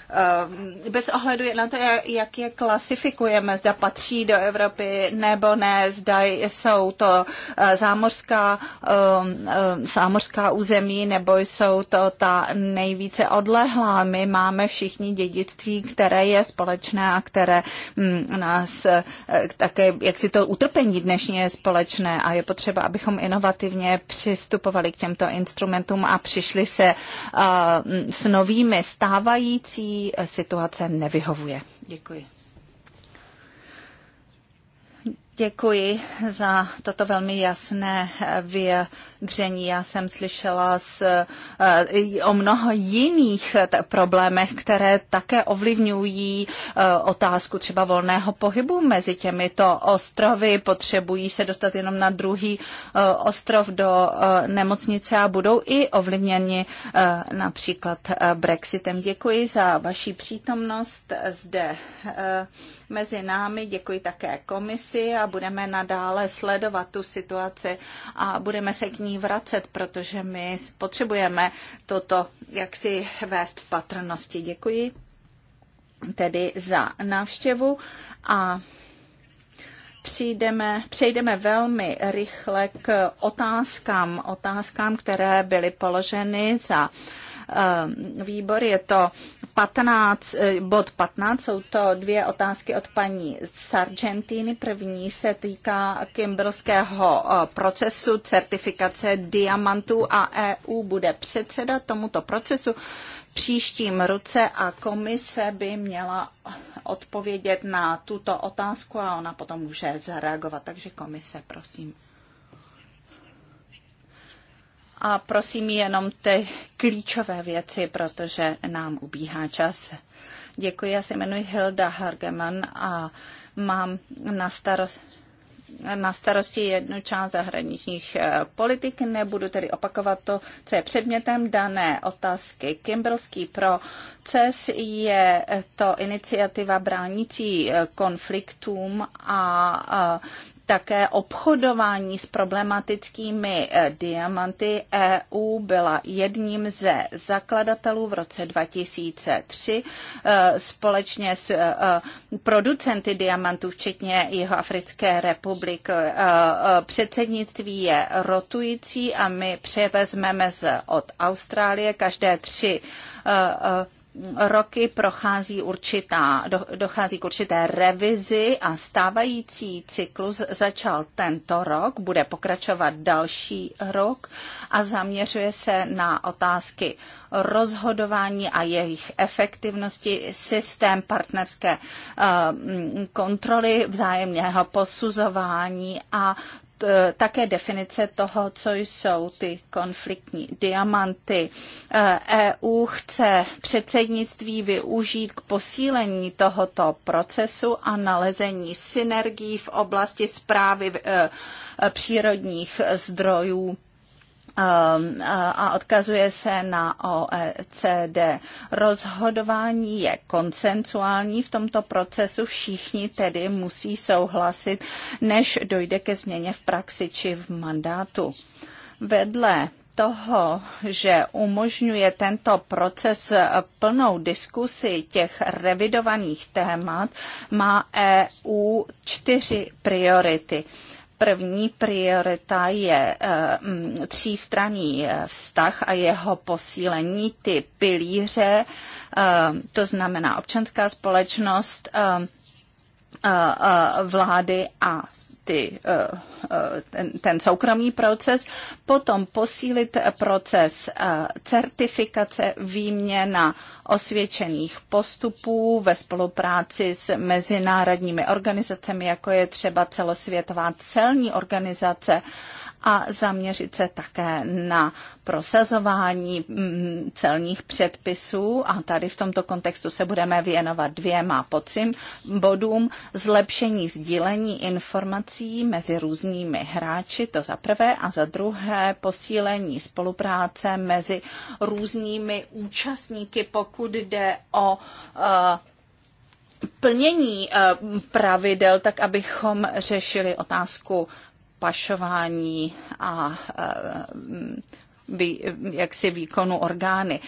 Speaker 1: eh, bez ohledu na to, jak je klasifikujeme, zda patří do Evropy nebo ne, zda jsou to eh, zámořská, eh, zámořská území nebo jsou to ta nejvíce odlehlá. My máme všichni dědictví, které je společné a které hm, nás také, jak si to utrpení dnešní je společné a je potřeba, abychom inovativně přistupovali k těmto instrumentům a přišli se eh, s novými stávající eh, situace nevyhovuje. Děkuji. Děkuji za toto velmi jasné eh, vyjádření dření. Já jsem slyšela z, eh, o mnoho jiných eh, problémech, které také ovlivňují eh, otázku třeba volného pohybu mezi těmito ostrovy. Potřebují se dostat jenom na druhý ostrov do nemocnice a budou i ovlivněni například Brexitem. Děkuji za vaši přítomnost zde mezi námi. Děkuji také komisi a budeme nadále sledovat tu situaci a budeme se k ní ní vracet, protože my potřebujeme toto jak si vést v patrnosti. Děkuji tedy za návštěvu a přijdeme, přejdeme velmi rychle k otázkám, otázkám, které byly položeny za eh, výbor. Je to 15, eh, bod 15, jsou to dvě otázky od paní Sargentiny. První se týká kimbrovského eh, procesu certifikace diamantů a EU bude předseda tomuto procesu příštím roce a komise by měla odpovědět na tuto otázku a ona potom může zareagovat. Takže komise, prosím a prosím jenom ty klíčové věci, protože nám ubíhá čas. Děkuji, já se jmenuji Hilda Hargeman a mám na starost na starosti jednu část zahraničních eh, politik. Nebudu tedy opakovat to, co je předmětem dané otázky. Kimberský proces je to iniciativa bránící eh, konfliktům a eh, také obchodování s problematickými eh, diamanty EU byla jedním ze zakladatelů v roce 2003 eh, společně s eh, producenty diamantů, včetně Africké republik. Předsednictví je rotující a my převezmeme z, od Austrálie každé tři roky prochází určitá, dochází k určité revizi a stávající cyklus začal tento rok, bude pokračovat další rok a zaměřuje se na otázky rozhodování a jejich efektivnosti, systém partnerské eh, kontroly, vzájemného posuzování a Eh, také definice toho, co jsou ty konfliktní diamanty. EU eh, e chce předsednictví využít k posílení tohoto procesu a nalezení synergií v oblasti zprávy eh, přírodních zdrojů Um, a odkazuje se na OECD. Rozhodování je koncensuální v tomto procesu, všichni tedy musí souhlasit, než dojde ke změně v praxi či v mandátu. Vedle toho, že umožňuje tento proces plnou diskusi těch revidovaných témat, má EU čtyři priority. První priorita je eh, třístraný eh, vztah a jeho posílení, ty pilíře, eh, to znamená občanská společnost, vlády a ty, eh, eh, ten, ten soukromý proces, potom posílit proces eh, certifikace, výměna osvědčených postupů ve spolupráci s mezinárodními organizacemi, jako je třeba celosvětová celní organizace a zaměřit se také na prosazování mm, celních předpisů a tady v tomto kontextu se budeme věnovat dvěma pocim bodům zlepšení sdílení informací mezi různými hráči, to za prvé, a za druhé posílení spolupráce mezi různými účastníky, pokud jde o eh, plnění eh, pravidel, tak abychom řešili otázku pašování a eh, jak si výkonu orgány.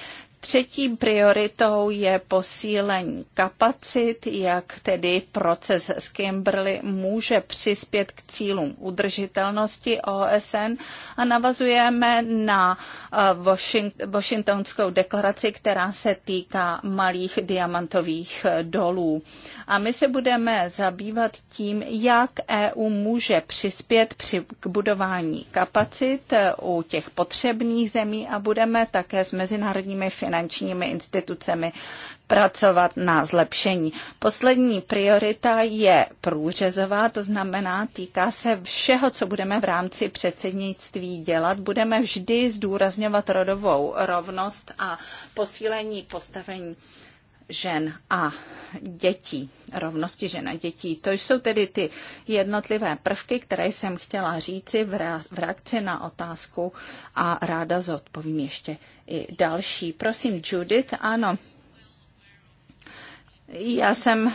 Speaker 1: Třetí prioritou je posílení kapacit, jak tedy proces s Kimberly může přispět k cílům udržitelnosti OSN a navazujeme na eh, Washingtonskou deklaraci, která se týká malých diamantových eh, dolů. A my se budeme zabývat tím, jak EU může přispět při, k budování kapacit eh, u těch potřebných zemí a budeme také s mezinárodními financemi finančními institucemi pracovat na zlepšení. Poslední priorita je průřezová, to znamená, týká se všeho, co budeme v rámci předsednictví dělat. Budeme vždy zdůrazňovat rodovou rovnost a posílení postavení žen a dětí, rovnosti žen a dětí. To jsou tedy ty jednotlivé prvky, které jsem chtěla říci v reakci na otázku a ráda zodpovím ještě i další. Prosím, Judith, ano. Já jsem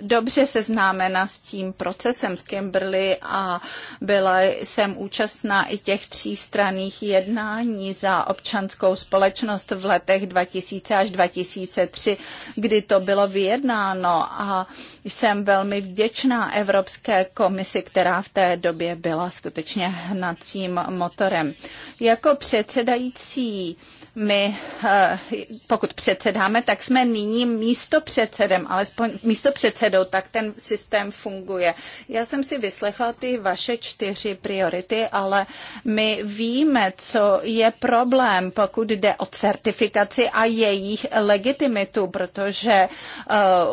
Speaker 1: dobře seznámena s tím procesem z Kimberly a byla jsem účastná i těch třístranných jednání za občanskou společnost v letech 2000 až 2003, kdy to bylo vyjednáno a jsem velmi vděčná Evropské komisi, která v té době byla skutečně hnacím motorem. Jako předsedající my, eh, pokud předsedáme, tak jsme nyní místo předsedem, alespoň místo předsedou, tak ten systém funguje. Já jsem si vyslechla ty vaše čtyři priority, ale my víme, co je problém, pokud jde o certifikaci a jejich legitimitu, protože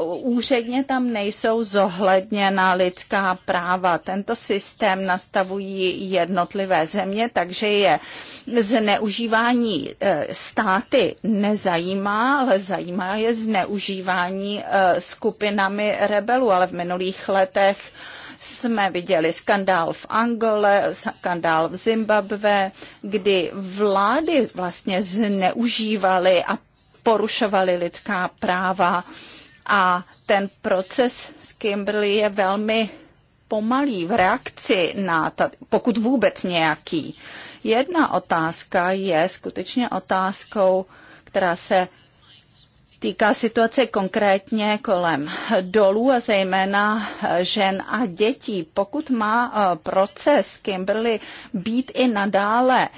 Speaker 1: uh, úředně tam nejsou zohledněna lidská práva. Tento systém nastavují jednotlivé země, takže je zneužívání eh, státy nezajímá, ale zajímá je zneužívání eh, skupinami rebelů, ale v minulých letech jsme viděli skandál v Angole, skandál v Zimbabve, kdy vlády vlastně zneužívaly a porušovaly lidská práva a ten proces s Kimberly je velmi pomalý v reakci na, ta, pokud vůbec nějaký. Uh, Jedna otázka je skutečně otázkou, která se týká situace konkrétně kolem dolů a zejména žen a dětí. Pokud má eh, proces Kimberly být i nadále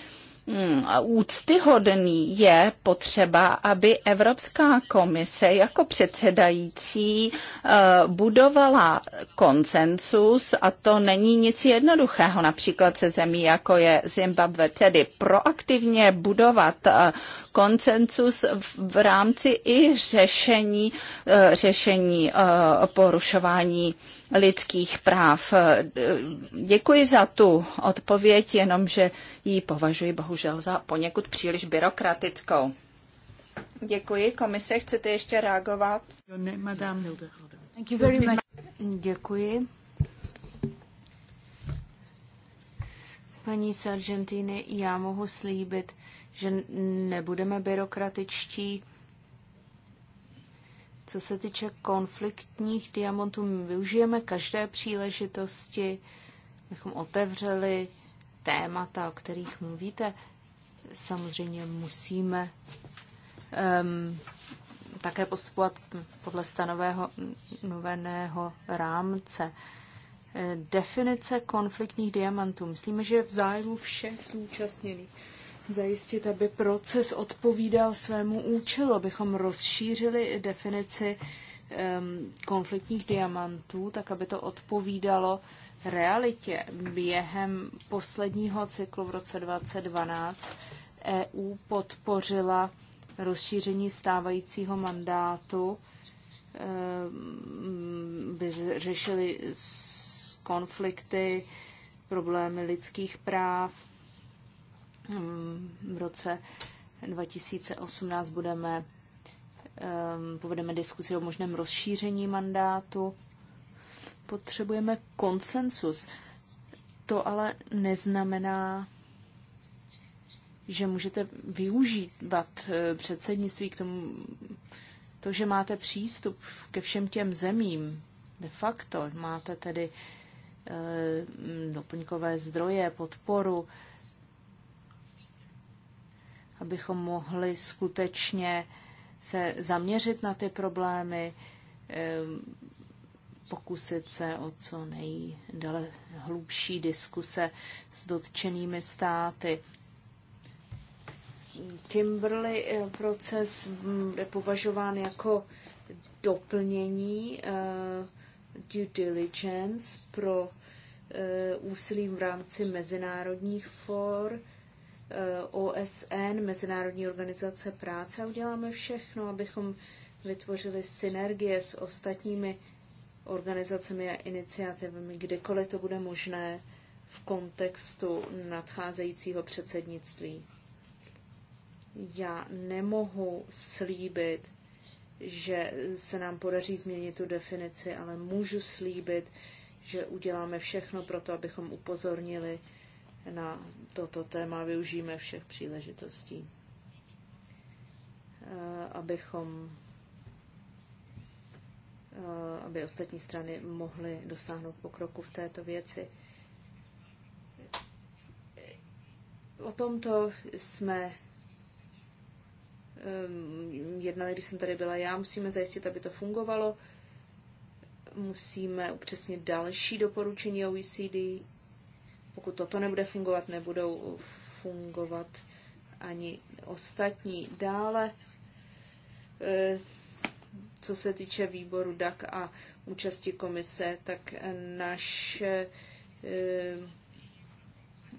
Speaker 1: Hmm, úctyhodný, je potřeba, aby Evropská komise jako předsedající eh, budovala konsensus a to není nic jednoduchého, například se zemí, jako je Zimbabwe, tedy proaktivně budovat eh, koncensus v rámci i řešení, eh, řešení porušování lidských práv. Děkuji za tu odpověď, jenomže ji považuji bohužel za poněkud příliš byrokratickou. Děkuji. Komise, chcete ještě reagovat?
Speaker 2: Děkuji. Paní z Argentiny, já mohu slíbit, že nebudeme byrokratičtí co se týče konfliktních diamantů, využijeme každé příležitosti, abychom otevřeli témata, o kterých mluvíte. Samozřejmě musíme um, také postupovat podle stanového noveného rámce. Eh, definice konfliktních diamantů. Myslíme, že je v zájmu všech zúčastněných zajistit, aby proces odpovídal svému účelu, abychom rozšířili definici um, konfliktních diamantů, tak aby to odpovídalo realitě. Během posledního cyklu v roce 2012 EU podpořila rozšíření stávajícího mandátu, by řešili konflikty, problémy lidských práv, v roce 2018 budeme ehm, povedeme diskusi o možném rozšíření mandátu. Potřebujeme konsensus. To ale neznamená, že můžete využívat eh, předsednictví k tomu, to, že máte přístup ke všem těm zemím, de facto máte tedy e, doplňkové zdroje, podporu, abychom mohli skutečně se zaměřit na ty problémy, ehm, pokusit se o co hlubší diskuse s dotčenými státy. Kimberly eh, proces mm, je považován jako doplnění eh, due diligence pro eh, úsilí v rámci mezinárodních for Eh, OSN, Mezinárodní organizace práce a uděláme všechno, abychom vytvořili synergie s ostatními organizacemi a iniciativami, kdykoliv to bude možné v kontextu nadcházejícího předsednictví. Já nemohu slíbit, že se nám podaří změnit tu definici, ale můžu slíbit, že uděláme všechno pro to, abychom upozornili na toto téma. Využijeme všech příležitostí, eh, abychom eh, aby ostatní strany mohly dosáhnout pokroku v této věci. O tomto jsme eh, jednali, když jsem tady byla já. Musíme zajistit, aby to fungovalo. Musíme upřesnit další doporučení OECD pokud toto nebude fungovat, nebudou fungovat ani ostatní. Dále, eh, co se týče výboru DAC a účasti komise, tak naše výbor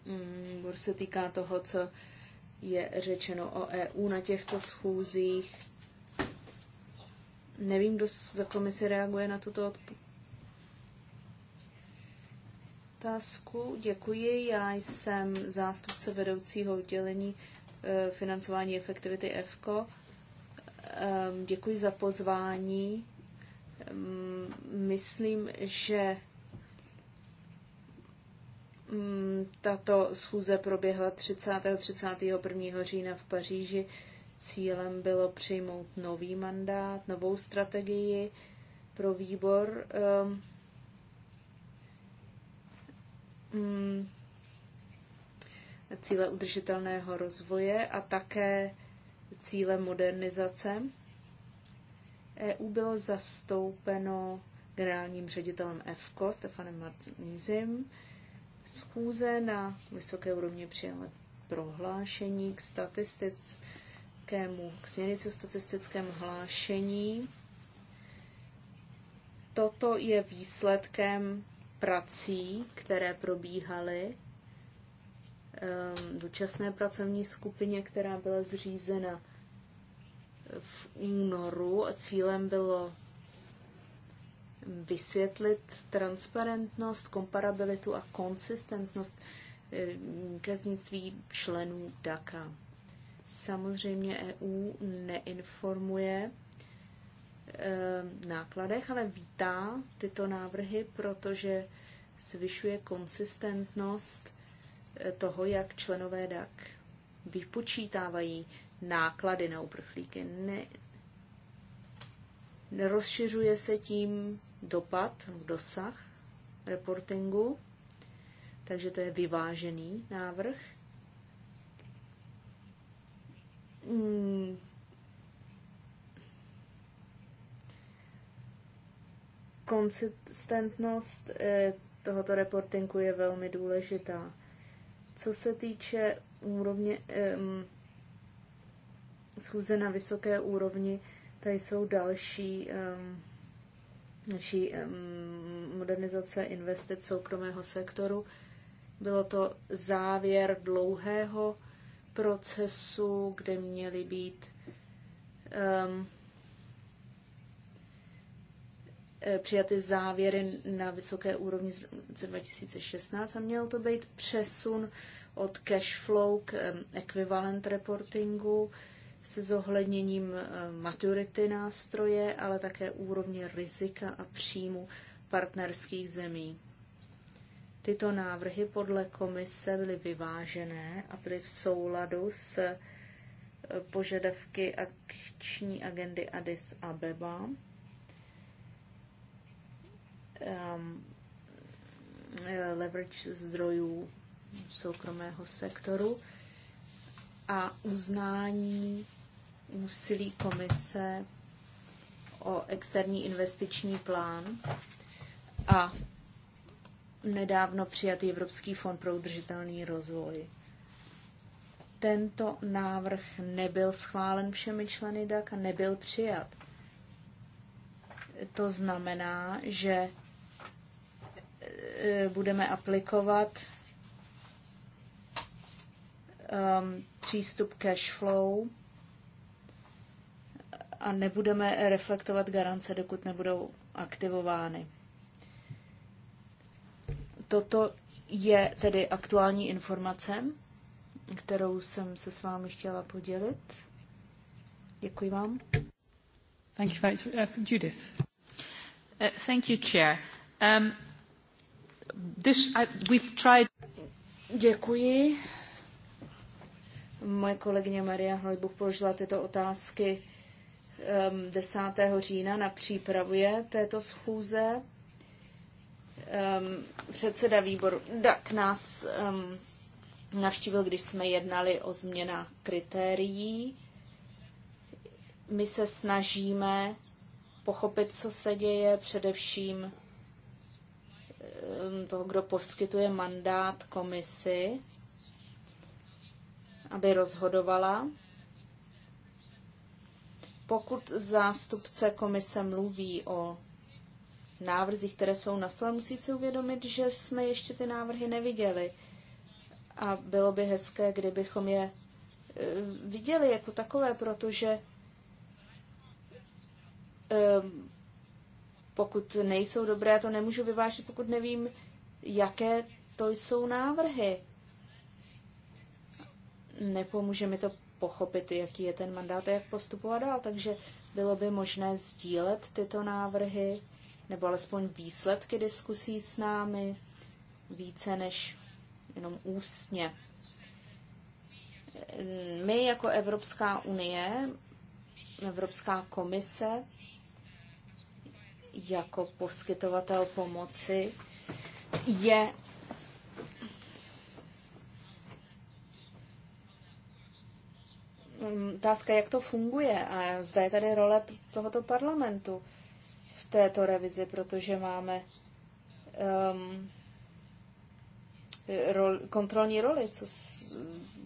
Speaker 2: eh, mm, se týká toho, co je řečeno o EU na těchto schůzích. Nevím, kdo za komisi reaguje na tuto otázku. Děkuji. Já jsem zástupce vedoucího oddělení eh, financování efektivity EFKO. Ehm, děkuji za pozvání. Ehm, myslím, že mm, tato schůze proběhla 30. 31. října v Paříži. Cílem bylo přijmout nový mandát, novou strategii pro výbor. Um, Mm, cíle udržitelného rozvoje a také cíle modernizace. EU bylo zastoupeno generálním ředitelem EFCO Stefanem Martinizem. Schůze na vysoké úrovni přijala prohlášení k statistickému, k směrnici statistickém hlášení. Toto je výsledkem prací, které probíhaly ehm, dočasné pracovní skupině, která byla zřízena v únoru a cílem bylo vysvětlit transparentnost, komparabilitu a konsistentnost ehm, kaznictví členů DACA. Samozřejmě EU neinformuje Eh, nákladech, ale vítá tyto návrhy, protože zvyšuje konsistentnost eh, toho, jak členové DAC vypočítávají náklady na uprchlíky. Ne, nerozšiřuje se tím dopad, dosah reportingu, takže to je vyvážený návrh. Hmm, konsistentnost eh, tohoto reportingu je velmi důležitá. Co se týče úrovně um, schůze na vysoké úrovni, tady jsou další, um, další um, modernizace investic soukromého sektoru. Bylo to závěr dlouhého procesu, kde měly být um, Eh, přijaty závěry na vysoké úrovni z 2016 a měl to být přesun od cash flow k equivalent reportingu se zohledněním eh, maturity nástroje, ale také úrovně rizika a příjmu partnerských zemí. Tyto návrhy podle komise byly vyvážené a byly v souladu s eh, požadavky akční agendy Addis Abeba um, leverage zdrojů soukromého sektoru a uznání úsilí komise o externí investiční plán a nedávno přijatý Evropský fond pro udržitelný rozvoj. Tento návrh nebyl schválen všemi členy DAC a nebyl přijat. To znamená, že Eh, budeme aplikovat um, přístup cash flow a nebudeme reflektovat garance, dokud nebudou aktivovány. Toto je tedy aktuální informace, kterou jsem se s vámi chtěla podělit. Děkuji vám. Thank you, uh, Judith. Uh, thank you, Chair. Um, this, I, we've tried... Děkuji. Moje kolegyně Maria Hlojbuch položila tyto otázky 10. Um, října na přípravě této schůze. Um, předseda výboru DAK nás um, navštívil, když jsme jednali o změnách kritérií. My se snažíme pochopit, co se děje, především Um, toho, kdo poskytuje mandát komisi, aby rozhodovala. Pokud zástupce komise mluví o návrzích, které jsou na stole, musí si uvědomit, že jsme ještě ty návrhy neviděli. A bylo by hezké, kdybychom je uh, viděli jako takové, protože um, pokud nejsou dobré, já to nemůžu vyvážit, pokud nevím, jaké to jsou návrhy. Nepomůže mi to pochopit, jaký je ten mandát a jak postupovat dál, takže bylo by možné sdílet tyto návrhy nebo alespoň výsledky diskusí s námi více než jenom ústně. My jako Evropská unie, Evropská komise jako poskytovatel pomoci je otázka, jak to funguje. A zda je tady role tohoto parlamentu v této revizi, protože máme um, roli, kontrolní roli, co z,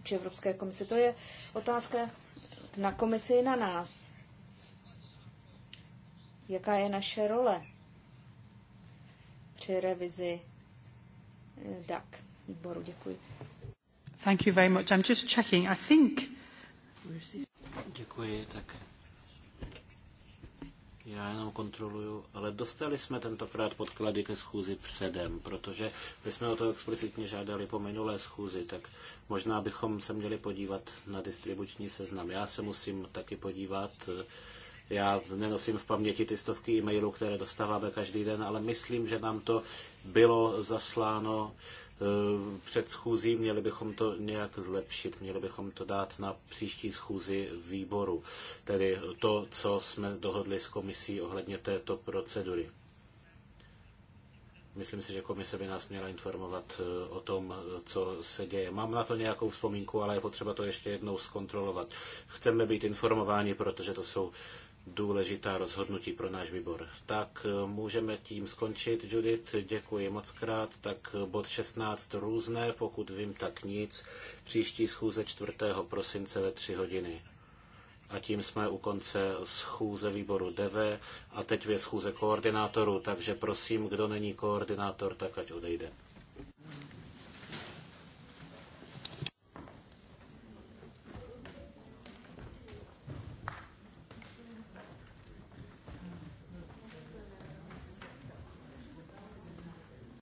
Speaker 2: či Evropské komise. To je otázka na komisi i na nás. Jaká je naše role při revizi eh, DAC výboru? Děkuji.
Speaker 1: Thank you very much. I'm just
Speaker 2: checking. I think...
Speaker 3: Děkuji, tak já jenom kontroluju, ale dostali jsme tentokrát podklady ke schůzi předem, protože my jsme o to explicitně žádali po minulé schůzi, tak možná bychom se měli podívat na distribuční seznam. Já se musím taky podívat, eh, já nenosím v paměti ty stovky e-mailů, které dostáváme každý den, ale myslím, že nám to bylo zasláno eh, před schůzí, měli bychom to nějak zlepšit, měli bychom to dát na příští schůzi výboru, tedy to, co jsme dohodli s komisí ohledně této procedury. Myslím si, že komise by nás měla informovat eh, o tom, co se děje. Mám na to nějakou vzpomínku, ale je potřeba to ještě jednou zkontrolovat. Chceme být informováni, protože to jsou důležitá rozhodnutí pro náš výbor. Tak eh, můžeme tím skončit, Judith, děkuji moc krát. Tak eh, bod 16 různé, pokud vím, tak nic. Příští schůze 4. prosince ve 3 hodiny. A tím jsme u konce schůze výboru DV a teď je schůze koordinátorů, takže prosím, kdo není koordinátor, tak ať odejde.